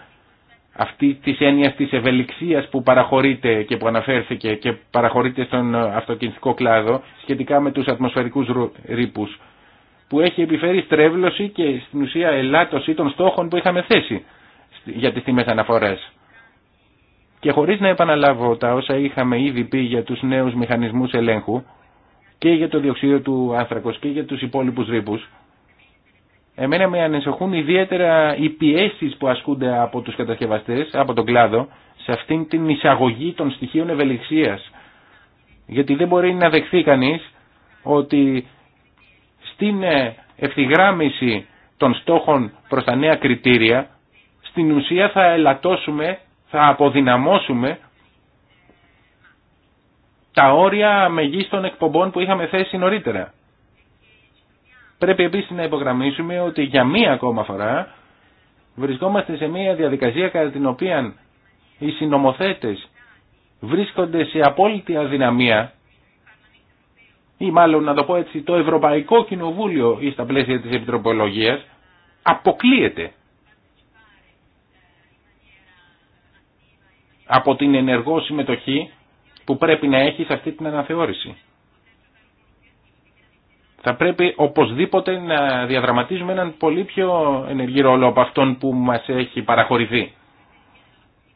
αυτή της έννοια της ευελιξίας που παραχωρείται και που αναφέρθηκε και παραχωρείται στον αυτοκινητικό κλάδο σχετικά με τους ατμοσφαιρικούς ρήπους που έχει επιφέρει στρέβλωση και στην ουσία ελάττωση των στόχων που είχαμε θέσει για τις τιμές αναφορές. Και χωρίς να επαναλάβω τα όσα είχαμε ήδη πει για τους νέους μηχανισμούς ελέγχου και για το διοξείδιο του άνθρακος και για τους υπόλοιπους ρήπους, εμένα με ανεσοχούν ιδιαίτερα οι πιέσει που ασκούνται από τους κατασκευαστές, από τον κλάδο, σε αυτήν την εισαγωγή των στοιχείων ευελιξίας. Γιατί δεν μπορεί να δεχθεί κανείς ότι στην ευθυγράμμιση των στόχων προς τα νέα κριτήρια, στην ουσία θα ελαττώσουμε θα αποδυναμώσουμε τα όρια μεγίστων εκπομπών που είχαμε θέσει νωρίτερα. Πρέπει επίσης να υπογραμμίσουμε ότι για μία ακόμα φορά βρισκόμαστε σε μία διαδικασία κατά την οποία οι συνομοθέτες βρίσκονται σε απόλυτη αδυναμία ή μάλλον να το πω έτσι το Ευρωπαϊκό Κοινοβούλιο ή στα πλαίσια της Επιτροπολογίας αποκλείεται από την ενεργό συμμετοχή που πρέπει να έχει σε αυτή την αναθεώρηση. Θα πρέπει οπωσδήποτε να διαδραματίζουμε έναν πολύ πιο ενεργή ρόλο από αυτόν που μας έχει παραχωρηθεί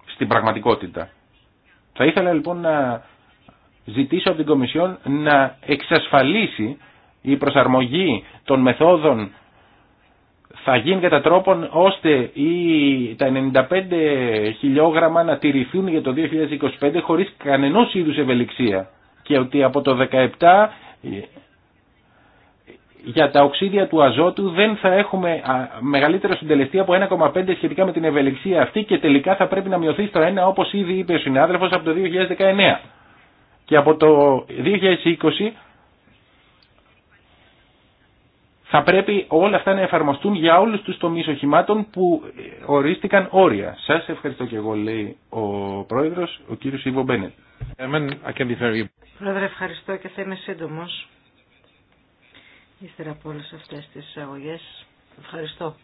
στην πραγματικότητα. Θα ήθελα λοιπόν να ζητήσω από την Κομισιόν να εξασφαλίσει η προσαρμογή των μεθόδων θα γίνει κατά τρόπον ώστε οι, τα 95 χιλιόγραμμα να τηρηθούν για το 2025 χωρίς κανενός είδους ευελιξία και ότι από το 2017 ε, για τα οξύδια του αζότου δεν θα έχουμε μεγαλύτερο συντελεστή από 1,5 σχετικά με την ευελιξία αυτή και τελικά θα πρέπει να μειωθεί στο 1 όπως ήδη είπε ο συνάδελφος από το 2019. Και από το 2020 θα πρέπει όλα αυτά να εφαρμοστούν για όλους τους τομείς οχημάτων που ορίστηκαν όρια. Σας ευχαριστώ και εγώ, λέει ο πρόεδρος, ο κύριος Ιβο Μπένετ. Πρόεδρε, ευχαριστώ και θα είμαι σύντομο. Ύστερα από όλες αυτές τις εισαγωγές, ευχαριστώ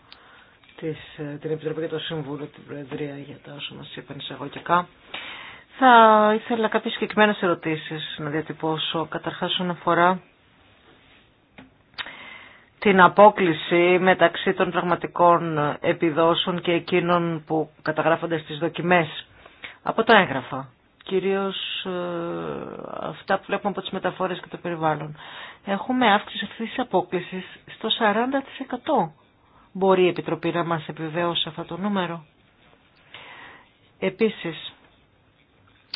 την Επιτροπή και το Σύμβουλο, την Προεδρία για τα όσα μας είπαν εισαγωγικά. Θα ήθελα κάποιες συγκεκριμένε ερωτήσεις να διατυπώσω. Καταρχάς, όσον αφορά την απόκληση μεταξύ των πραγματικών επιδόσεων και εκείνων που καταγράφονται στις δοκιμές από τα έγγραφα. Κυρίως ε, αυτά που βλέπουμε από τις μεταφορές και το περιβάλλον. Έχουμε αύξηση αυτής της απόκλησης στο 40%. Μπορεί η Επιτροπή να μας επιβεβαιώσει αυτό το νούμερο. Επίσης,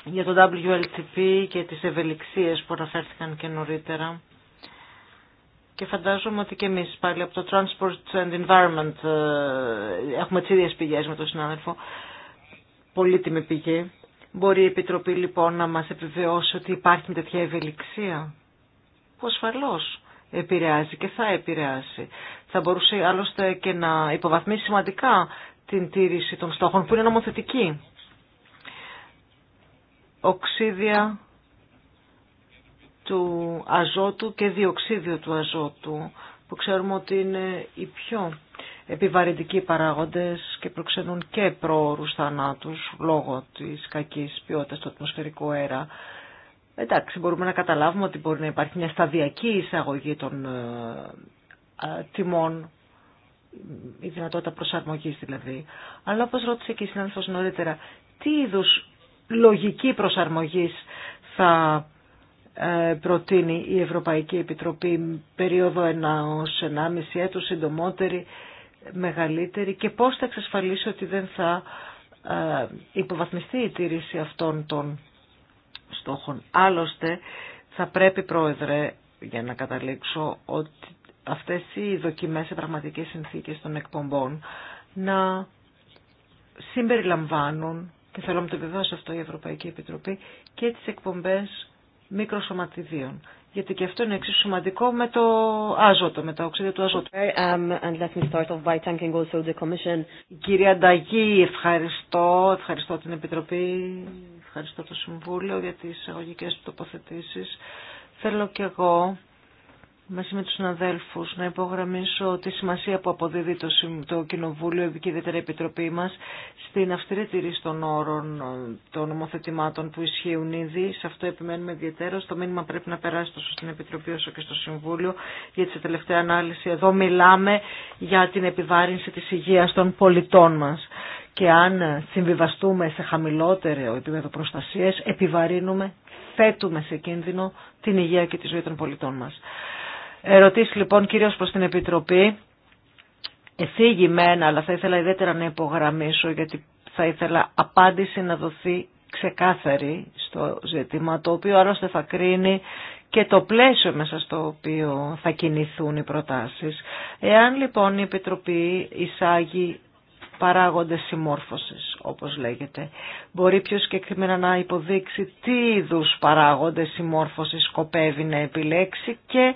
για το WLTP και τις ευελιξίες που αναφέρθηκαν και νωρίτερα, και φαντάζομαι ότι και εμείς πάλι από το Transport and Environment ε, έχουμε τις ίδιες πηγές με τον συνάδελφο. Πολύτιμη πηγή. Μπορεί η Επιτροπή λοιπόν να μας επιβεβαιώσει ότι υπάρχει τέτοια ευελιξία. Που ασφαλώς επηρεάζει και θα επηρεάσει. Θα μπορούσε άλλωστε και να υποβαθμίσει σημαντικά την τήρηση των στόχων που είναι νομοθετική. οξίδια του αζότου και διοξίδιο του αζότου, που ξέρουμε ότι είναι οι πιο επιβαρυντικοί παράγοντες και προξενούν και προώρους θανάτους λόγω της κακής ποιότητας του ατμοσφαιρικού αέρα. Εντάξει, μπορούμε να καταλάβουμε ότι μπορεί να υπάρχει μια σταδιακή εισαγωγή των ε, τιμών, η δυνατότητα προσαρμογής δηλαδή. Αλλά όπως ρώτησε και η συνάδελφος νωρίτερα, τι είδους λογική προσαρμογής θα προτείνει η Ευρωπαϊκή Επιτροπή περίοδο 1 ως 1,5 έτους, συντομότερη, μεγαλύτερη και πώς θα εξασφαλίσει ότι δεν θα ε, υποβαθμιστεί η τήρηση αυτών των στόχων. Άλλωστε θα πρέπει πρόεδρε για να καταλήξω ότι αυτές οι δοκιμές σε πραγματικές συνθήκες των εκπομπών να συμπεριλαμβάνουν και θέλω να το επιβάσω αυτό η Ευρωπαϊκή Επιτροπή και τις εκπομπές μικροσωματιδίων. Γιατί και αυτό είναι εξίσου σημαντικό με το άζωτο, με τα οξύδια του άζωτου. Um, Κυρία Νταγή, ευχαριστώ. Ευχαριστώ την Επιτροπή, ευχαριστώ το Συμβούλιο για τις εγωγικές του τοποθετήσεις. Θέλω κι εγώ μαζί με τους συναδέλφους να υπογραμμίσω τη σημασία που αποδίδει το, το Κοινοβούλιο και η Επιτροπή μας στην αυστηρή τηρήση των όρων ε, των νομοθετημάτων που ισχύουν ήδη. Σε αυτό επιμένουμε ιδιαίτερα. Το μήνυμα πρέπει να περάσει τόσο στην Επιτροπή όσο και στο Συμβούλιο γιατί σε τελευταία ανάλυση εδώ μιλάμε για την επιβάρυνση της υγείας των πολιτών μας. Και αν συμβιβαστούμε σε χαμηλότερο επίπεδο προστασίας, επιβαρύνουμε, θέτουμε σε κίνδυνο την υγεία και τη ζωή των πολιτών μας. Ερωτήσει λοιπόν κυρίως προς την Επιτροπή. Εθίγημένα, αλλά θα ήθελα ιδιαίτερα να υπογραμμίσω γιατί θα ήθελα απάντηση να δοθεί ξεκάθαρη στο ζήτημα το οποίο άλλωστε θα κρίνει και το πλαίσιο μέσα στο οποίο θα κινηθούν οι προτάσεις. Εάν λοιπόν η Επιτροπή εισάγει παράγοντες συμμόρφωσης, όπως λέγεται. Μπορεί πιο συγκεκριμένα να υποδείξει τι είδου παράγοντες συμμόρφωσης σκοπεύει να επιλέξει και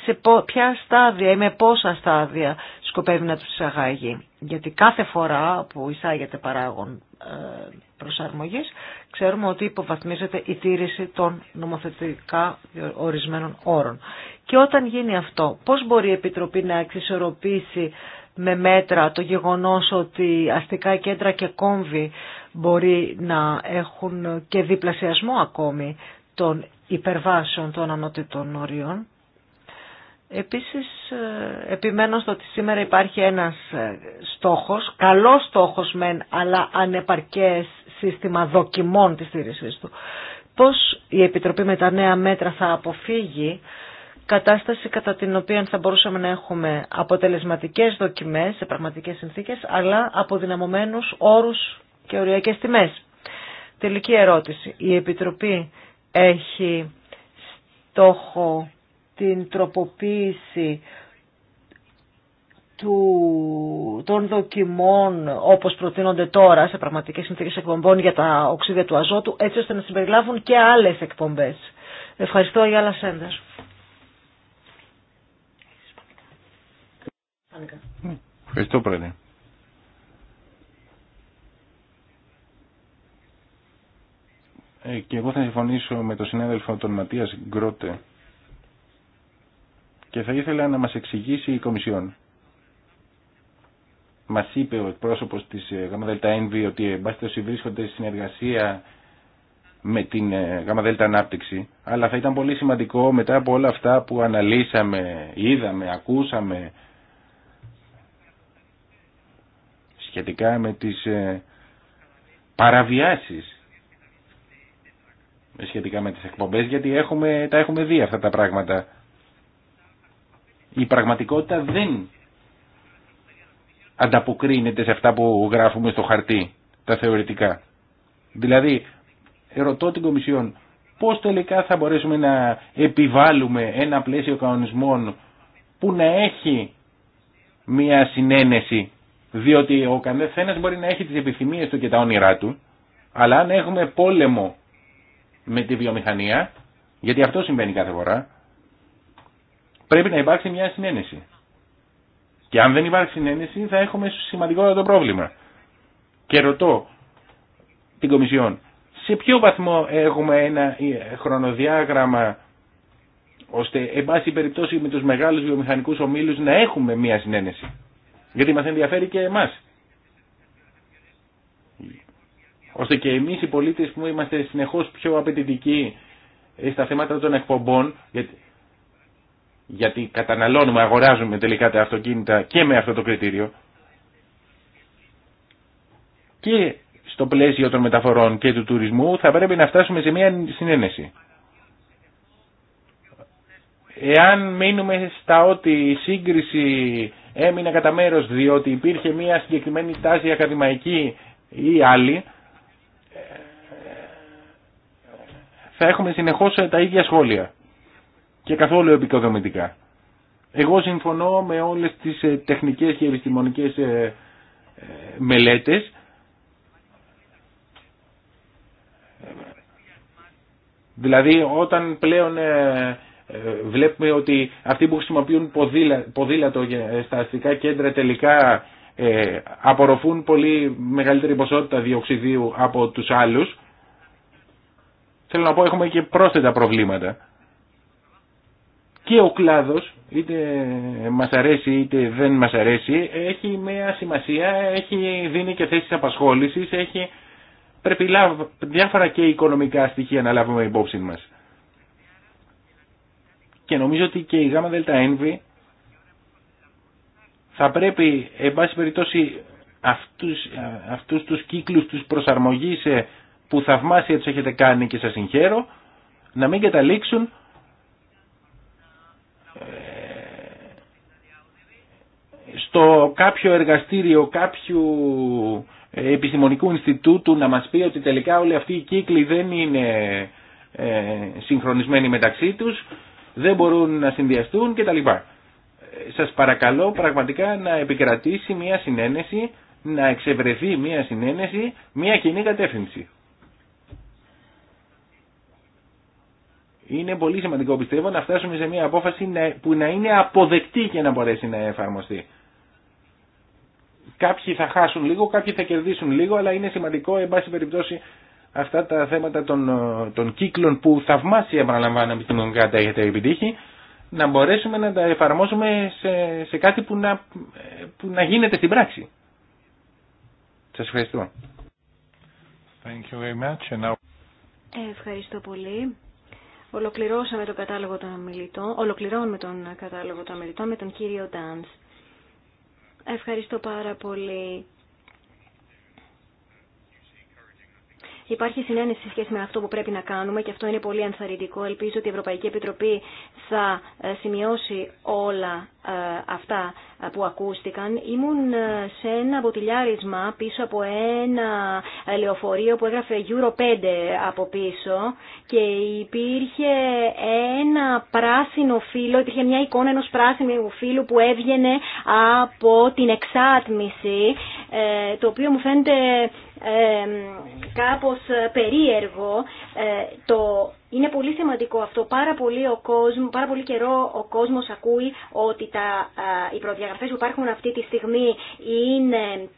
σε ποια στάδια ή με πόσα στάδια σκοπεύει να τους εισαγάγει. Γιατί κάθε φορά που εισάγεται παράγον ε, προσαρμογής, ξέρουμε ότι υποβαθμίζεται η τήρηση των νομοθετικά ορισμένων όρων. Και όταν γίνει αυτό, πώς μπορεί η Επιτροπή να εξισορροπήσει με μέτρα το γεγονός ότι αστικά κέντρα και κόμβοι μπορεί να έχουν και διπλασιασμό ακόμη των υπερβάσεων των ανώτητων ορίων. Επίσης ε, επιμένω στο ότι σήμερα υπάρχει ένας ε, στόχος, καλός στόχος μεν, αλλά ανεπαρκές σύστημα δοκιμών της στήριξης του. Πώς η Επιτροπή με τα νέα μέτρα θα αποφύγει κατάσταση κατά την οποία θα μπορούσαμε να έχουμε αποτελεσματικές δοκιμές σε πραγματικές συνθήκες, αλλά αποδυναμωμένους όρους και οριακές τιμές. Τελική ερώτηση. Η Επιτροπή έχει στόχο την τροποποίηση του, των δοκιμών όπως προτείνονται τώρα σε πραγματικές συνθήκες εκπομπών για τα οξύδια του αζότου έτσι ώστε να συμπεριλάβουν και άλλες εκπομπές. Ευχαριστώ για άλλα σέντερ. Ευχαριστώ πρόεδρε. Ε, και εγώ θα συμφωνήσω με τον συνάδελφο τον Ματίας Γκρότε και θα ήθελα να μας εξηγήσει η Κομισιόν. Μας είπε ο εκπρόσωπος της Ένβι ε, ότι εμπάσχετος βρίσκονται στη συνεργασία με την ε, ΓΔ Ανάπτυξη, αλλά θα ήταν πολύ σημαντικό μετά από όλα αυτά που αναλύσαμε, είδαμε, ακούσαμε σχετικά με τις ε, παραβιάσεις σχετικά με τις εκπομπές, γιατί έχουμε, τα έχουμε δει αυτά τα πράγματα η πραγματικότητα δεν ανταποκρίνεται σε αυτά που γράφουμε στο χαρτί, τα θεωρητικά. Δηλαδή, ρωτώ την Κομισιόν, πώς τελικά θα μπορέσουμε να επιβάλλουμε ένα πλαίσιο κανονισμών που να έχει μία συνένεση, διότι ο κανένας μπορεί να έχει τις επιθυμίες του και τα όνειρά του, αλλά αν έχουμε πόλεμο με τη βιομηχανία, γιατί αυτό συμβαίνει κάθε φορά, πρέπει να υπάρξει μια συνένεση. Και αν δεν υπάρχει συνένεση θα έχουμε σημαντικότατο πρόβλημα. Και ρωτώ την Κομισιόν, σε ποιο βαθμό έχουμε ένα ε, χρονοδιάγραμμα ώστε, εν πάση περιπτώσει, με τους μεγάλους βιομηχανικούς ομίλους να έχουμε μία συνένεση. Γιατί μας ενδιαφέρει και εμάς. Ώστε και εμείς οι πολίτες που είμαστε συνεχώς πιο απαιτητικοί ε, στα θέματα των εκπομπών, γιατί καταναλώνουμε, αγοράζουμε τελικά τα αυτοκίνητα και με αυτό το κριτήριο και στο πλαίσιο των μεταφορών και του τουρισμού θα πρέπει να φτάσουμε σε μια συνένεση. Εάν μείνουμε στα ότι η σύγκριση έμεινε κατά μέρο διότι υπήρχε μια συγκεκριμένη τάση ακαδημαϊκή ή άλλη, θα έχουμε συνεχώς τα ίδια σχόλια και καθόλου επικοδομητικά. Εγώ συμφωνώ με όλες τις ε, τεχνικές και επιστημονικές ε, ε, μελέτες Δηλαδή όταν πλέον βλέπουμε ότι αυτοί που χρησιμοποιούν ποδήλα, ποδήλατο στα αστικά κέντρα τελικά απορροφούν πολύ μεγαλύτερη ποσότητα διοξιδίου από τους άλλους θέλω να πω έχουμε και πρόσθετα προβλήματα και ο κλάδος, είτε μας αρέσει είτε δεν μας αρέσει, έχει μια σημασία, έχει δίνει και θέσεις απασχόλησης, έχει, πρέπει διάφορα και οικονομικά στοιχεία να λάβουμε υπόψη μας. Και νομίζω ότι και η γάμα θα πρέπει, εν πάση περιπτώσει, αυτούς, αυτούς τους κύκλους τους προσαρμογής ε, που θαυμάσια τους έχετε κάνει και σας συγχαίρω, να μην καταλήξουν το κάποιο εργαστήριο κάποιου ε, επιστημονικού Ινστιτούτου να μας πει ότι τελικά όλοι αυτοί οι κύκλοι δεν είναι ε, συγχρονισμένοι μεταξύ τους, δεν μπορούν να συνδυαστούν κτλ. Ε, σας παρακαλώ πραγματικά να επικρατήσει μια συνένεση, να εξευρεθεί μια συνένεση, μια κοινή κατεύθυνση. Είναι πολύ σημαντικό πιστεύω να φτάσουμε σε μια απόφαση που να είναι αποδεκτή και να μπορέσει να εφαρμοστεί. Κάποιοι θα χάσουν λίγο, κάποιοι θα κερδίσουν λίγο, αλλά είναι σημαντικό, εν πάση περιπτώσει, αυτά τα θέματα των, κύκλων που θαυμάσια την για τα έχετε επιτύχει, να μπορέσουμε να τα εφαρμόσουμε σε, σε κάτι που να, που να γίνεται στην πράξη. Σας ευχαριστώ. Thank you very much. Ε, ευχαριστώ πολύ. Ολοκληρώσαμε τον κατάλογο των ομιλητών, ολοκληρώνουμε τον κατάλογο των ομιλητών με τον κύριο Ντάνστ. Ευχαριστώ πάρα πολύ. Υπάρχει συνένεση σχέση με αυτό που πρέπει να κάνουμε και αυτό είναι πολύ ενθαρρυντικό. Ελπίζω ότι η Ευρωπαϊκή Επιτροπή θα ε, σημειώσει όλα ε, αυτά ε, που ακούστηκαν. Ήμουν σε ένα ποτηλιάρισμα πίσω από ένα λεωφορείο που έγραφε Euro 5 από πίσω και υπήρχε ένα πράσινο φύλλο, υπήρχε μια εικόνα ενός πράσινου φύλλου που έβγαινε από την εξάτμιση, το οποίο μου φαίνεται κάπως ε, περίεργο. Ε, το είναι πολύ σημαντικό αυτό. Πάρα πολύ, ο πάρα πολύ καιρό ο κόσμος ακούει ότι τα, οι προδιαγραφές που υπάρχουν αυτή τη στιγμή είναι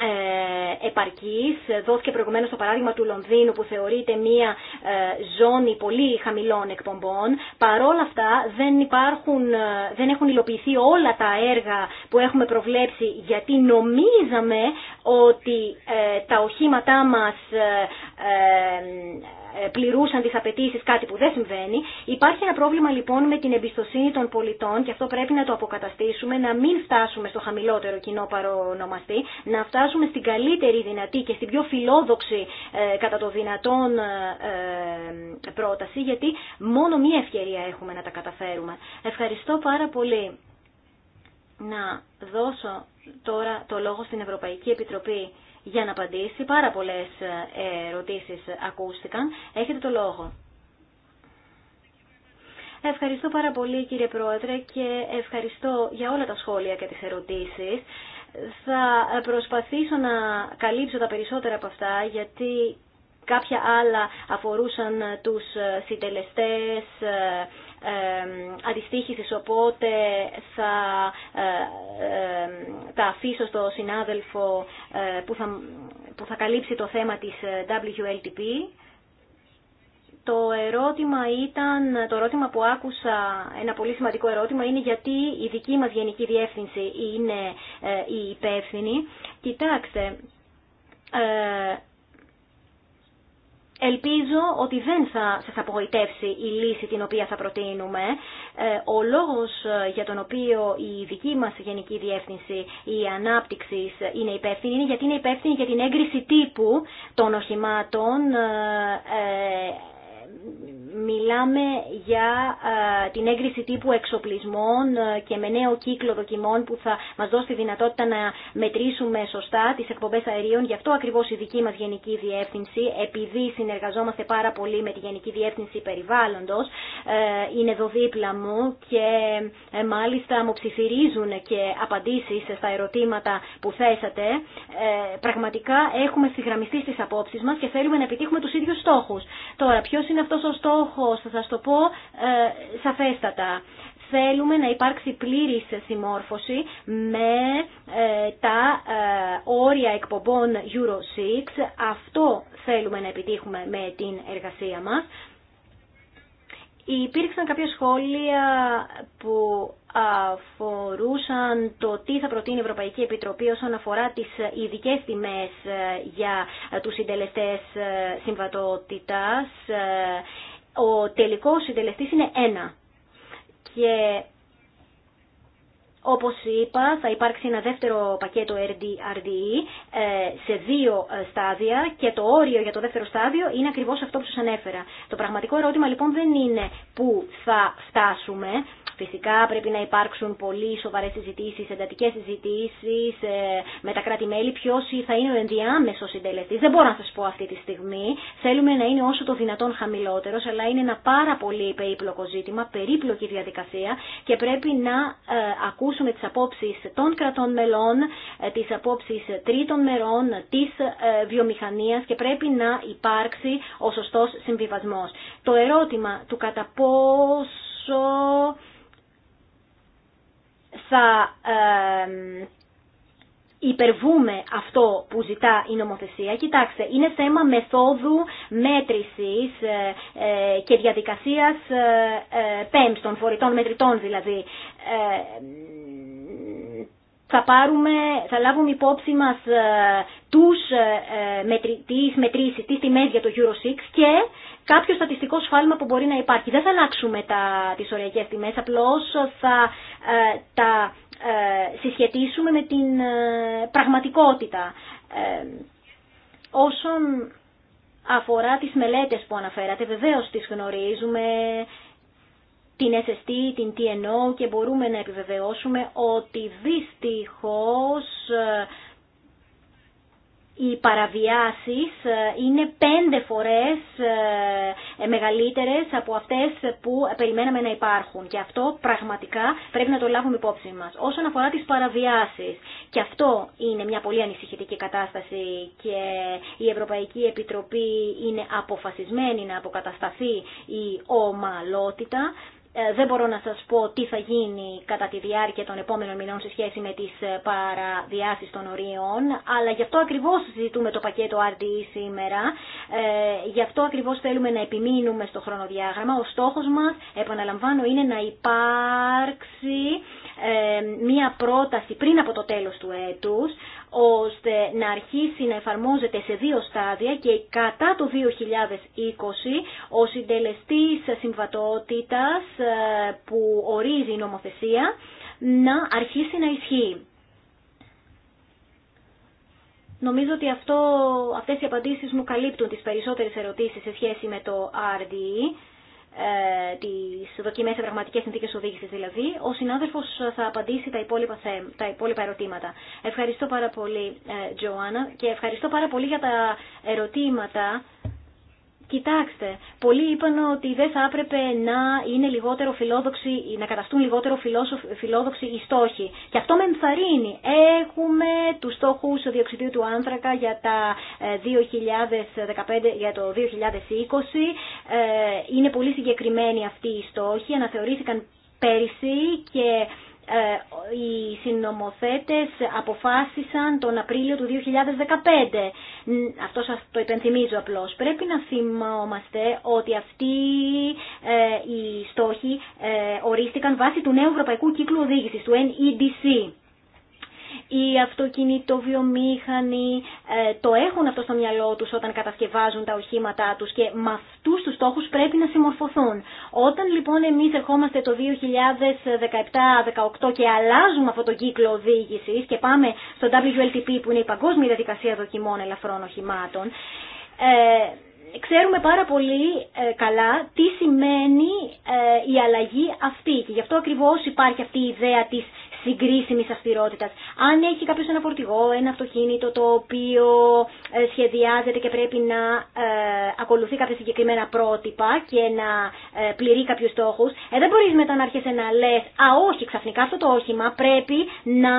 ε, επαρκής. Δόθηκε προηγουμένως το παράδειγμα του Λονδίνου που θεωρείται μια ε, ζώνη πολύ χαμηλών εκπομπών. Παρόλα αυτά δεν, υπάρχουν, ε, δεν έχουν υλοποιηθεί όλα τα έργα που έχουμε προβλέψει γιατί νομίζαμε ότι τα οχήματά μας ε, πληρούσαν τις απαιτήσει, κάτι που δεν συμβαίνει. Υπάρχει ένα πρόβλημα λοιπόν με την εμπιστοσύνη των πολιτών και αυτό πρέπει να το αποκαταστήσουμε, να μην φτάσουμε στο χαμηλότερο κοινό παρονομαστή, να φτάσουμε στην καλύτερη δυνατή και στην πιο φιλόδοξη ε, κατά το δυνατόν ε, πρόταση, γιατί μόνο μία ευκαιρία έχουμε να τα καταφέρουμε. Ευχαριστώ πάρα πολύ. Να δώσω τώρα το λόγο στην Ευρωπαϊκή Επιτροπή για να απαντήσει. Πάρα πολλές ε, ερωτήσεις ακούστηκαν. Έχετε το λόγο. Ευχαριστώ πάρα πολύ κύριε Πρόεδρε και ευχαριστώ για όλα τα σχόλια και τις ερωτήσεις. Θα προσπαθήσω να καλύψω τα περισσότερα από αυτά γιατί κάποια άλλα αφορούσαν τους ε, συντελεστές, ε, αντιστοίχησης, οπότε θα ε, ε, τα αφήσω στο συνάδελφο ε, που θα, που θα καλύψει το θέμα της WLTP. Το ερώτημα ήταν, το ερώτημα που άκουσα, ένα πολύ σημαντικό ερώτημα, είναι γιατί η δική μας Γενική Διεύθυνση είναι η υπεύθυνη. Κοιτάξτε, ε, Ελπίζω ότι δεν θα σας απογοητεύσει η λύση την οποία θα προτείνουμε. Ε, ο λόγος ε, για τον οποίο η δική μας Γενική Διεύθυνση η ανάπτυξη είναι υπεύθυνη είναι γιατί είναι υπεύθυνη για την έγκριση τύπου των οχημάτων ε, Μιλάμε για ε, την έγκριση τύπου εξοπλισμών ε, και με νέο κύκλο δοκιμών που θα μας δώσει τη δυνατότητα να μετρήσουμε σωστά τις εκπομπές αερίων. Γι' αυτό ακριβώς η δική μας Γενική Διεύθυνση, επειδή συνεργαζόμαστε πάρα πολύ με τη Γενική Διεύθυνση Περιβάλλοντος, ε, είναι εδώ δίπλα μου και μάλιστα μου ψηφυρίζουν και απαντήσεις στα ερωτήματα που θέσατε. Πραγματικά έχουμε συγγραμμιστεί στις απόψεις μας και θέλουμε να επιτύχουμε τους ίδιους στόχους. Τώρα, ποιος είναι αυτός ο στόχος, θα σας το πω ε, σαφέστατα. Θέλουμε να υπάρξει πλήρης συμμόρφωση με ε, τα ε, όρια εκπομπών Euro 6. Αυτό θέλουμε να επιτύχουμε με την εργασία μας. Υπήρξαν κάποια σχόλια που αφορούσαν το τι θα προτείνει η Ευρωπαϊκή Επιτροπή όσον αφορά τις ειδικέ τιμές ε, για τους συντελεστές ε, συμβατότητας. Ε, ο τελικός συντελεστής είναι ένα. Και όπως είπα, θα υπάρξει ένα δεύτερο πακέτο RDE ε, σε δύο ε, στάδια και το όριο για το δεύτερο στάδιο είναι ακριβώς αυτό που σας ανέφερα. Το πραγματικό ερώτημα λοιπόν δεν είναι πού θα φτάσουμε, Φυσικά πρέπει να υπάρξουν πολύ σοβαρέ συζητήσει, εντατικέ συζητήσει ε, με τα κράτη-μέλη. Ποιο θα είναι ο ενδιάμεσο συντελεστή. Δεν μπορώ να σα πω αυτή τη στιγμή. Θέλουμε να είναι όσο το δυνατόν χαμηλότερο, αλλά είναι ένα πάρα πολύ περίπλοκο ζήτημα, περίπλοκη διαδικασία και πρέπει να ε, ακούσουμε τι απόψει των κρατών μελών, ε, τι απόψει τρίτων μερών, τη βιομηχανία και πρέπει να υπάρξει ο σωστό συμβιβασμό. Το ερώτημα του κατά θα υπερβούμε αυτό που ζητά η νομοθεσία. Κοιτάξτε, είναι θέμα μεθόδου μέτρησης ε, ε, και διαδικασίας ε, ε των φορητών μετρητών δηλαδή θα, πάρουμε, θα λάβουμε υπόψη μας ε, τους, ε, ε, μετρη, τις μετρήσεις, τις τιμές για το Euro 6 και κάποιο στατιστικό σφάλμα που μπορεί να υπάρχει. Δεν θα αλλάξουμε τα, τις οριακές τιμές, απλώς θα τα συσχετίσουμε με την πραγματικότητα. όσον αφορά τις μελέτες που αναφέρατε, βεβαίως τις γνωρίζουμε, την SST, την TNO και μπορούμε να επιβεβαιώσουμε ότι δυστυχώς ε, οι παραβιάσεις ε, είναι πέντε φορές ε, μεγαλύτερες από αυτές που περιμέναμε να υπάρχουν. Και αυτό πραγματικά πρέπει να το λάβουμε υπόψη μας. Όσον αφορά τις παραβιάσεις, και αυτό είναι μια πολύ ανησυχητική κατάσταση και η Ευρωπαϊκή Επιτροπή είναι αποφασισμένη να αποκατασταθεί η ομαλότητα, ε, δεν μπορώ να σας πω τι θα γίνει κατά τη διάρκεια των επόμενων μηνών σε σχέση με τις ε, παραδιάσεις των ορίων, αλλά γι' αυτό ακριβώς συζητούμε το πακέτο RDE σήμερα, ε, γι' αυτό ακριβώς θέλουμε να επιμείνουμε στο χρονοδιάγραμμα. Ο στόχος μας, επαναλαμβάνω, είναι να υπάρξει ε, μία πρόταση πριν από το τέλος του έτους, ώστε να αρχίσει να εφαρμόζεται σε δύο στάδια και κατά το 2020 ο συντελεστής συμβατότητας ε, που ορίζει η νομοθεσία να αρχίσει να ισχύει. Νομίζω ότι αυτό, αυτές οι απαντήσεις μου καλύπτουν τις περισσότερες ερωτήσεις σε σχέση με το RDE. Ε, τις δοκιμές σε πραγματικές συνθήκες οδήγησης δηλαδή, ο συνάδελφος θα απαντήσει τα υπόλοιπα, τα ερωτήματα. Ευχαριστώ πάρα πολύ, Τζοάννα, ε, και ευχαριστώ πάρα πολύ για τα ερωτήματα Κοιτάξτε, πολλοί είπαν ότι δεν θα έπρεπε να, είναι λιγότερο φιλόδοξοι, να καταστούν λιγότερο φιλόδοξοι οι στόχοι. Και αυτό με ενθαρρύνει. Έχουμε τους στόχους διοξιδίου του άνθρακα για, τα 2015, ε, για το 2020. Ε, είναι πολύ συγκεκριμένοι αυτοί οι στόχοι. Αναθεωρήθηκαν πέρυσι και ε, οι συνομοθέτες αποφάσισαν τον Απρίλιο του 2015. Αυτό σας το υπενθυμίζω απλώς. Πρέπει να θυμόμαστε ότι αυτοί ε, οι στόχοι ε, ορίστηκαν βάσει του νέου Ευρωπαϊκού Κύκλου Οδήγησης, του NEDC οι αυτοκινητοβιομήχανοι ε, το έχουν αυτό στο μυαλό τους όταν κατασκευάζουν τα οχήματά τους και με αυτού τους στόχους πρέπει να συμμορφωθούν. Όταν λοιπόν εμείς ερχόμαστε το 2017-2018 και αλλάζουμε αυτό τον κύκλο οδήγησης και πάμε στο WLTP που είναι η παγκόσμια διαδικασία δοκιμών ελαφρών οχημάτων, ε, Ξέρουμε πάρα πολύ ε, καλά τι σημαίνει η αλλαγή αυτή και γι' αυτό ακριβώς υπάρχει αυτή η ιδέα της Συγκρίσιμη αυστηρότητα. Αν έχει κάποιος ένα φορτηγό, ένα αυτοκίνητο το οποίο ε, σχεδιάζεται και πρέπει να ε, ακολουθεί κάποια συγκεκριμένα πρότυπα και να ε, πληρεί κάποιους στόχους, ε, δεν μπορείς μετά να αρχίσει να λες «Α, όχι, ξαφνικά αυτό το όχημα πρέπει να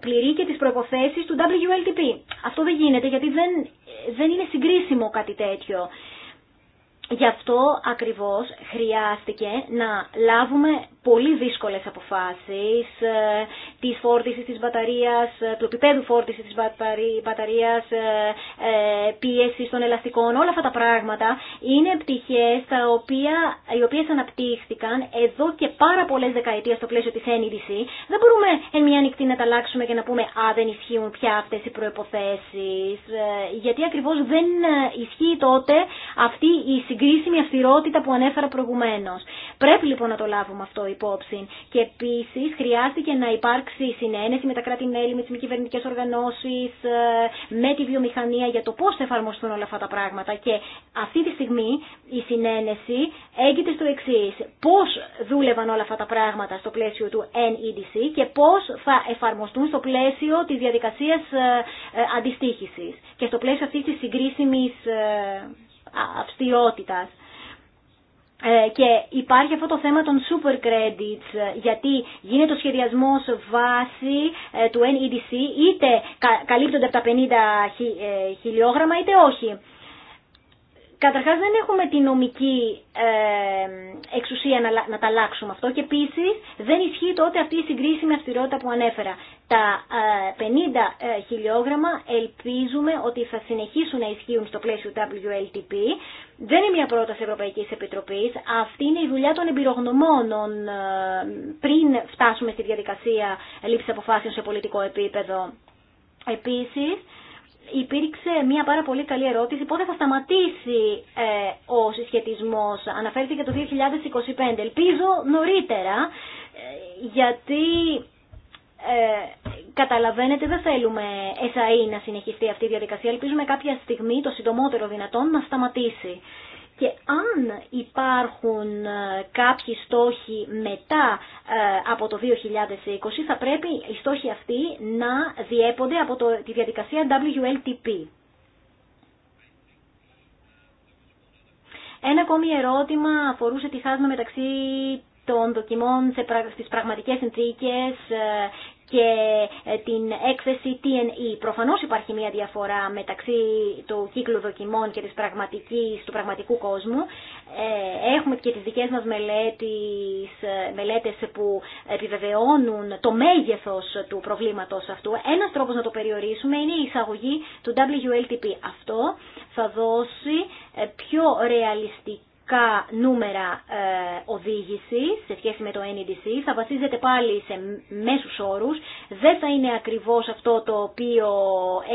πληρεί και τις προποθέσει του WLTP». Αυτό δεν γίνεται γιατί δεν, δεν είναι συγκρίσιμο κάτι τέτοιο. Γι' αυτό ακριβώς χρειάστηκε να λάβουμε πολύ δύσκολες αποφάσεις ε, της φόρτισης της μπαταρίας, ε, του επίπεδου φόρτισης της μπαταρίας, ε, πίεσης των ελαστικών, όλα αυτά τα πράγματα είναι πτυχές τα οποία, οι οποίες αναπτύχθηκαν εδώ και πάρα πολλές δεκαετίες στο πλαίσιο της NDC. Δεν μπορούμε εν μία νυχτή να τα αλλάξουμε και να πούμε «Α, δεν ισχύουν πια αυτές οι προϋποθέσεις», γιατί ακριβώς δεν ισχύει τότε αυτή η συγκρίσιμη αυστηρότητα που ανέφερα προηγουμένως. Πρέπει λοιπόν να το λάβουμε αυτό και επίση χρειάστηκε να υπάρξει συνένεση με τα κράτη-μέλη, με τι μη κυβερνητικέ οργανώσει, ε, με τη βιομηχανία για το πώ θα εφαρμοστούν όλα αυτά τα πράγματα. Και αυτή τη στιγμή η συνένεση έγκυται στο εξή. Πώ δούλευαν όλα αυτά τα πράγματα στο πλαίσιο του NEDC και πώ θα εφαρμοστούν στο πλαίσιο τη διαδικασία ε, ε, αντιστοίχηση και στο πλαίσιο αυτή τη συγκρίσιμη αυστηρότητας. Ε, και υπάρχει αυτό το θέμα των super credits ε, γιατί γίνεται ο σχεδιασμός βάση ε, του NEDC είτε καλύπτονται από τα 50 χιλιόγραμμα είτε όχι. Καταρχάς δεν έχουμε τη νομική ε, εξουσία να, τα αλλάξουμε αυτό και επίση δεν ισχύει τότε αυτή η συγκρίσιμη αυστηρότητα που ανέφερα. Τα 50 ε, ε, χιλιόγραμμα ελπίζουμε ότι θα συνεχίσουν να ισχύουν στο πλαίσιο WLTP. Δεν είναι μια πρόταση Ευρωπαϊκή Επιτροπής. Αυτή είναι η δουλειά των εμπειρογνωμόνων πριν φτάσουμε στη διαδικασία λήψη αποφάσεων σε πολιτικό επίπεδο. Επίσης, υπήρξε μια πάρα πολύ καλή ερώτηση πότε θα σταματήσει ε, ο συσχετισμός. Αναφέρθηκε το 2025. Ελπίζω νωρίτερα ε, γιατί ε, καταλαβαίνετε δεν θέλουμε ή e να συνεχιστεί αυτή η διαδικασία. Ελπίζουμε κάποια στιγμή το συντομότερο δυνατόν να σταματήσει και αν υπάρχουν ε, κάποιοι στόχοι μετά ε, από το 2020 θα πρέπει οι στόχοι αυτοί να διέπονται από το, τη διαδικασία WLTP. Ένα ακόμη ερώτημα αφορούσε τη χάσμα μεταξύ των δοκιμών στις πραγματικές συνθήκες ε, και ε, την έκθεση TNE. Προφανώς υπάρχει μια διαφορά μεταξύ του κύκλου δοκιμών και της πραγματικής, του πραγματικού κόσμου. Ε, έχουμε και τις δικές μας ε, μελέτες, που επιβεβαιώνουν το μέγεθος του προβλήματος αυτού. Ένας τρόπος να το περιορίσουμε είναι η εισαγωγή του WLTP. Αυτό θα δώσει πιο ρεαλιστική ειδικά νούμερα ε, οδήγησης σε σχέση με το NDC. E θα βασίζεται πάλι σε μέσους όρους. Δεν θα είναι ακριβώς αυτό το οποίο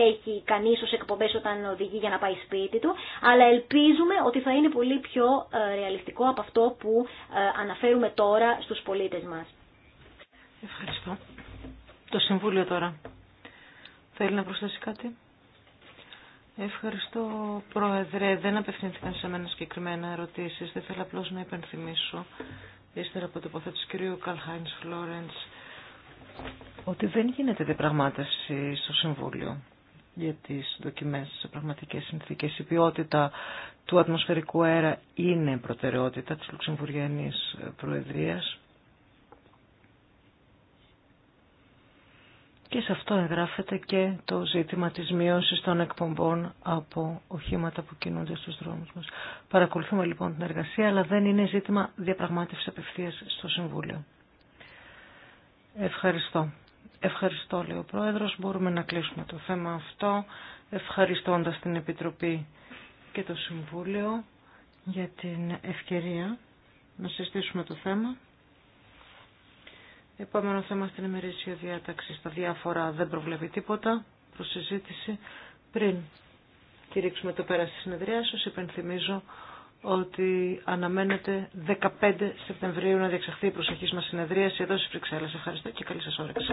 έχει κανείς ως εκπομπές όταν οδηγεί για να πάει σπίτι του. Αλλά ελπίζουμε ότι θα είναι πολύ πιο ε, ρεαλιστικό από αυτό που ε, αναφέρουμε τώρα στους πολίτες μας. Ευχαριστώ. Το Συμβούλιο τώρα. Θέλει να προσθέσει κάτι. Ευχαριστώ, Πρόεδρε. Δεν απευθύνθηκαν σε μένα συγκεκριμένα ερωτήσεις. Δεν θέλω απλώς να υπενθυμίσω, ύστερα από τοποθέτηση του κυρίου Καλχάινς Φλόρεντς, ότι δεν γίνεται διαπραγμάτευση στο Συμβούλιο για τις δοκιμές σε πραγματικές συνθήκες. Η ποιότητα του ατμοσφαιρικού αέρα είναι προτεραιότητα της Λουξεμβουργιανής Προεδρίας. Και σε αυτό εγγράφεται και το ζήτημα της μείωσης των εκπομπών από οχήματα που κινούνται στους δρόμους μας. Παρακολουθούμε λοιπόν την εργασία, αλλά δεν είναι ζήτημα διαπραγμάτευσης απευθείας στο Συμβούλιο. Ευχαριστώ. Ευχαριστώ, λέει ο Πρόεδρος. Μπορούμε να κλείσουμε το θέμα αυτό, ευχαριστώντας την Επιτροπή και το Συμβούλιο για την ευκαιρία να συστήσουμε το θέμα. Επόμενο θέμα στην ημερήσια διάταξη. Στα διάφορα δεν προβλέπει τίποτα προς συζήτηση. Πριν κηρύξουμε το πέρα στη συνεδρία σας, υπενθυμίζω ότι αναμένεται 15 Σεπτεμβρίου να διεξαχθεί η προσοχή μας συνεδρίαση εδώ στις Φρυξέλλες. Ευχαριστώ και καλή σας όρεξη.